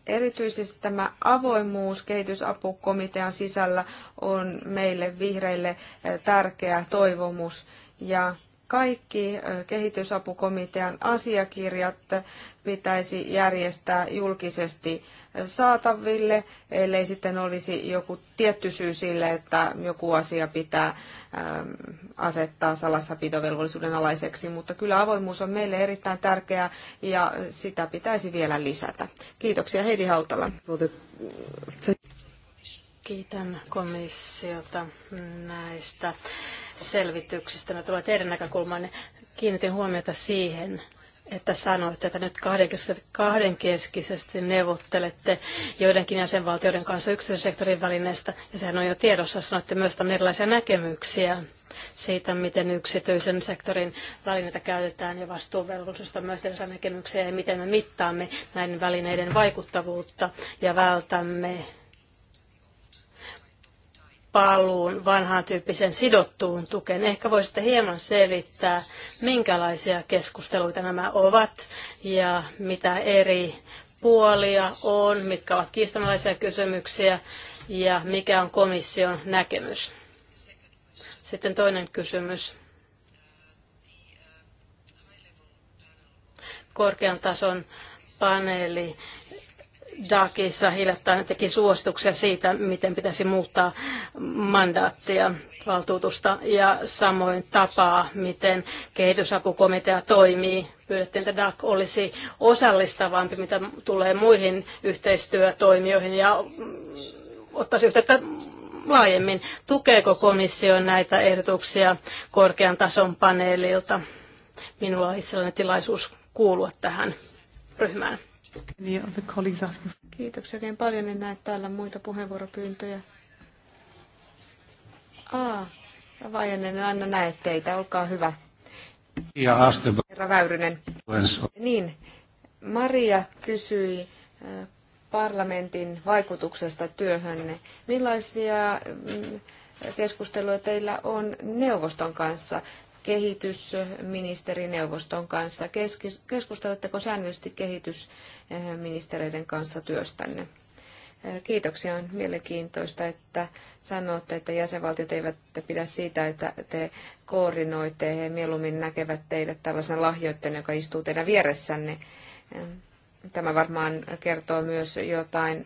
Erityisesti tämä avoimuus kehitysapukomitean sisällä on meille vihreille eh, tärkeä toivomus ja kaikki kehitysapukomitean asiakirjat pitäisi järjestää julkisesti saataville, ellei sitten olisi joku tietty syy sille, että joku asia pitää asettaa salassapitovelvollisuuden alaiseksi, mutta kyllä avoimuus on meille erittäin tärkeää ja sitä pitäisi vielä lisätä. Kiitoksia Heidi Hautala. Kiitän komissiota näistä selvityksistä. Mä tulee teidän näkökulmanne. Kiinnitin huomiota siihen, että sanoitte, että nyt kahdenkeskisesti neuvottelette joidenkin jäsenvaltioiden kanssa yksityisen sektorin välineestä, ja sehän on jo tiedossa, sanoitte myös on erilaisia näkemyksiä siitä, miten yksityisen sektorin välineitä käytetään ja vastuuvelvollisuudesta myös erilaisia näkemyksiä ja miten me mittaamme näiden välineiden vaikuttavuutta ja vältämme paluun vanhaan tyyppiseen sidottuun tukeen. Ehkä voisitte hieman selittää, minkälaisia keskusteluita nämä ovat ja mitä eri puolia on, mitkä ovat kiistanalaisia kysymyksiä ja mikä on komission näkemys. Sitten toinen kysymys. Korkean tason paneeli DAKissa hiljattain teki suosituksia siitä, miten pitäisi muuttaa mandaattia, valtuutusta ja samoin tapaa, miten kehitysapukomitea toimii. Pyydettiin, että DAC olisi osallistavampi, mitä tulee muihin yhteistyötoimijoihin ja ottaisi yhteyttä laajemmin. Tukeeko komissio näitä ehdotuksia korkean tason paneelilta? Minulla on itselläni tilaisuus kuulua tähän ryhmään. Kiitoksia oikein paljon. En niin näe täällä muita puheenvuoropyyntöjä. Aa, Ravajan, en aina näe teitä. Olkaa hyvä. Ja haaste. Herra Väyrynen. Niin, Maria kysyi äh, parlamentin vaikutuksesta työhönne. Millaisia mm, keskusteluja teillä on neuvoston kanssa? kehitysministerineuvoston kanssa. Keskusteletteko säännöllisesti kehitys Eh, ministereiden kanssa työstänne. Eh, kiitoksia. On mielenkiintoista, että sanotte, että jäsenvaltiot eivät pidä siitä, että te koordinoitte. He mieluummin näkevät teidät tällaisen lahjoitteen, joka istuu teidän vieressänne. Eh, tämä varmaan kertoo myös jotain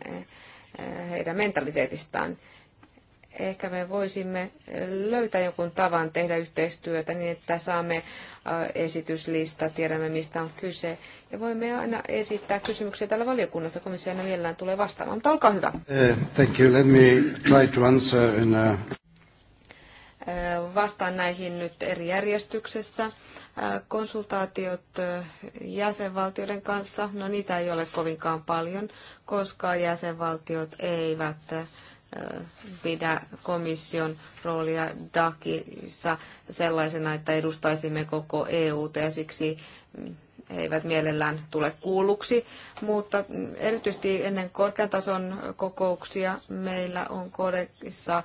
heidän mentaliteetistaan ehkä me voisimme löytää jonkun tavan tehdä yhteistyötä niin, että saamme esityslista, tiedämme mistä on kyse. Ja voimme aina esittää kysymyksiä täällä valiokunnassa, komissio aina mielellään tulee vastaamaan, mutta olkaa hyvä. Uh, thank you. Let me try to answer in a... Vastaan näihin nyt eri järjestyksessä. Konsultaatiot jäsenvaltioiden kanssa, no niitä ei ole kovinkaan paljon, koska jäsenvaltiot eivät pidä komission roolia DAKissa sellaisena, että edustaisimme koko EUta ja siksi he eivät mielellään tule kuulluksi, mutta erityisesti ennen korkean tason kokouksia meillä on kodekissa äh,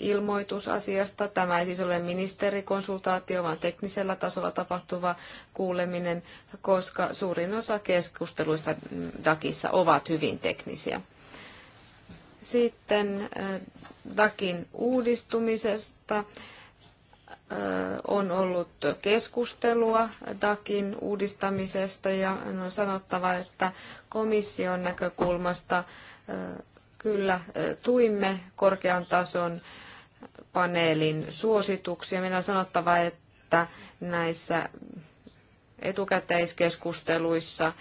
ilmoitus asiasta. Tämä ei siis ole ministerikonsultaatio, vaan teknisellä tasolla tapahtuva kuuleminen, koska suurin osa keskusteluista DAKissa ovat hyvin teknisiä. Sitten DAKin uudistumisesta on ollut keskustelua DAKin uudistamisesta ja on sanottava, että komission näkökulmasta kyllä tuimme korkean tason paneelin suosituksia. Minä on sanottava, että näissä etukäteiskeskusteluissa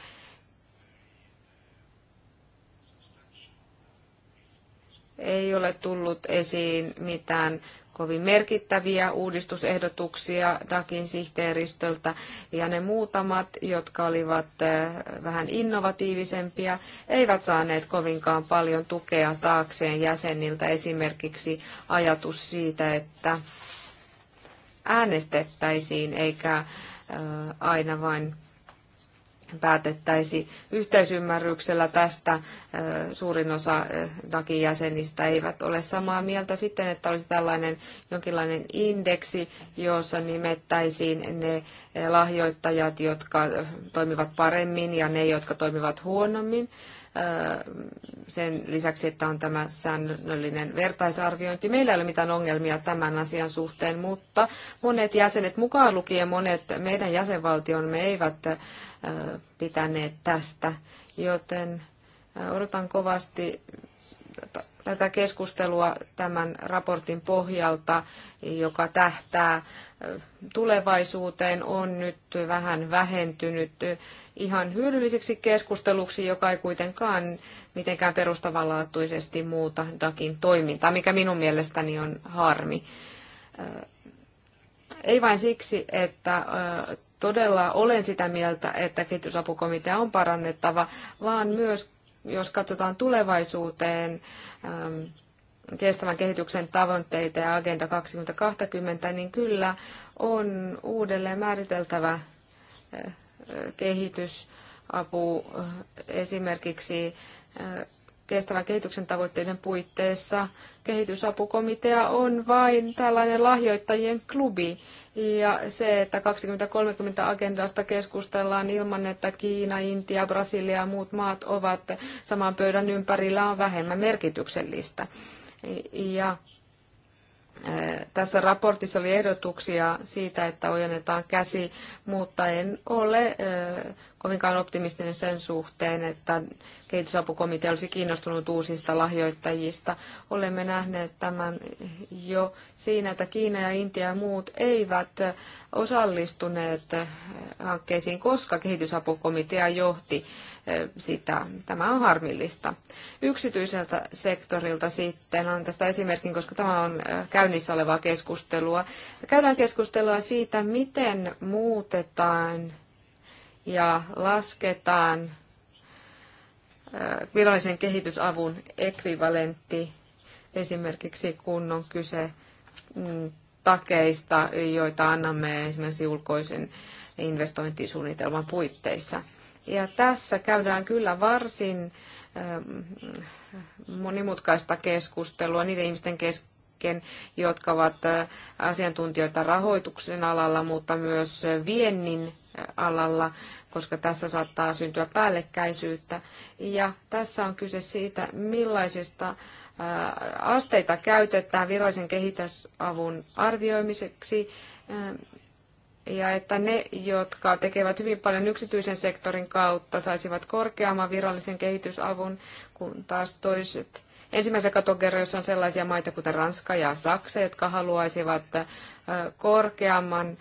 ei ole tullut esiin mitään kovin merkittäviä uudistusehdotuksia DAKin sihteeristöltä ja ne muutamat, jotka olivat eh, vähän innovatiivisempia, eivät saaneet kovinkaan paljon tukea taakseen jäseniltä. Esimerkiksi ajatus siitä, että äänestettäisiin eikä eh, aina vain päätettäisi yhteisymmärryksellä tästä. Suurin osa DAKin jäsenistä eivät ole samaa mieltä sitten, että olisi tällainen jonkinlainen indeksi, jossa nimettäisiin ne lahjoittajat, jotka toimivat paremmin ja ne, jotka toimivat huonommin sen lisäksi, että on tämä säännöllinen vertaisarviointi. Meillä ei ole mitään ongelmia tämän asian suhteen, mutta monet jäsenet, mukaan lukien monet meidän jäsenvaltiomme eivät pitäneet tästä, joten odotan kovasti tätä keskustelua tämän raportin pohjalta, joka tähtää tulevaisuuteen, on nyt vähän vähentynyt ihan hyödylliseksi keskusteluksi, joka ei kuitenkaan mitenkään perustavanlaatuisesti muuta DAKin toimintaa, mikä minun mielestäni on harmi. Ei vain siksi, että todella olen sitä mieltä, että kehitysapukomitea on parannettava, vaan myös jos katsotaan tulevaisuuteen, kestävän kehityksen tavoitteita ja Agenda 2020, niin kyllä on uudelleen määriteltävä kehitysapu esimerkiksi kestävän kehityksen tavoitteiden puitteissa. Kehitysapukomitea on vain tällainen lahjoittajien klubi. Ja se, että 2030 agendasta keskustellaan ilman, että Kiina, Intia, Brasilia ja muut maat ovat saman pöydän ympärillä, on vähemmän merkityksellistä. Ja tässä raportissa oli ehdotuksia siitä, että ojennetaan käsi, mutta en ole kovinkaan optimistinen sen suhteen, että kehitysapukomitea olisi kiinnostunut uusista lahjoittajista. Olemme nähneet tämän jo siinä, että Kiina ja Intia ja muut eivät osallistuneet hankkeisiin, koska kehitysapukomitea johti sitä. Tämä on harmillista. Yksityiseltä sektorilta sitten on tästä esimerkin, koska tämä on käynnissä olevaa keskustelua. Käydään keskustelua siitä, miten muutetaan ja lasketaan virallisen kehitysavun ekvivalentti esimerkiksi kun on kyse mm, takeista, joita annamme esimerkiksi ulkoisen investointisuunnitelman puitteissa. Ja tässä käydään kyllä varsin ähm, monimutkaista keskustelua niiden ihmisten kesken, jotka ovat äh, asiantuntijoita rahoituksen alalla, mutta myös äh, viennin äh, alalla, koska tässä saattaa syntyä päällekkäisyyttä. Ja tässä on kyse siitä, millaisista asteita käytetään virallisen kehitysavun arvioimiseksi ähm, ja että ne, jotka tekevät hyvin paljon yksityisen sektorin kautta, saisivat korkeamman virallisen kehitysavun, kun taas toiset Ensimmäisessä kategoriassa on sellaisia maita kuten Ranska ja Saksa, jotka haluaisivat korkeamman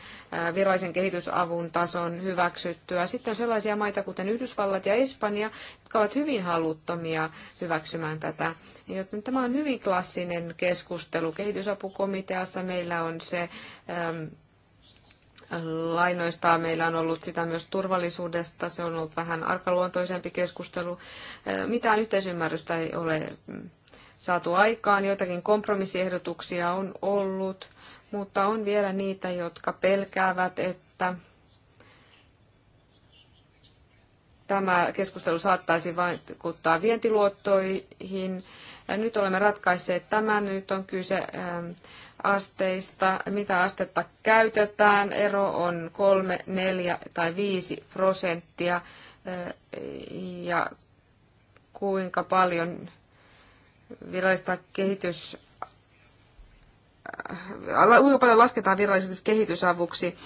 virallisen kehitysavun tason hyväksyttyä. Sitten on sellaisia maita kuten Yhdysvallat ja Espanja, jotka ovat hyvin haluttomia hyväksymään tätä. Joten tämä on hyvin klassinen keskustelu. Kehitysapukomiteassa meillä on se ähm, lainoista. Meillä on ollut sitä myös turvallisuudesta. Se on ollut vähän arkaluontoisempi keskustelu. Mitään yhteisymmärrystä ei ole mm, saatu aikaan. Joitakin kompromissiehdotuksia on ollut, mutta on vielä niitä, jotka pelkäävät, että tämä keskustelu saattaisi vaikuttaa vientiluottoihin. Ja nyt olemme ratkaisseet tämän. Nyt on kyse asteista, mitä astetta käytetään. Ero on 3, 4 tai 5 prosenttia ja kuinka paljon virallista kehitys äh, kuinka paljon lasketaan virallisesti kehitysavuksi.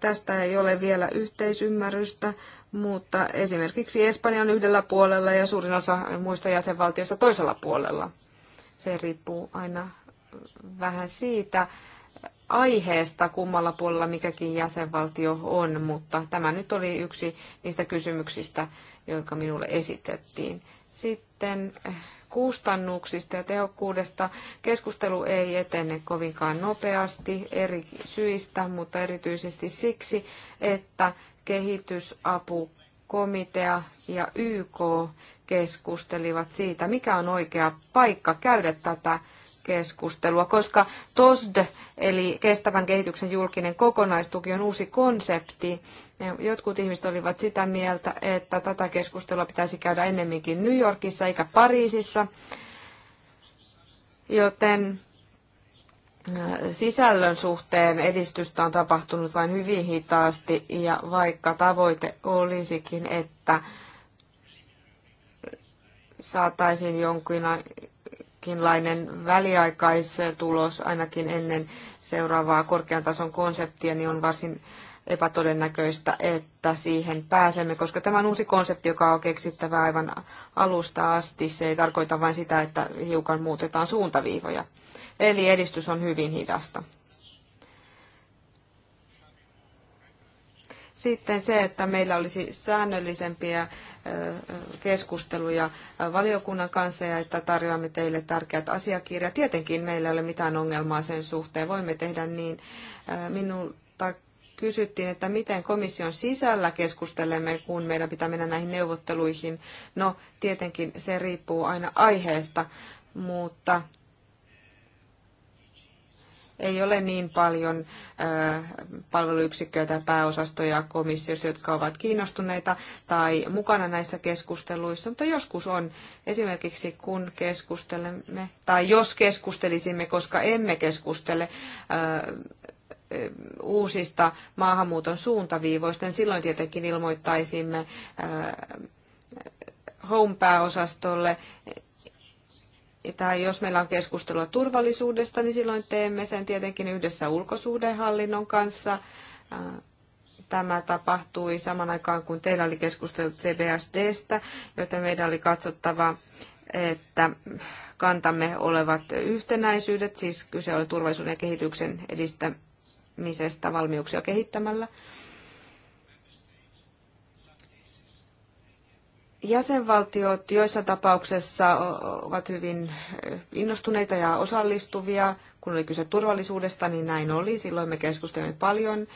Tästä ei ole vielä yhteisymmärrystä, mutta esimerkiksi Espanja on yhdellä puolella ja suurin osa muista jäsenvaltioista toisella puolella. Se riippuu aina vähän siitä aiheesta kummalla puolella mikäkin jäsenvaltio on, mutta tämä nyt oli yksi niistä kysymyksistä, jotka minulle esitettiin. Sitten eh, kustannuksista ja tehokkuudesta keskustelu ei etene kovinkaan nopeasti eri syistä, mutta erityisesti siksi, että kehitysapukomitea ja YK keskustelivat siitä, mikä on oikea paikka käydä tätä keskustelua, koska TOSD eli kestävän kehityksen julkinen kokonaistuki on uusi konsepti. Jotkut ihmiset olivat sitä mieltä, että tätä keskustelua pitäisi käydä ennemminkin New Yorkissa eikä Pariisissa, joten sisällön suhteen edistystä on tapahtunut vain hyvin hitaasti ja vaikka tavoite olisikin, että saataisiin jonkinlainen jonkinlainen väliaikaistulos ainakin ennen seuraavaa korkean tason konseptia, niin on varsin epätodennäköistä, että siihen pääsemme, koska tämä on uusi konsepti, joka on keksittävä aivan alusta asti. Se ei tarkoita vain sitä, että hiukan muutetaan suuntaviivoja. Eli edistys on hyvin hidasta. Sitten se, että meillä olisi säännöllisempiä keskusteluja valiokunnan kanssa ja että tarjoamme teille tärkeät asiakirjat. Tietenkin meillä ei ole mitään ongelmaa sen suhteen. Voimme tehdä niin. Minulta kysyttiin, että miten komission sisällä keskustelemme, kun meidän pitää mennä näihin neuvotteluihin. No, tietenkin se riippuu aina aiheesta, mutta ei ole niin paljon äh, palveluyksikköjä tai pääosastoja komissiossa, jotka ovat kiinnostuneita tai mukana näissä keskusteluissa, mutta joskus on. Esimerkiksi kun keskustelemme, tai jos keskustelisimme, koska emme keskustele äh, uusista maahanmuuton suuntaviivoista, niin silloin tietenkin ilmoittaisimme äh, home-pääosastolle, tai jos meillä on keskustelua turvallisuudesta, niin silloin teemme sen tietenkin yhdessä ulkosuhdehallinnon kanssa. Tämä tapahtui saman aikaan, kun teillä oli keskustelut CBSDstä, joten meidän oli katsottava, että kantamme olevat yhtenäisyydet, siis kyse oli turvallisuuden ja kehityksen edistämisestä valmiuksia kehittämällä. Jäsenvaltiot joissa tapauksessa ovat hyvin innostuneita ja osallistuvia. Kun oli kyse turvallisuudesta, niin näin oli. Silloin me keskustelimme paljon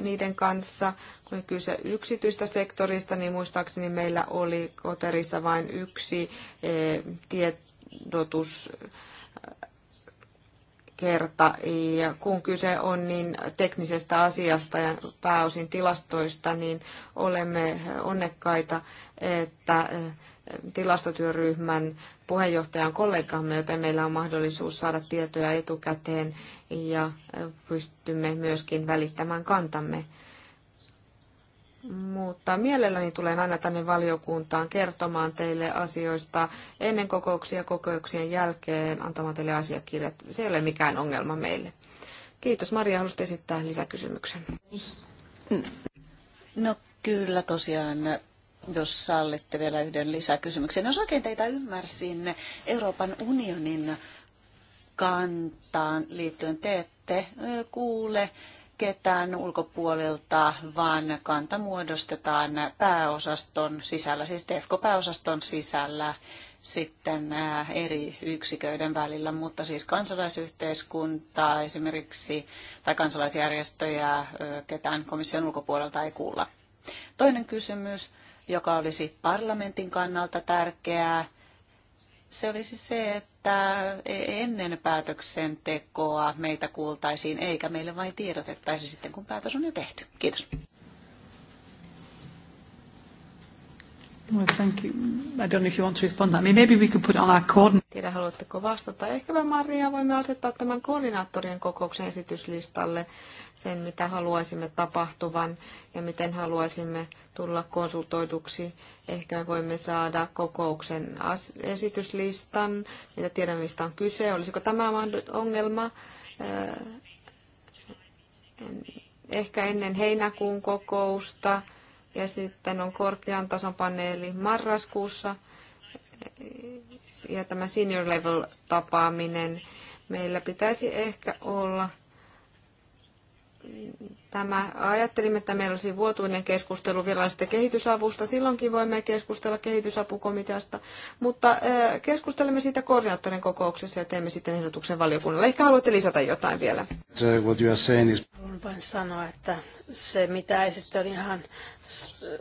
niiden kanssa. Kun oli kyse yksityistä sektorista, niin muistaakseni meillä oli Koterissa vain yksi tiedotus kerta. Ja kun kyse on niin teknisestä asiasta ja pääosin tilastoista, niin olemme onnekkaita, että eh, tilastotyöryhmän puheenjohtajan kollegamme, joten meillä on mahdollisuus saada tietoja etukäteen ja eh, pystymme myöskin välittämään kantamme mutta mielelläni tulen aina tänne valiokuntaan kertomaan teille asioista ennen kokouksia, kokouksien jälkeen, antamaan teille asiakirjat. Se ei ole mikään ongelma meille. Kiitos. Maria, haluaisit esittää lisäkysymyksen? No kyllä tosiaan, jos sallitte vielä yhden lisäkysymyksen. Jos oikein teitä ymmärsin, Euroopan unionin kantaan liittyen te ette kuule ketään ulkopuolelta, vaan kanta muodostetaan pääosaston sisällä, siis DEFCO-pääosaston sisällä sitten äh, eri yksiköiden välillä, mutta siis kansalaisyhteiskuntaa esimerkiksi tai kansalaisjärjestöjä äh, ketään komission ulkopuolelta ei kuulla. Toinen kysymys, joka olisi parlamentin kannalta tärkeää, se olisi se, että että e- ennen päätöksentekoa meitä kuultaisiin, eikä meille vain tiedotettaisi sitten, kun päätös on jo tehty. Kiitos. Well, thank you. I don't know if you want to respond. maybe we could put our coordinate. Tiedä, haluatteko vastata. me Maria voimme asettaa tämän koordinaattorien kokouksen esityslistalle sen, mitä haluaisimme tapahtuvan ja miten haluaisimme tulla konsultoiduksi. Ehkä me voimme saada kokouksen esityslistan, niitä tiedän, mistä on kyse. Olisiko tämä ongelma? Ehkä ennen heinäkuun kokousta ja sitten on korkean tason paneeli marraskuussa ja tämä senior level tapaaminen. Meillä pitäisi ehkä olla tämä, ajattelimme, että meillä olisi vuotuinen keskustelu virallisesta kehitysavusta. Silloinkin voimme keskustella kehitysapukomiteasta, mutta keskustelemme siitä koordinaattorin kokouksessa ja teemme sitten ehdotuksen valiokunnalle. Ehkä haluatte lisätä jotain vielä vain sanoa, että se mitä esitte niin ihan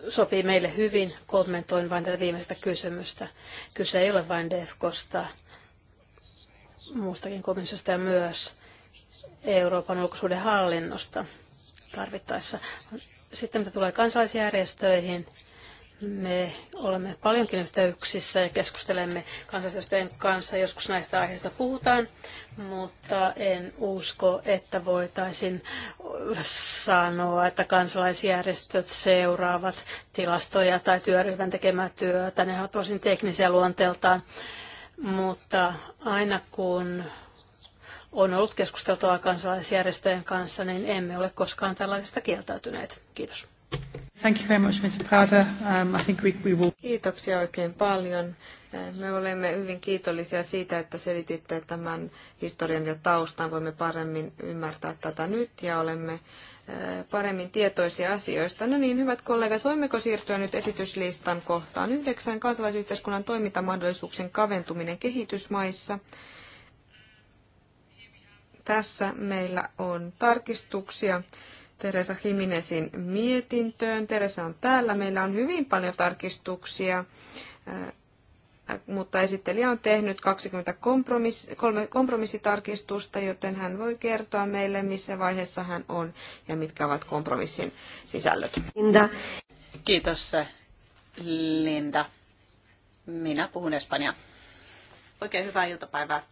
sopii meille hyvin. Kommentoin vain tätä viimeistä kysymystä. Kyse ei ole vain DEFKosta, muustakin komissiosta ja myös Euroopan ulkoisuuden hallinnosta tarvittaessa. Sitten mitä tulee kansalaisjärjestöihin, me olemme paljonkin yhteyksissä ja keskustelemme kansanedustajien kanssa. Joskus näistä aiheista puhutaan, mutta en usko, että voitaisiin sanoa, että kansalaisjärjestöt seuraavat tilastoja tai työryhmän tekemää työtä. Ne ovat tosin teknisiä luonteeltaan, mutta aina kun on ollut keskusteltua kansalaisjärjestöjen kanssa, niin emme ole koskaan tällaisesta kieltäytyneet. Kiitos. Thank you very much, Mr. Prada. Um, I think we will... Kiitoksia oikein paljon. Eh, me olemme hyvin kiitollisia siitä, että selititte tämän historian ja taustan. Voimme paremmin ymmärtää tätä nyt ja olemme eh, paremmin tietoisia asioista. No niin, hyvät kollegat, voimmeko siirtyä nyt esityslistan kohtaan yhdeksän kansalaisyhteiskunnan toimintamahdollisuuksien kaventuminen kehitysmaissa. Tässä meillä on tarkistuksia Teresa Jimenezin mietintöön. Teresa on täällä. Meillä on hyvin paljon tarkistuksia, äh, mutta esittelijä on tehnyt 20 kompromiss, kolme kompromissitarkistusta, joten hän voi kertoa meille, missä vaiheessa hän on ja mitkä ovat kompromissin sisällöt. Linda. Kiitos, Linda. Minä puhun Espanjaa. Oikein hyvää iltapäivää.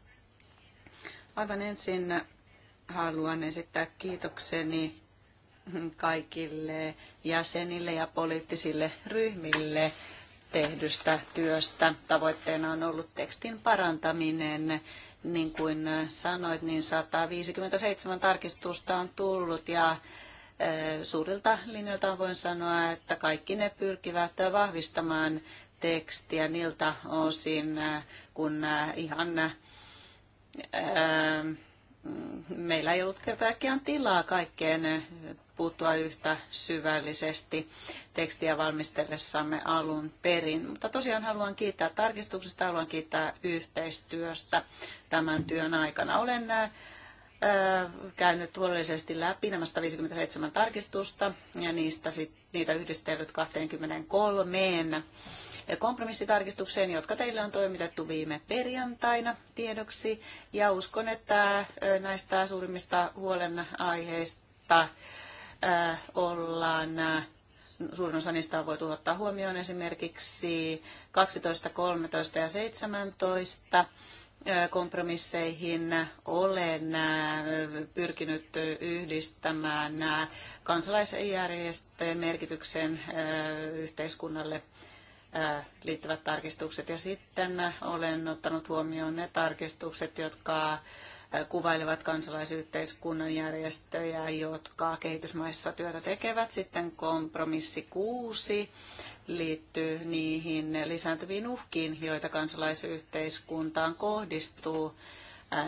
Aivan ensin haluan esittää kiitokseni kaikille jäsenille ja poliittisille ryhmille tehdystä työstä. Tavoitteena on ollut tekstin parantaminen. Niin kuin sanoit, niin 157 tarkistusta on tullut ja eh, suurilta linjoilta voin sanoa, että kaikki ne pyrkivät vahvistamaan tekstiä niiltä osin, kun ihan eh, meillä ei ollut kertaakaan tilaa kaikkeen puuttua yhtä syvällisesti tekstiä valmistellessamme alun perin. Mutta tosiaan haluan kiittää tarkistuksesta, haluan kiittää yhteistyöstä tämän työn aikana. Olen äh, käynyt huolellisesti läpi nämä 157 tarkistusta ja niistä sit, niitä yhdistellyt 23 kompromissitarkistukseen, jotka teille on toimitettu viime perjantaina tiedoksi. Ja uskon, että äh, näistä suurimmista huolenaiheista ollaan suurin osa niistä on voitu ottaa huomioon esimerkiksi 12, 13 ja 17 kompromisseihin olen pyrkinyt yhdistämään kansalaisjärjestöjen merkityksen yhteiskunnalle liittyvät tarkistukset. Ja sitten olen ottanut huomioon ne tarkistukset, jotka kuvailevat kansalaisyhteiskunnan järjestöjä, jotka kehitysmaissa työtä tekevät. Sitten kompromissi kuusi liittyy niihin lisääntyviin uhkiin, joita kansalaisyhteiskuntaan kohdistuu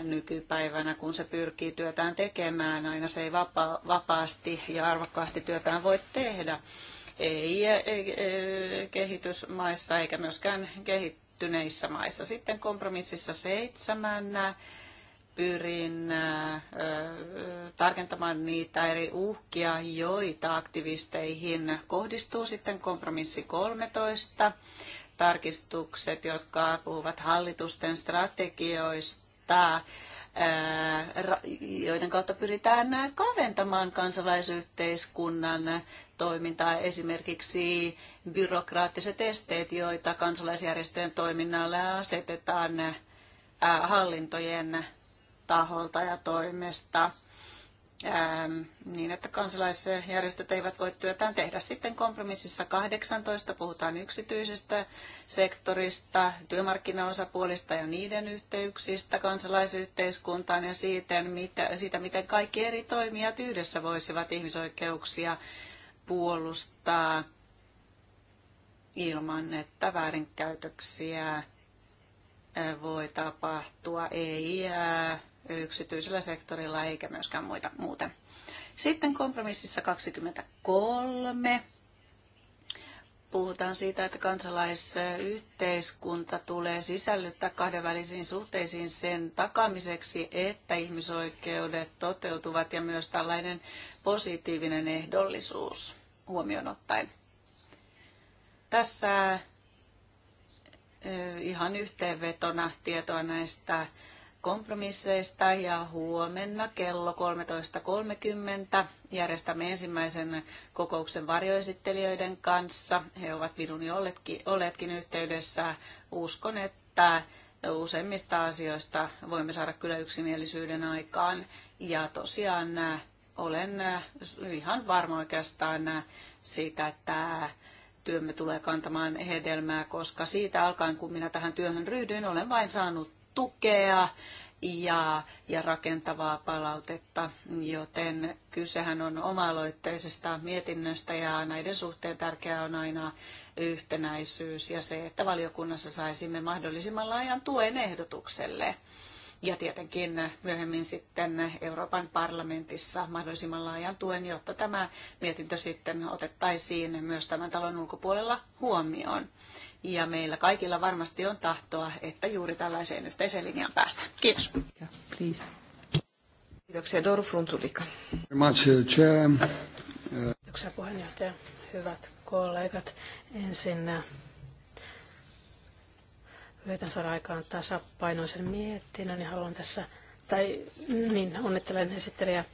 nykypäivänä, kun se pyrkii työtään tekemään. Aina se ei vapa- vapaasti ja arvokkaasti työtään voi tehdä. Ei kehitysmaissa eikä myöskään kehittyneissä maissa. Sitten kompromississa seitsemän pyrin tarkentamaan niitä eri uhkia, joita aktivisteihin kohdistuu sitten kompromissi 13. Tarkistukset, jotka puhuvat hallitusten strategioista, joiden kautta pyritään kaventamaan kansalaisyhteiskunnan toimintaa, esimerkiksi byrokraattiset esteet, joita kansalaisjärjestöjen toiminnalle asetetaan hallintojen taholta ja toimesta ähm, niin, että kansalaisjärjestöt eivät voi työtään tehdä. Sitten kompromississa 18 puhutaan yksityisestä sektorista, työmarkkinaosapuolista ja niiden yhteyksistä kansalaisyhteiskuntaan ja siitä, mitä, siitä, miten kaikki eri toimijat yhdessä voisivat ihmisoikeuksia puolustaa ilman, että väärinkäytöksiä äh, voi tapahtua. Ei äh, yksityisellä sektorilla eikä myöskään muita, muuten. Sitten kompromississa 23 puhutaan siitä, että kansalaisyhteiskunta tulee sisällyttää kahdenvälisiin suhteisiin sen takamiseksi, että ihmisoikeudet toteutuvat ja myös tällainen positiivinen ehdollisuus huomioon ottaen. Tässä ihan yhteenvetona tietoa näistä kompromisseista ja huomenna kello 13.30 järjestämme ensimmäisen kokouksen varjoesittelijöiden kanssa. He ovat minun jo olleetkin yhteydessä. Uskon, että useimmista asioista voimme saada kyllä yksimielisyyden aikaan. Ja tosiaan olen ihan varma oikeastaan siitä, että työmme tulee kantamaan hedelmää, koska siitä alkaen, kun minä tähän työhön ryhdyin, olen vain saanut tukea ja, ja rakentavaa palautetta, joten kysehän on oma-aloitteisesta mietinnöstä ja näiden suhteen tärkeää on aina yhtenäisyys ja se, että valiokunnassa saisimme mahdollisimman laajan tuen ehdotukselle. Ja tietenkin myöhemmin sitten Euroopan parlamentissa mahdollisimman laajan tuen, jotta tämä mietintö sitten otettaisiin myös tämän talon ulkopuolella huomioon. Ja meillä kaikilla varmasti on tahtoa, että juuri tällaiseen yhteiseen linjaan päästään. Kiitos. Please. Kiitoksia Doru Fruntulika. Uh, uh, Kiitoksia puheenjohtaja. Hyvät kollegat, ensin uh, yritän saada aikaan tasapainoisen mietinnön ja haluan tässä, tai mm, niin, onnittelen esittelijä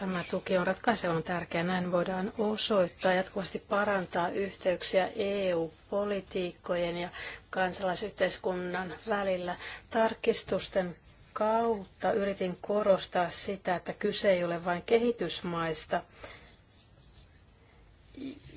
Tämä tuki on ratkaisevan tärkeä. Näin voidaan osoittaa jatkuvasti parantaa yhteyksiä EU-politiikkojen ja kansalaisyhteiskunnan välillä. Tarkistusten kautta yritin korostaa sitä, että kyse ei ole vain kehitysmaista,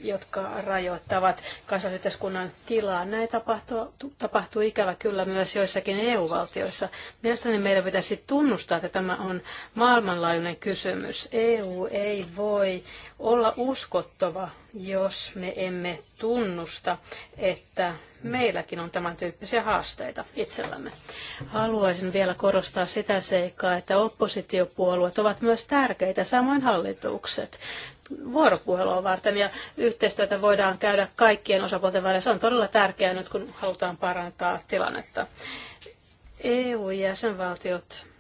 jotka rajoittavat kansallisyhteiskunnan tilaa. Näin tapahtuu, tapahtuu ikävä kyllä myös joissakin EU-valtioissa. Mielestäni meidän pitäisi tunnustaa, että tämä on maailmanlaajuinen kysymys. EU ei voi olla uskottava, jos me emme tunnusta, että meilläkin on tämän tyyppisiä haasteita itsellämme. Haluaisin vielä korostaa sitä seikkaa, että oppositiopuolueet ovat myös tärkeitä, samoin hallitukset vuoropuhelua varten ja yhteistyötä voidaan käydä kaikkien osapuolten välillä. Se on todella tärkeää nyt, kun halutaan parantaa tilannetta. EU-jäsenvaltiot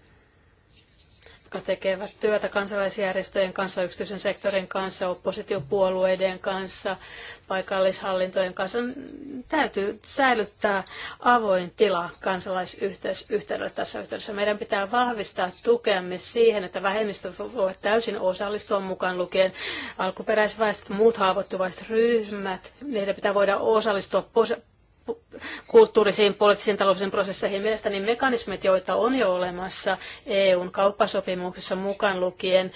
jotka tekevät työtä kansalaisjärjestöjen kanssa, yksityisen sektorin kanssa, oppositiopuolueiden kanssa, paikallishallintojen kanssa, täytyy säilyttää avoin tila kansalaisyhteydelle tässä yhteydessä. Meidän pitää vahvistaa tukeamme siihen, että vähemmistöt voivat täysin osallistua mukaan lukien alkuperäisväestöt, muut haavoittuvaiset ryhmät. Meidän pitää voida osallistua kulttuurisiin, poliittisiin, taloudellisiin prosesseihin. Mielestäni mekanismit, joita on jo olemassa EUn kauppasopimuksessa mukaan lukien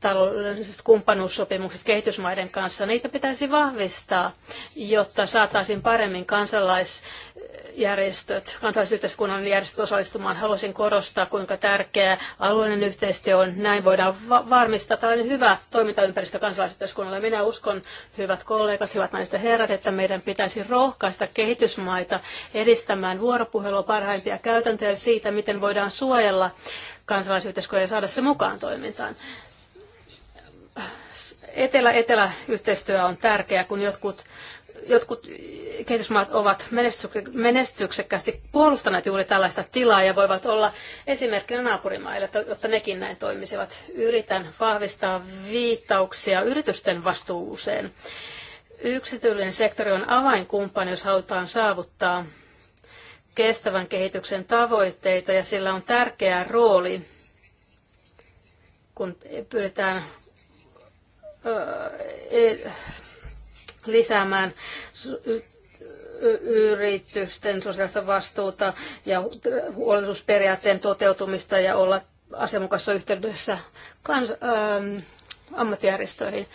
taloudelliset kumppanuussopimukset kehitysmaiden kanssa, niitä pitäisi vahvistaa, jotta saataisiin paremmin kansalaisjärjestöt, kansalaisyhteiskunnan järjestöt osallistumaan. Haluaisin korostaa, kuinka tärkeää alueellinen yhteistyö on. Näin voidaan va- varmistaa tällainen hyvä toimintaympäristö kansalaisyhteiskunnalle. Minä uskon, hyvät kollegat, hyvät naiset ja herrat, että meidän pitäisi rohkaista kehitysmaita maita edistämään vuoropuhelua parhaimpia käytäntöjä siitä, miten voidaan suojella kansalaisyhteiskunnan ja saada se mukaan toimintaan. Etelä-etelä-yhteistyö on tärkeää, kun jotkut jotkut kehitysmaat ovat menestyksekkäästi puolustaneet juuri tällaista tilaa ja voivat olla esimerkkinä naapurimaille, jotta nekin näin toimisivat. Yritän vahvistaa viittauksia yritysten vastuuseen Yksityinen sektori on avainkumppani, jos halutaan saavuttaa kestävän kehityksen tavoitteita ja sillä on tärkeä rooli, kun pyritään e, lisäämään yritysten sosiaalista vastuuta ja huolellisuusperiaatteen toteutumista ja olla asianmukaisessa yhteydessä kans, ähm, ammattijärjestöihin.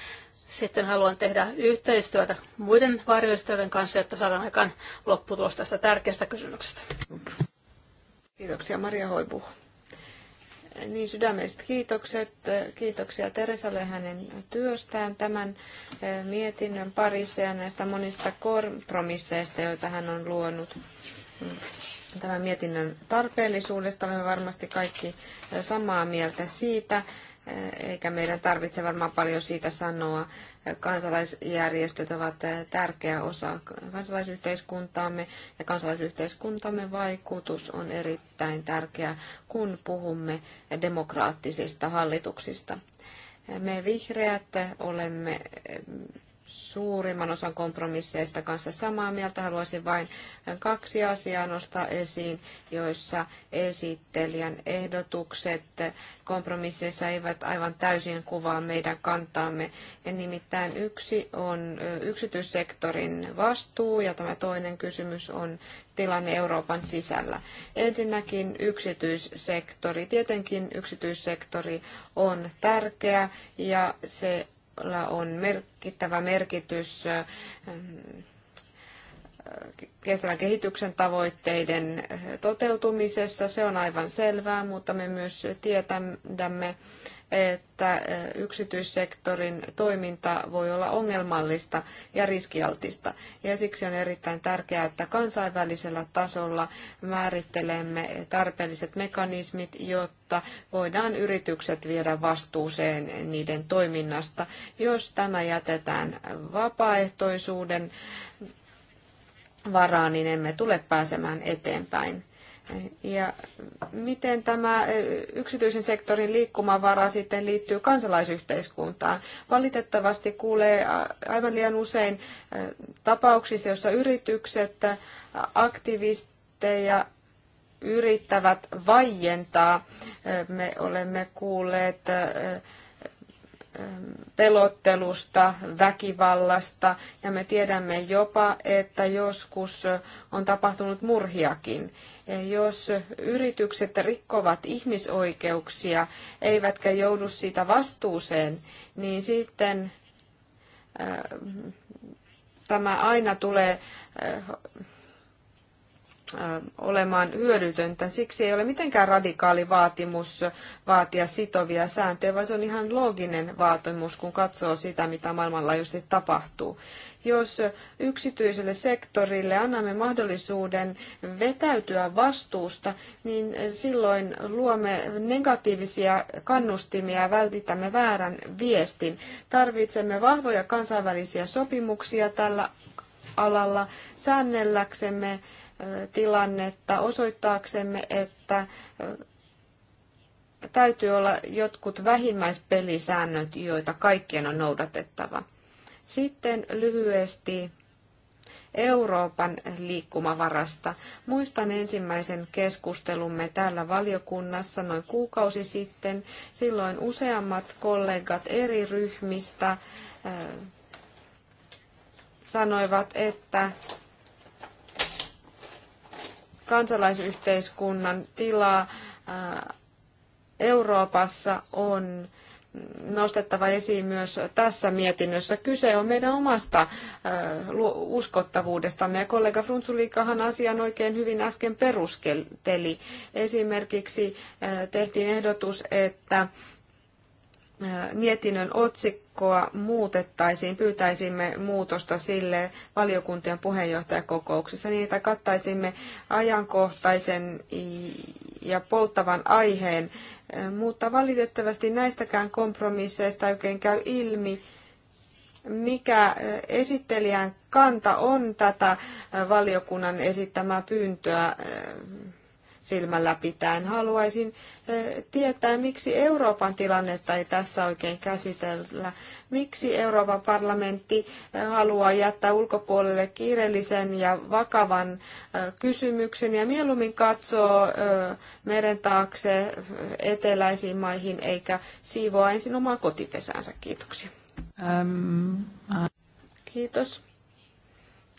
Sitten haluan tehdä yhteistyötä muiden varjoistojen kanssa, että saadaan aikaan lopputulos tästä tärkeästä kysymyksestä. Kiitoksia Maria Hoibu. Niin sydämelliset kiitokset. Kiitoksia Teresalle hänen työstään tämän eh, mietinnön parissa ja näistä monista kompromisseista, joita hän on luonut mm, tämän mietinnön tarpeellisuudesta. Olemme varmasti kaikki eh, samaa mieltä siitä eikä meidän tarvitse varmaan paljon siitä sanoa. Kansalaisjärjestöt ovat tärkeä osa kansalaisyhteiskuntaamme ja kansalaisyhteiskuntamme vaikutus on erittäin tärkeä, kun puhumme demokraattisista hallituksista. Me vihreät olemme suurimman osan kompromisseista kanssa samaa mieltä. Haluaisin vain kaksi asiaa nostaa esiin, joissa esittelijän ehdotukset kompromisseissa eivät aivan täysin kuvaa meidän kantaamme. Ja nimittäin yksi on yksityissektorin vastuu ja tämä toinen kysymys on tilanne Euroopan sisällä. Ensinnäkin yksityissektori. Tietenkin yksityissektori on tärkeä ja se on merkittävä merkitys ähm, kestävän kehityksen tavoitteiden toteutumisessa, se on aivan selvää, mutta me myös tiedämme, että yksityissektorin toiminta voi olla ongelmallista ja riskialtista. Ja siksi on erittäin tärkeää, että kansainvälisellä tasolla määrittelemme tarpeelliset mekanismit, jotta voidaan yritykset viedä vastuuseen niiden toiminnasta. Jos tämä jätetään vapaaehtoisuuden varaan, niin emme tule pääsemään eteenpäin. Ja miten tämä yksityisen sektorin liikkumavara sitten liittyy kansalaisyhteiskuntaan? Valitettavasti kuulee aivan liian usein tapauksista, joissa yritykset, aktivisteja yrittävät vaientaa. Me olemme kuulleet pelottelusta, väkivallasta ja me tiedämme jopa, että joskus on tapahtunut murhiakin. Jos yritykset rikkovat ihmisoikeuksia, eivätkä joudu siitä vastuuseen, niin sitten äh, tämä aina tulee äh, Äh, olemaan hyödytöntä. Siksi ei ole mitenkään radikaali vaatimus vaatia sitovia sääntöjä, vaan se on ihan looginen vaatimus, kun katsoo sitä, mitä maailmanlaajuisesti tapahtuu. Jos yksityiselle sektorille annamme mahdollisuuden vetäytyä vastuusta, niin silloin luomme negatiivisia kannustimia ja vältitämme väärän viestin. Tarvitsemme vahvoja kansainvälisiä sopimuksia tällä alalla säännelläksemme tilannetta osoittaaksemme, että täytyy olla jotkut vähimmäispelisäännöt, joita kaikkien on noudatettava. Sitten lyhyesti Euroopan liikkumavarasta. Muistan ensimmäisen keskustelumme täällä valiokunnassa noin kuukausi sitten. Silloin useammat kollegat eri ryhmistä sanoivat, että kansalaisyhteiskunnan tila äh, Euroopassa on nostettava esiin myös tässä mietinnössä. Kyse on meidän omasta äh, uskottavuudestamme ja kollega Frunzulikahan asian oikein hyvin äsken perusteli. Esimerkiksi äh, tehtiin ehdotus, että mietinnön otsikkoa muutettaisiin, pyytäisimme muutosta sille valiokuntien puheenjohtajakokouksessa niin, että kattaisimme ajankohtaisen ja polttavan aiheen, mutta valitettavasti näistäkään kompromisseista oikein käy ilmi, mikä esittelijän kanta on tätä valiokunnan esittämää pyyntöä silmällä pitäen. Haluaisin eh, tietää, miksi Euroopan tilannetta ei tässä oikein käsitellä. Miksi Euroopan parlamentti eh, haluaa jättää ulkopuolelle kiireellisen ja vakavan eh, kysymyksen ja mieluummin katsoo meren taakse eteläisiin maihin eikä siivoa ensin omaa kotipesäänsä. Kiitoksia. Ähm, äh. Kiitos.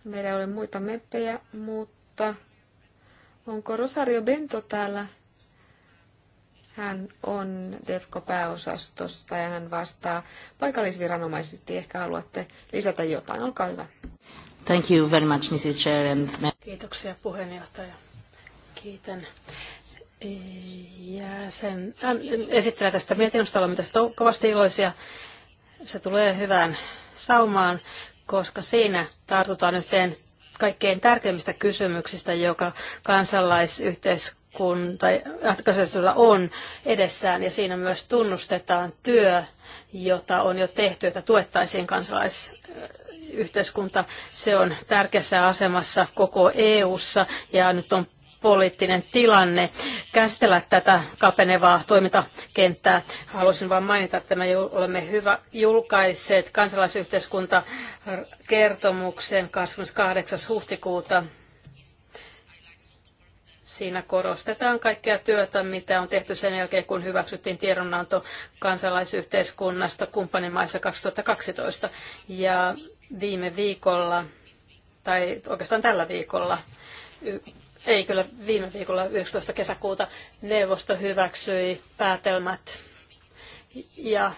Meillä oli muita meppejä, mutta Onko Rosario Bento täällä? Hän on DEFCO-pääosastosta ja hän vastaa paikallisviranomaisesti. Ehkä haluatte lisätä jotain. Olkaa hyvä. Thank you very much, Mrs. Chair. And... Kiitoksia puheenjohtaja. Kiitän eh, ja sen äh, esittelee tästä mietinnöstä, olemme tästä kovasti iloisia. Se tulee hyvään saumaan, koska siinä tartutaan yhteen kaikkein tärkeimmistä kysymyksistä, joka kansalaisyhteiskunta ratkaisuilla äh, on edessään, ja siinä myös tunnustetaan työ, jota on jo tehty, että tuettaisiin yhteiskunta. Se on tärkeässä asemassa koko EU:ssa ja nyt on poliittinen tilanne käsitellä tätä kapenevaa toimintakenttää. Haluaisin vain mainita, että me olemme hyvä julkaiseet kansalaisyhteiskuntakertomuksen 28. huhtikuuta. Siinä korostetaan kaikkea työtä, mitä on tehty sen jälkeen, kun hyväksyttiin tiedonanto kansalaisyhteiskunnasta kumppanimaissa 2012. Ja viime viikolla, tai oikeastaan tällä viikolla, ei kyllä viime viikolla 11. kesäkuuta neuvosto hyväksyi päätelmät ja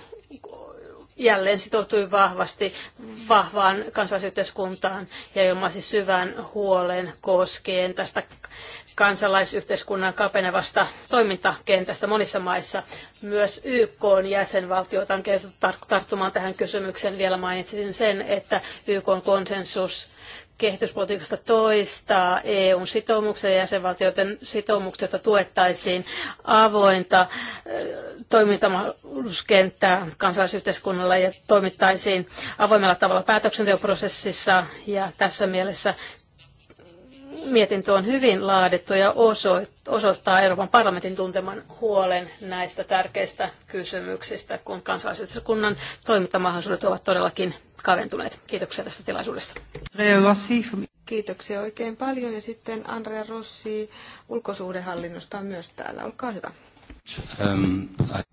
jälleen sitoutui vahvasti vahvaan kansalaisyhteiskuntaan ja ilmaisi syvän huolen koskien tästä kansalaisyhteiskunnan kapenevasta toimintakentästä monissa maissa. Myös YK on jäsenvaltioita on tarttumaan tähän kysymykseen. Vielä mainitsisin sen, että YK on konsensus kehityspolitiikasta toista EUn sitoumuksia ja jäsenvaltioiden sitoumuksia, jotta tuettaisiin avointa toimintamahdollisuuskenttää kansalaisyhteiskunnalle ja toimittaisiin avoimella tavalla päätöksenteoprosessissa ja tässä mielessä mietintö on hyvin laadittu ja osoittaa Euroopan parlamentin tunteman huolen näistä tärkeistä kysymyksistä, kun kansalaisyhteiskunnan toimintamahdollisuudet ovat todellakin kaventuneet. Kiitoksia tästä tilaisuudesta. Kiitoksia oikein paljon ja sitten Andrea Rossi ulkosuhdehallinnosta on myös täällä. Olkaa hyvä. Ähm,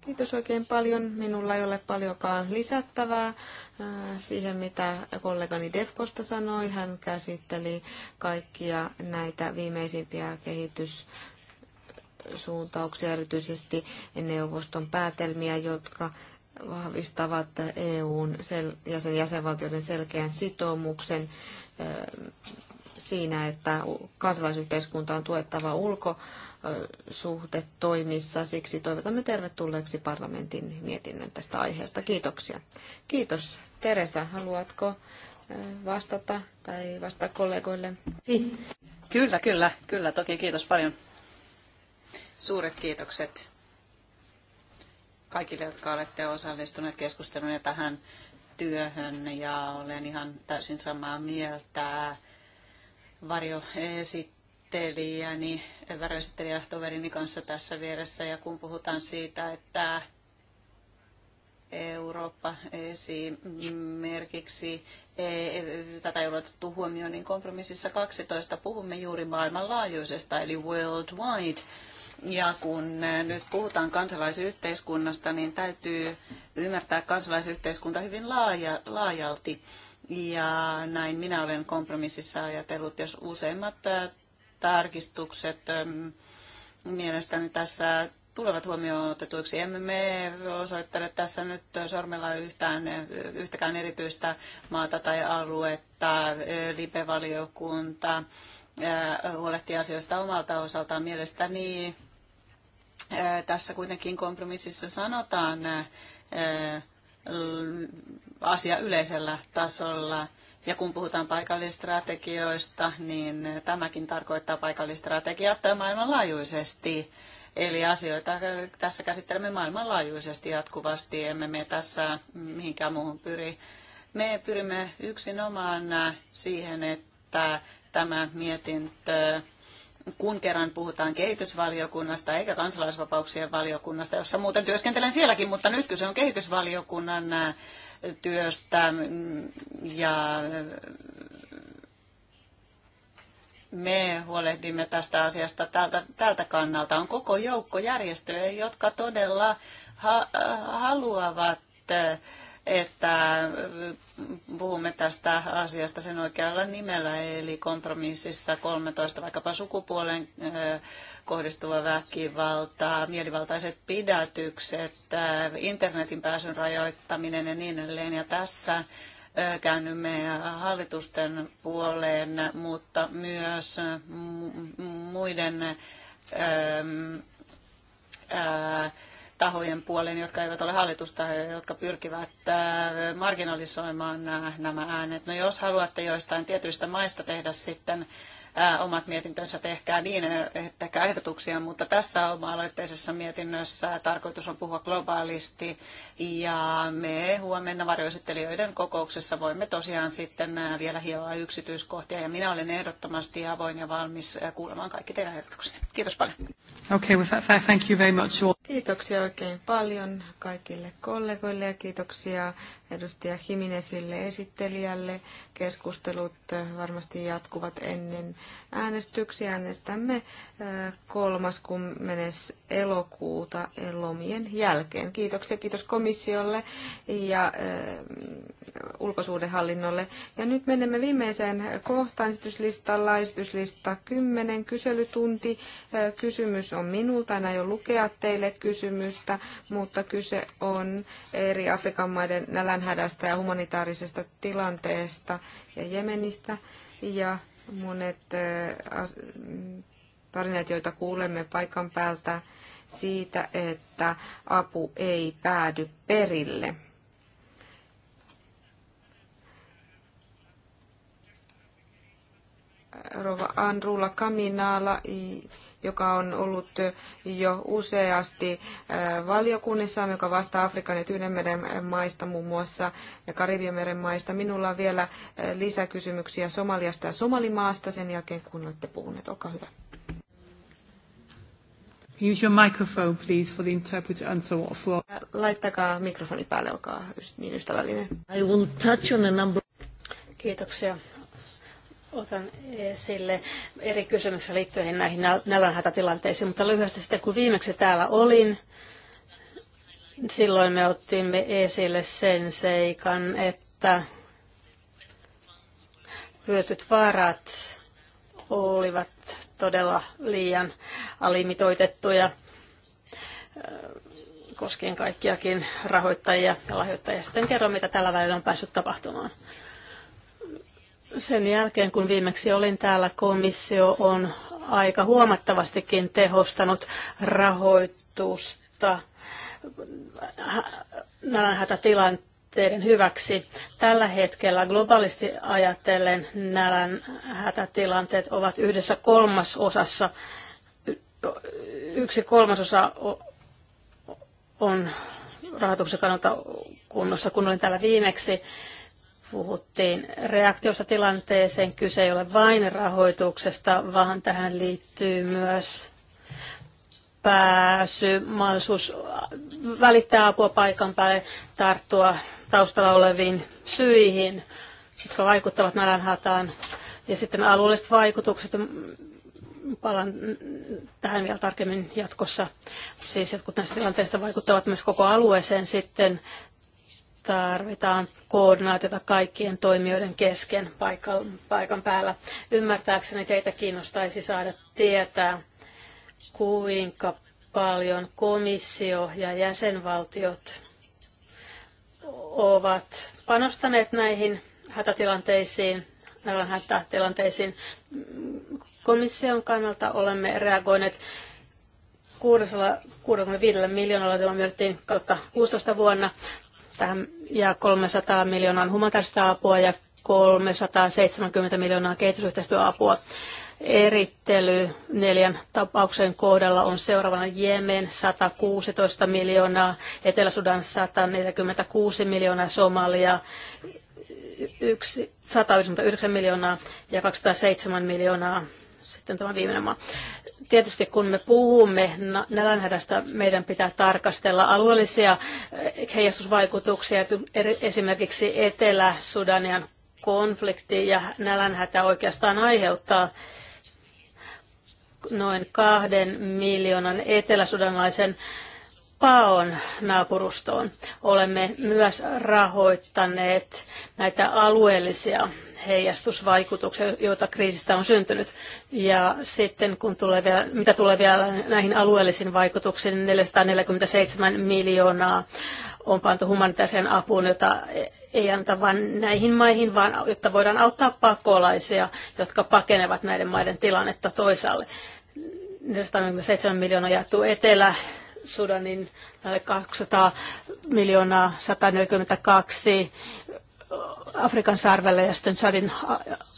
Kiitos oikein paljon. Minulla ei ole paljonkaan lisättävää äh, siihen, mitä kollegani Defkosta sanoi. Hän käsitteli kaikkia näitä viimeisimpiä kehityssuuntauksia, erityisesti neuvoston päätelmiä, jotka vahvistavat EUn ja sen jäsenvaltioiden selkeän sitoumuksen äh, siinä, että kansalaisyhteiskunta on tuettava ulko suhdetoimissa. Siksi toivotamme tervetulleeksi parlamentin mietinnön tästä aiheesta. Kiitoksia. Kiitos. Teresa, haluatko äh, vastata tai vastata kollegoille? Kyllä, kyllä, kyllä. Toki kiitos paljon. Suuret kiitokset kaikille, jotka olette osallistuneet keskusteluun ja tähän työhön ja olen ihan täysin samaa mieltä varjoesittelijä esittelijäni, varjoesittelijä toverini kanssa tässä vieressä. Ja kun puhutaan siitä, että Eurooppa esimerkiksi, tätä ei ole otettu huomioon, niin kompromississa 12 puhumme juuri maailmanlaajuisesta, eli worldwide. Ja kun nyt puhutaan kansalaisyhteiskunnasta, niin täytyy ymmärtää kansalaisyhteiskunta hyvin laaja, laajalti. Ja näin minä olen kompromississa ajatellut, jos useimmat tarkistukset ähm, mielestäni tässä tulevat huomioon otetuiksi. Emme me osoittele tässä nyt sormella yhtään, yhtäkään erityistä maata tai aluetta, lipevaliokunta äh, huolehtii asioista omalta osaltaan. Mielestäni äh, tässä kuitenkin kompromississa sanotaan äh, asia yleisellä tasolla – ja kun puhutaan paikallistrategioista, niin tämäkin tarkoittaa paikallistrategiaa maailmanlaajuisesti. Eli asioita tässä käsittelemme maailmanlaajuisesti jatkuvasti, emme me tässä mihinkään muuhun pyri. Me pyrimme yksinomaan siihen, että tämä mietintö kun kerran puhutaan kehitysvaliokunnasta eikä kansalaisvapauksien valiokunnasta, jossa muuten työskentelen sielläkin, mutta nyt kyse on kehitysvaliokunnan työstä ja me huolehdimme tästä asiasta tältä, tältä kannalta. On koko joukko järjestöjä, jotka todella ha- haluavat että puhumme tästä asiasta sen oikealla nimellä, eli kompromississa 13 vaikkapa sukupuolen kohdistuva väkivalta, mielivaltaiset pidätykset, internetin pääsyn rajoittaminen ja niin edelleen. Ja tässä käännymme hallitusten puoleen, mutta myös muiden ää, ää, tahojen puoleen, jotka eivät ole hallitustahoja, jotka pyrkivät äh, marginalisoimaan äh, nämä äänet. No jos haluatte joistain tietyistä maista tehdä sitten omat mietintönsä tehkää niin, tehkää ehdotuksia, mutta tässä oma-aloitteisessa mietinnössä tarkoitus on puhua globaalisti ja me huomenna varjoesittelijöiden kokouksessa voimme tosiaan sitten vielä hioa yksityiskohtia ja minä olen ehdottomasti avoin ja valmis kuulemaan kaikki teidän ehdotuksenne. Kiitos paljon. Okay, with that, thank you very much. Kiitoksia oikein paljon kaikille kollegoille ja kiitoksia edustaja Jiminesille esittelijälle. Keskustelut äh, varmasti jatkuvat ennen äänestyksiä. Äänestämme 30. Äh, elokuuta lomien jälkeen. Kiitoksia, kiitos komissiolle ja äh, ulkosuudenhallinnolle. Ja nyt menemme viimeiseen kohtaan esityslistalla. Esityslista 10, kyselytunti. Kysymys on minulta, en aio lukea teille kysymystä, mutta kyse on eri Afrikan maiden nälä nälänhädästä ja humanitaarisesta tilanteesta ja Jemenistä. Ja monet tarinat, joita kuulemme paikan päältä siitä, että apu ei päädy perille. Rova Andrula Kaminaala joka on ollut jo useasti äh, valiokunnissa, joka vastaa Afrikan ja Tyynemeren maista muun muassa ja Karibianmeren maista. Minulla on vielä äh, lisäkysymyksiä Somaliasta ja Somalimaasta sen jälkeen, kun olette puhuneet. Olkaa hyvä. Use your microphone, please, for the interpreter and so forth. Äh, laittakaa mikrofoni päälle, olkaa niin ystävällinen. I will touch on a number. Kiitoksia otan esille eri kysymyksiä liittyen näihin nälänhätätilanteisiin, mutta lyhyesti sitten kun viimeksi täällä olin, silloin me ottimme esille sen seikan, että hyötyt varat olivat todella liian alimitoitettuja koskien kaikkiakin rahoittajia ja lahjoittajia. Sitten kerron, mitä tällä välillä on päässyt tapahtumaan. Sen jälkeen, kun viimeksi olin täällä, komissio on aika huomattavastikin tehostanut rahoitusta nälänhätätilanteiden hyväksi. Tällä hetkellä globaalisti ajatellen nälänhätätilanteet ovat yhdessä kolmasosassa. Yksi kolmasosa on rahoituksen kannalta kunnossa, kun olin täällä viimeksi puhuttiin reaktiosta tilanteeseen. Kyse ei ole vain rahoituksesta, vaan tähän liittyy myös pääsy, mahdollisuus välittää apua paikan päälle, tarttua taustalla oleviin syihin, jotka vaikuttavat nälänhätään. Ja sitten alueelliset vaikutukset, palaan tähän vielä tarkemmin jatkossa. Siis jotkut näistä tilanteista vaikuttavat myös koko alueeseen sitten tarvitaan koordinaatiota kaikkien toimijoiden kesken paikan, päällä. Ymmärtääkseni teitä kiinnostaisi saada tietää, kuinka paljon komissio ja jäsenvaltiot ovat panostaneet näihin hätätilanteisiin, näihin hätätilanteisiin. Komission kannalta olemme reagoineet 665 miljoonalla, jolla myönnettiin 16 vuonna tähän, ja 300 miljoonaa humanitaarista apua ja 370 miljoonaa kehitysyhteistyöapua. Erittely neljän tapauksen kohdalla on seuraavana Jemen 116 miljoonaa, Etelä-Sudan 146 miljoonaa, Somalia 199 miljoonaa ja 207 miljoonaa sitten tämä viimeinen maa tietysti kun me puhumme nälänhädästä, meidän pitää tarkastella alueellisia eh, heijastusvaikutuksia, esimerkiksi Etelä-Sudanian konflikti ja nälänhätä oikeastaan aiheuttaa noin kahden miljoonan eteläsudanlaisen paon naapurustoon. Olemme myös rahoittaneet näitä alueellisia heijastusvaikutukset, joita kriisistä on syntynyt. Ja sitten kun tulee vielä, mitä tulee vielä näihin alueellisiin vaikutuksiin, 447 niin miljoonaa on pantu humanitaiseen apuun, jota ei anta vain näihin maihin, vaan jotta voidaan auttaa pakolaisia, jotka pakenevat näiden maiden tilannetta toisaalle. 447 miljoonaa jaettu etelä Sudanin 200 miljoonaa 142 Afrikan sarvelle ja sitten Chadin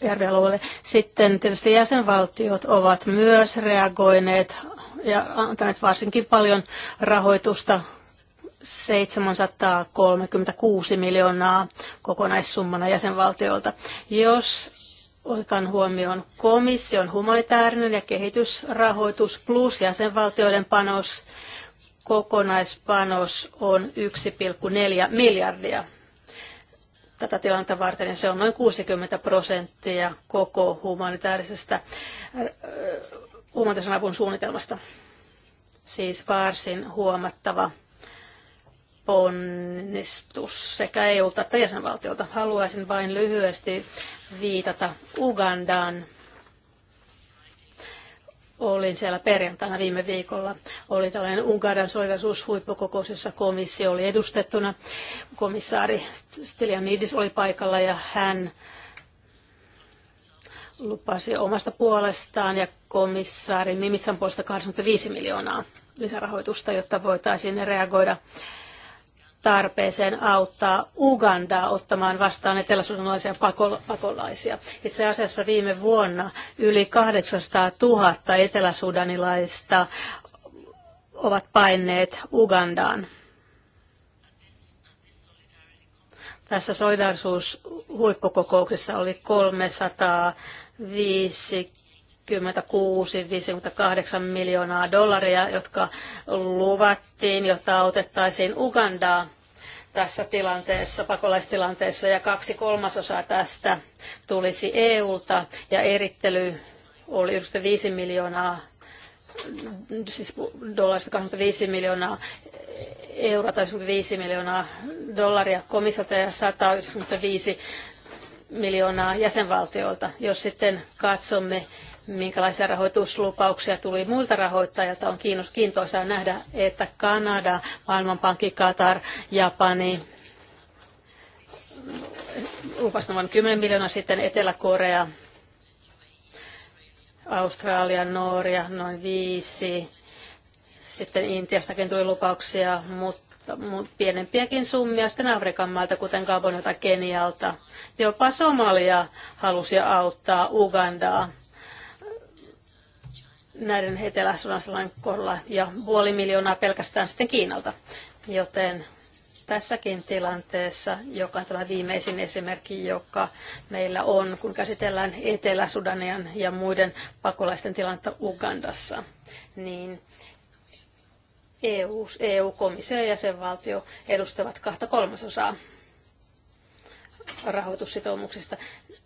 järvialueelle. Sitten tietysti jäsenvaltiot ovat myös reagoineet ja antaneet varsinkin paljon rahoitusta 736 miljoonaa kokonaissummana jäsenvaltioilta. Jos otan huomioon komission humanitaarinen ja kehitysrahoitus plus jäsenvaltioiden panos, kokonaispanos on 1,4 miljardia tätä tilannetta varten, niin se on noin 60 prosenttia koko humanitaarisesta äh, humanitaarisen avun suunnitelmasta. Siis varsin huomattava ponnistus sekä EUlta että jäsenvaltiolta. Haluaisin vain lyhyesti viitata Ugandaan Olin siellä perjantaina viime viikolla. Oli tällainen Unkarin solidaisuushuippukokous, jossa komissio oli edustettuna. Komissaari Stylianidis oli paikalla ja hän lupasi omasta puolestaan ja komissaari Mimitsan puolesta 85 miljoonaa lisärahoitusta, jotta voitaisiin reagoida tarpeeseen auttaa Ugandaa ottamaan vastaan eteläsudanlaisia pakolaisia. Itse asiassa viime vuonna yli 800 000 eteläsudanilaista ovat paineet Ugandaan. Tässä solidarisuushuippukokouksessa oli 350 56-58 miljoonaa dollaria, jotka luvattiin, jotta autettaisiin Ugandaa tässä tilanteessa, pakolaistilanteessa, ja kaksi kolmasosaa tästä tulisi EUlta, ja erittely oli 5 miljoonaa siis dollarista 25 miljoonaa euroa tai 5 miljoonaa dollaria komissiolta ja 195 miljoonaa jäsenvaltioilta. Jos sitten katsomme minkälaisia rahoituslupauksia tuli muilta rahoittajilta. On kiintoisaa nähdä, että Kanada, Maailmanpankki, Katar, Japani, lupasivat noin 10 miljoonaa sitten Etelä-Korea, Australia, Norja, noin viisi. Sitten Intiastakin tuli lupauksia, mutta pienempiäkin summia sitten Afrikan maalta, kuten Gabonilta, Kenialta. Jopa Somalia halusi auttaa Ugandaa näiden etelä kohdalla ja puoli miljoonaa pelkästään sitten Kiinalta. Joten tässäkin tilanteessa, joka on tämä viimeisin esimerkki, joka meillä on, kun käsitellään Etelä-Sudanian ja muiden pakolaisten tilannetta Ugandassa, niin EU, EU-komissio ja valtio edustavat kahta kolmasosaa rahoitussitoumuksista.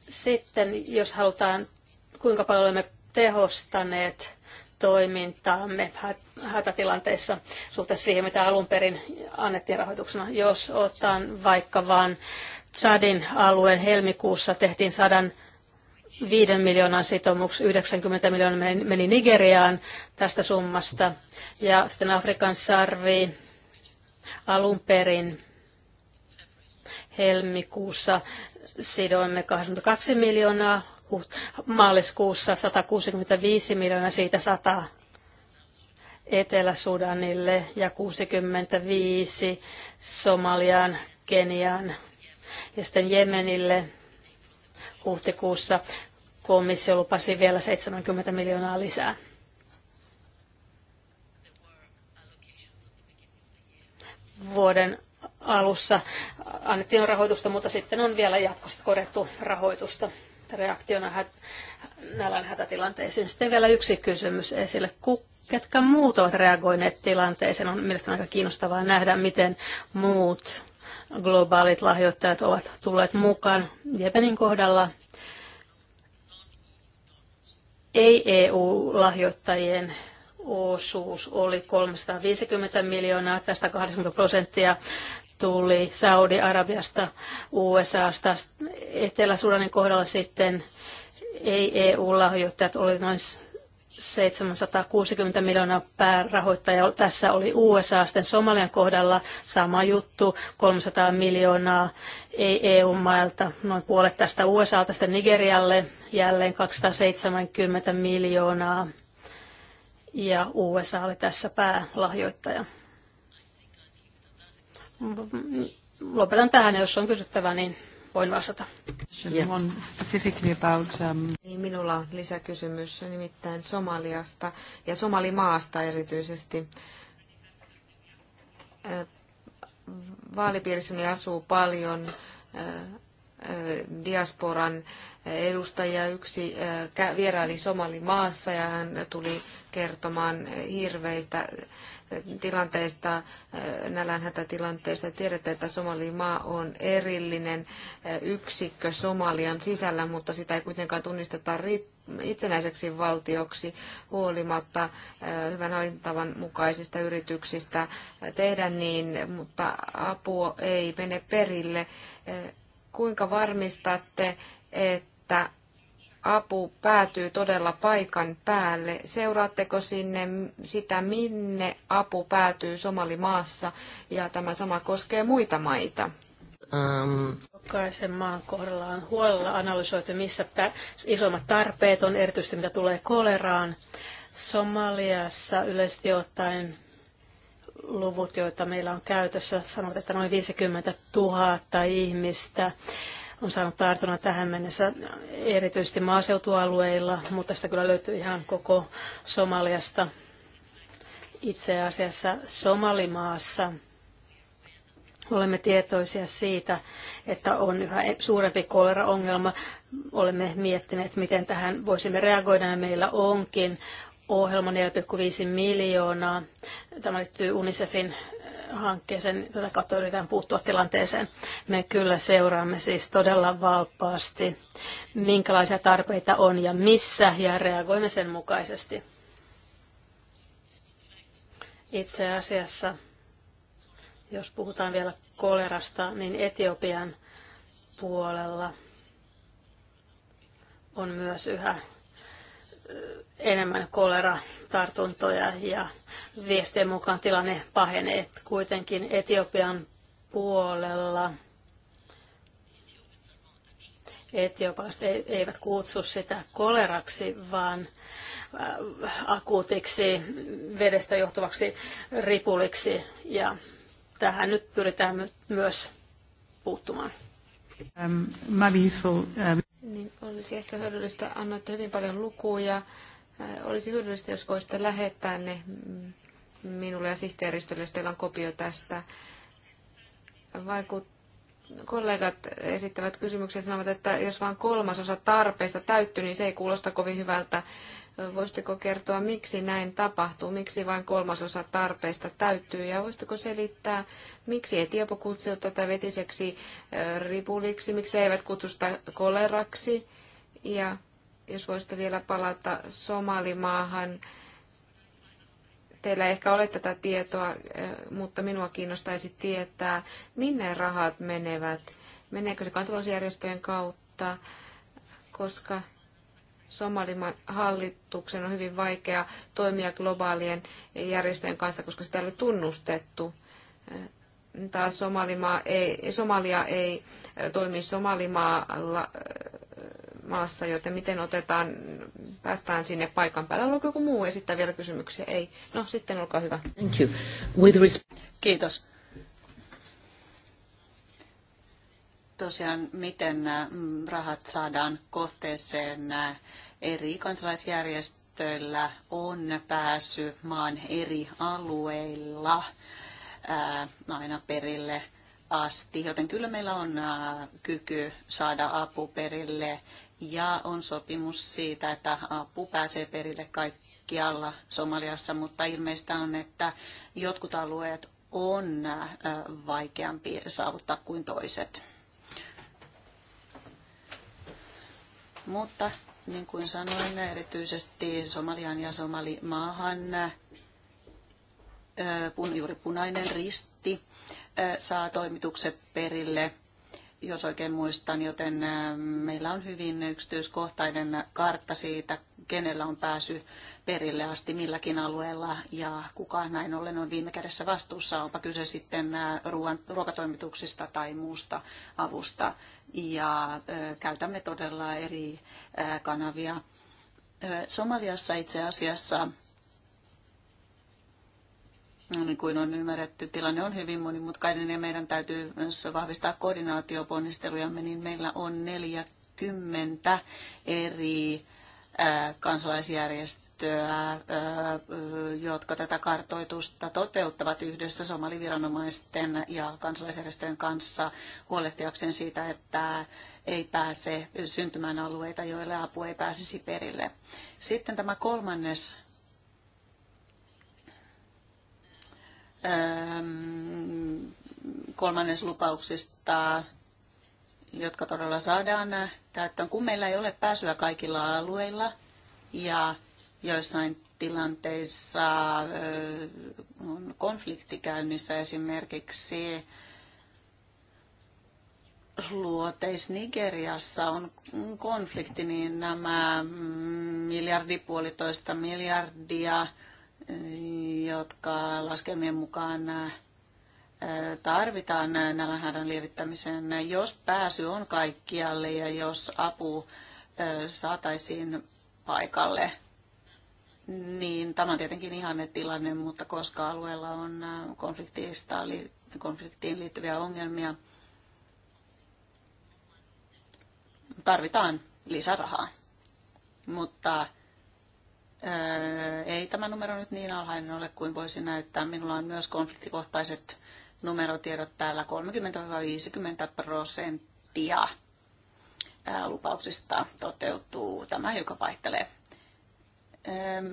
Sitten, jos halutaan, kuinka paljon olemme tehostaneet toimintaamme hätätilanteissa suhteessa siihen, mitä alun perin annettiin rahoituksena. Jos otan vaikka vain Chadin alueen helmikuussa tehtiin 105 miljoonan sitoumuksi, 90 miljoonaa meni Nigeriaan tästä summasta. Ja sitten Afrikan sarvi alun perin helmikuussa sidoimme 82 miljoonaa maaliskuussa 165 miljoonaa, siitä 100 Etelä-Sudanille ja 65 Somaliaan, Keniaan ja sitten Jemenille huhtikuussa komissio lupasi vielä 70 miljoonaa lisää. Vuoden alussa annettiin rahoitusta, mutta sitten on vielä jatkossa korjattu rahoitusta reaktiona hät, nälän hätätilanteisiin. Sitten vielä yksi kysymys esille. Ketkä muut ovat reagoineet tilanteeseen? On mielestäni aika kiinnostavaa nähdä, miten muut globaalit lahjoittajat ovat tulleet mukaan Jebenin kohdalla. Ei-EU-lahjoittajien osuus oli 350 miljoonaa, tästä 80 prosenttia tuli Saudi-Arabiasta, USAsta, Etelä-Sudanin kohdalla sitten ei-EU-lahjoittajat oli noin 760 miljoonaa päärahoittajaa. Tässä oli USA, sitten Somalian kohdalla sama juttu, 300 miljoonaa ei EU-mailta, noin puolet tästä USAlta, sitten Nigerialle jälleen 270 miljoonaa ja USA oli tässä päälahjoittaja. Lopetan tähän, jos on kysyttävää, niin voin vastata. Um, niin, minulla on lisäkysymys nimittäin Somaliasta ja Somalimaasta erityisesti. Äh, vaalipiirissäni asuu paljon äh, äh, diasporan edustajia. yksi vieraili Somalimaassa ja hän tuli kertomaan hirveistä tilanteista, äh, nälänhätätilanteista. Tiedätte, että Somalimaa on erillinen äh, yksikkö Somalian sisällä, mutta sitä ei kuitenkaan tunnisteta itsenäiseksi valtioksi huolimatta äh, hyvän hallintavan mukaisista yrityksistä tehdä niin, mutta apu ei mene perille. Kuinka varmistatte, että apu päätyy todella paikan päälle? Seuraatteko sinne sitä, minne apu päätyy Somalimaassa? Ja tämä sama koskee muita maita. Um. Jokaisen maan kohdalla on huolella analysoitu, missä isommat tarpeet on, erityisesti mitä tulee koleraan. Somaliassa yleisesti ottaen luvut, joita meillä on käytössä, sanotaan että noin 50 000 ihmistä on saanut tartunnan tähän mennessä erityisesti maaseutualueilla, mutta sitä kyllä löytyy ihan koko Somaliasta. Itse asiassa Somalimaassa olemme tietoisia siitä, että on yhä suurempi koleraongelma. Olemme miettineet, miten tähän voisimme reagoida ja meillä onkin ohjelma 4,5 miljoonaa. Tämä liittyy UNICEFin äh, hankkeeseen, tätä kautta yritetään puuttua tilanteeseen. Me kyllä seuraamme siis todella valppaasti, minkälaisia tarpeita on ja missä, ja reagoimme sen mukaisesti. Itse asiassa, jos puhutaan vielä kolerasta, niin Etiopian puolella on myös yhä enemmän koleratartuntoja ja viestien mukaan tilanne pahenee. Kuitenkin Etiopian puolella Etiopalaiset eivät kutsu sitä koleraksi, vaan äh, akuutiksi vedestä johtuvaksi ripuliksi. Ja tähän nyt pyritään myös puuttumaan. Um, uh, niin olisi ehkä hyödyllistä, annoitte hyvin paljon lukuja Äh, olisi hyödyllistä, jos voisitte lähettää ne minulle ja sihteeristölle, jos teillä on kopio tästä. kun kollegat esittävät kysymyksiä sanovat, että jos vain kolmasosa tarpeista täyttyy, niin se ei kuulosta kovin hyvältä. Voisitteko kertoa, miksi näin tapahtuu, miksi vain kolmasosa tarpeista täyttyy ja voisitteko selittää, miksi ei Tiepo kutsu tätä vetiseksi äh, ripuliksi, miksi he eivät kutsusta koleraksi ja jos voisitte vielä palata Somalimaahan, teillä ei ehkä ole tätä tietoa, eh, mutta minua kiinnostaisi tietää, minne rahat menevät. Meneekö se kansalaisjärjestöjen kautta, koska Somaliman hallituksen on hyvin vaikea toimia globaalien järjestöjen kanssa, koska sitä ei ole tunnustettu. Eh, taas Somalimaa ei, Somalia ei eh, toimi Somalimaalla maassa, joten miten otetaan, päästään sinne paikan päälle. Haluaako joku muu esittää vielä kysymyksiä? Ei. No sitten olkaa hyvä. Thank you. With Kiitos. Tosiaan, miten mm, rahat saadaan kohteeseen eri kansalaisjärjestöillä on pääsy maan eri alueilla aina perille asti, joten kyllä meillä on kyky saada apu perille ja on sopimus siitä, että apu pääsee perille kaikkialla Somaliassa, mutta ilmeistä on, että jotkut alueet on äh, vaikeampi saavuttaa kuin toiset. Mutta niin kuin sanoin, erityisesti Somalian ja Somalimaahan äh, juuri punainen risti äh, saa toimitukset perille jos oikein muistan, joten meillä on hyvin yksityiskohtainen kartta siitä, kenellä on pääsy perille asti milläkin alueella ja kuka näin ollen on viime kädessä vastuussa, onpa kyse sitten ruoan, ruokatoimituksista tai muusta avusta. Ja käytämme todella eri kanavia. Somaliassa itse asiassa No, niin kuin on ymmärretty, tilanne on hyvin monimutkainen ja meidän täytyy myös vahvistaa koordinaatioponnistelujamme, niin meillä on 40 eri kansalaisjärjestöä, jotka tätä kartoitusta toteuttavat yhdessä somaliviranomaisten ja kansalaisjärjestöjen kanssa huolehtiakseen siitä, että ei pääse syntymään alueita, joille apu ei pääsisi perille. Sitten tämä kolmannes lupauksista, jotka todella saadaan käyttöön, kun meillä ei ole pääsyä kaikilla alueilla ja joissain tilanteissa on konflikti käynnissä esimerkiksi luoteis Nigeriassa on konflikti, niin nämä mm, miljardi puolitoista miljardia jotka laskelmien mukaan tarvitaan nälänhädän lievittämiseen, jos pääsy on kaikkialle ja jos apu saataisiin paikalle. Niin tämä on tietenkin ihanne tilanne, mutta koska alueella on konfliktiista, konfliktiin liittyviä ongelmia, tarvitaan lisärahaa. Mutta ei tämä numero nyt niin alhainen ole kuin voisi näyttää. Minulla on myös konfliktikohtaiset numerotiedot täällä 30-50 prosenttia lupauksista toteutuu. Tämä joka vaihtelee.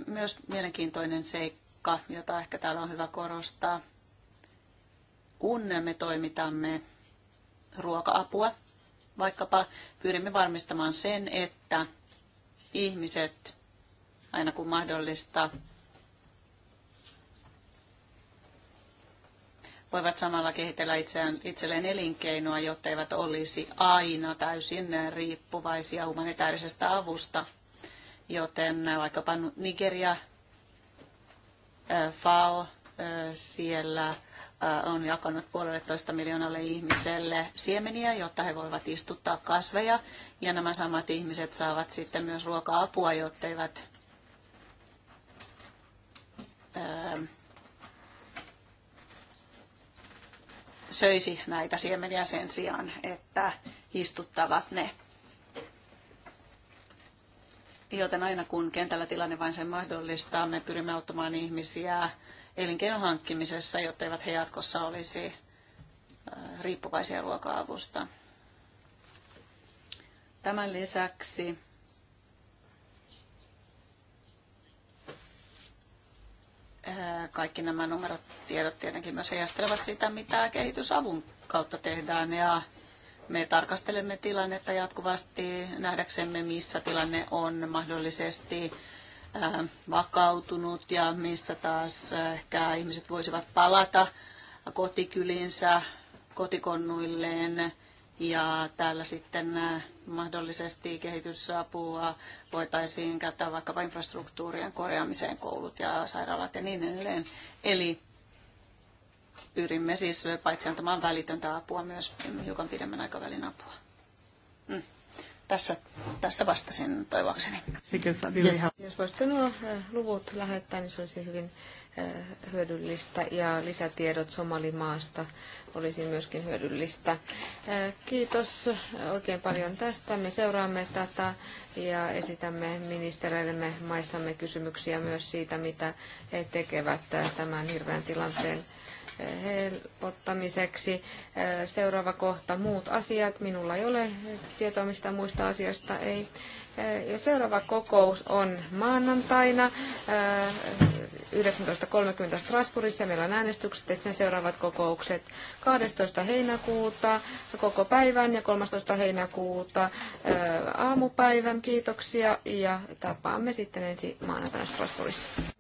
Myös mielenkiintoinen seikka, jota ehkä täällä on hyvä korostaa, kun me toimitamme ruoka-apua, vaikkapa pyrimme varmistamaan sen, että ihmiset aina kun mahdollista, voivat samalla kehitellä itseään, itselleen elinkeinoa, jotta eivät olisi aina täysin riippuvaisia humanitaarisesta avusta. Joten vaikkapa Nigeria, FAO siellä on jakanut puolelletoista miljoonalle ihmiselle siemeniä, jotta he voivat istuttaa kasveja. Ja nämä samat ihmiset saavat sitten myös ruoka-apua, jotta eivät Ähm, söisi näitä siemeniä sen sijaan, että istuttavat ne. Joten aina kun kentällä tilanne vain sen mahdollistaa, me pyrimme auttamaan ihmisiä elinkeinon hankkimisessa, jotta eivät he jatkossa olisi äh, riippuvaisia ruoka-avusta. Tämän lisäksi Eh, kaikki nämä numerot, tiedot tietenkin myös heijastelevat sitä, mitä kehitysavun kautta tehdään ja me tarkastelemme tilannetta jatkuvasti nähdäksemme, missä tilanne on mahdollisesti eh, vakautunut ja missä taas eh, ehkä ihmiset voisivat palata kotikylinsä, kotikonnuilleen ja täällä sitten äh, mahdollisesti kehitysapua voitaisiin käyttää vaikkapa infrastruktuurien korjaamiseen, koulut ja sairaalat ja niin edelleen. Eli pyrimme siis paitsi antamaan välitöntä apua, myös hiukan pidemmän aikavälin apua. Mm. Tässä, tässä vastasin toivokseni. Yes. Jos voisitte nuo äh, luvut lähettää, niin se olisi hyvin äh, hyödyllistä ja lisätiedot Somalimaasta. maasta olisi myöskin hyödyllistä. Äh, kiitos oikein paljon tästä. Me seuraamme tätä ja esitämme ministereillemme maissamme kysymyksiä myös siitä, mitä he tekevät äh, tämän hirveän tilanteen äh, helpottamiseksi. Seuraava kohta, muut asiat. Minulla ei ole tietoa mistä muista asioista, ei. Ja seuraava kokous on maanantaina 19.30 äh, Strasbourgissa. Meillä on äänestykset ja sitten seuraavat kokoukset 12. heinäkuuta koko päivän ja 13. heinäkuuta äh, aamupäivän. Kiitoksia ja tapaamme sitten ensi maanantaina Strasbourgissa.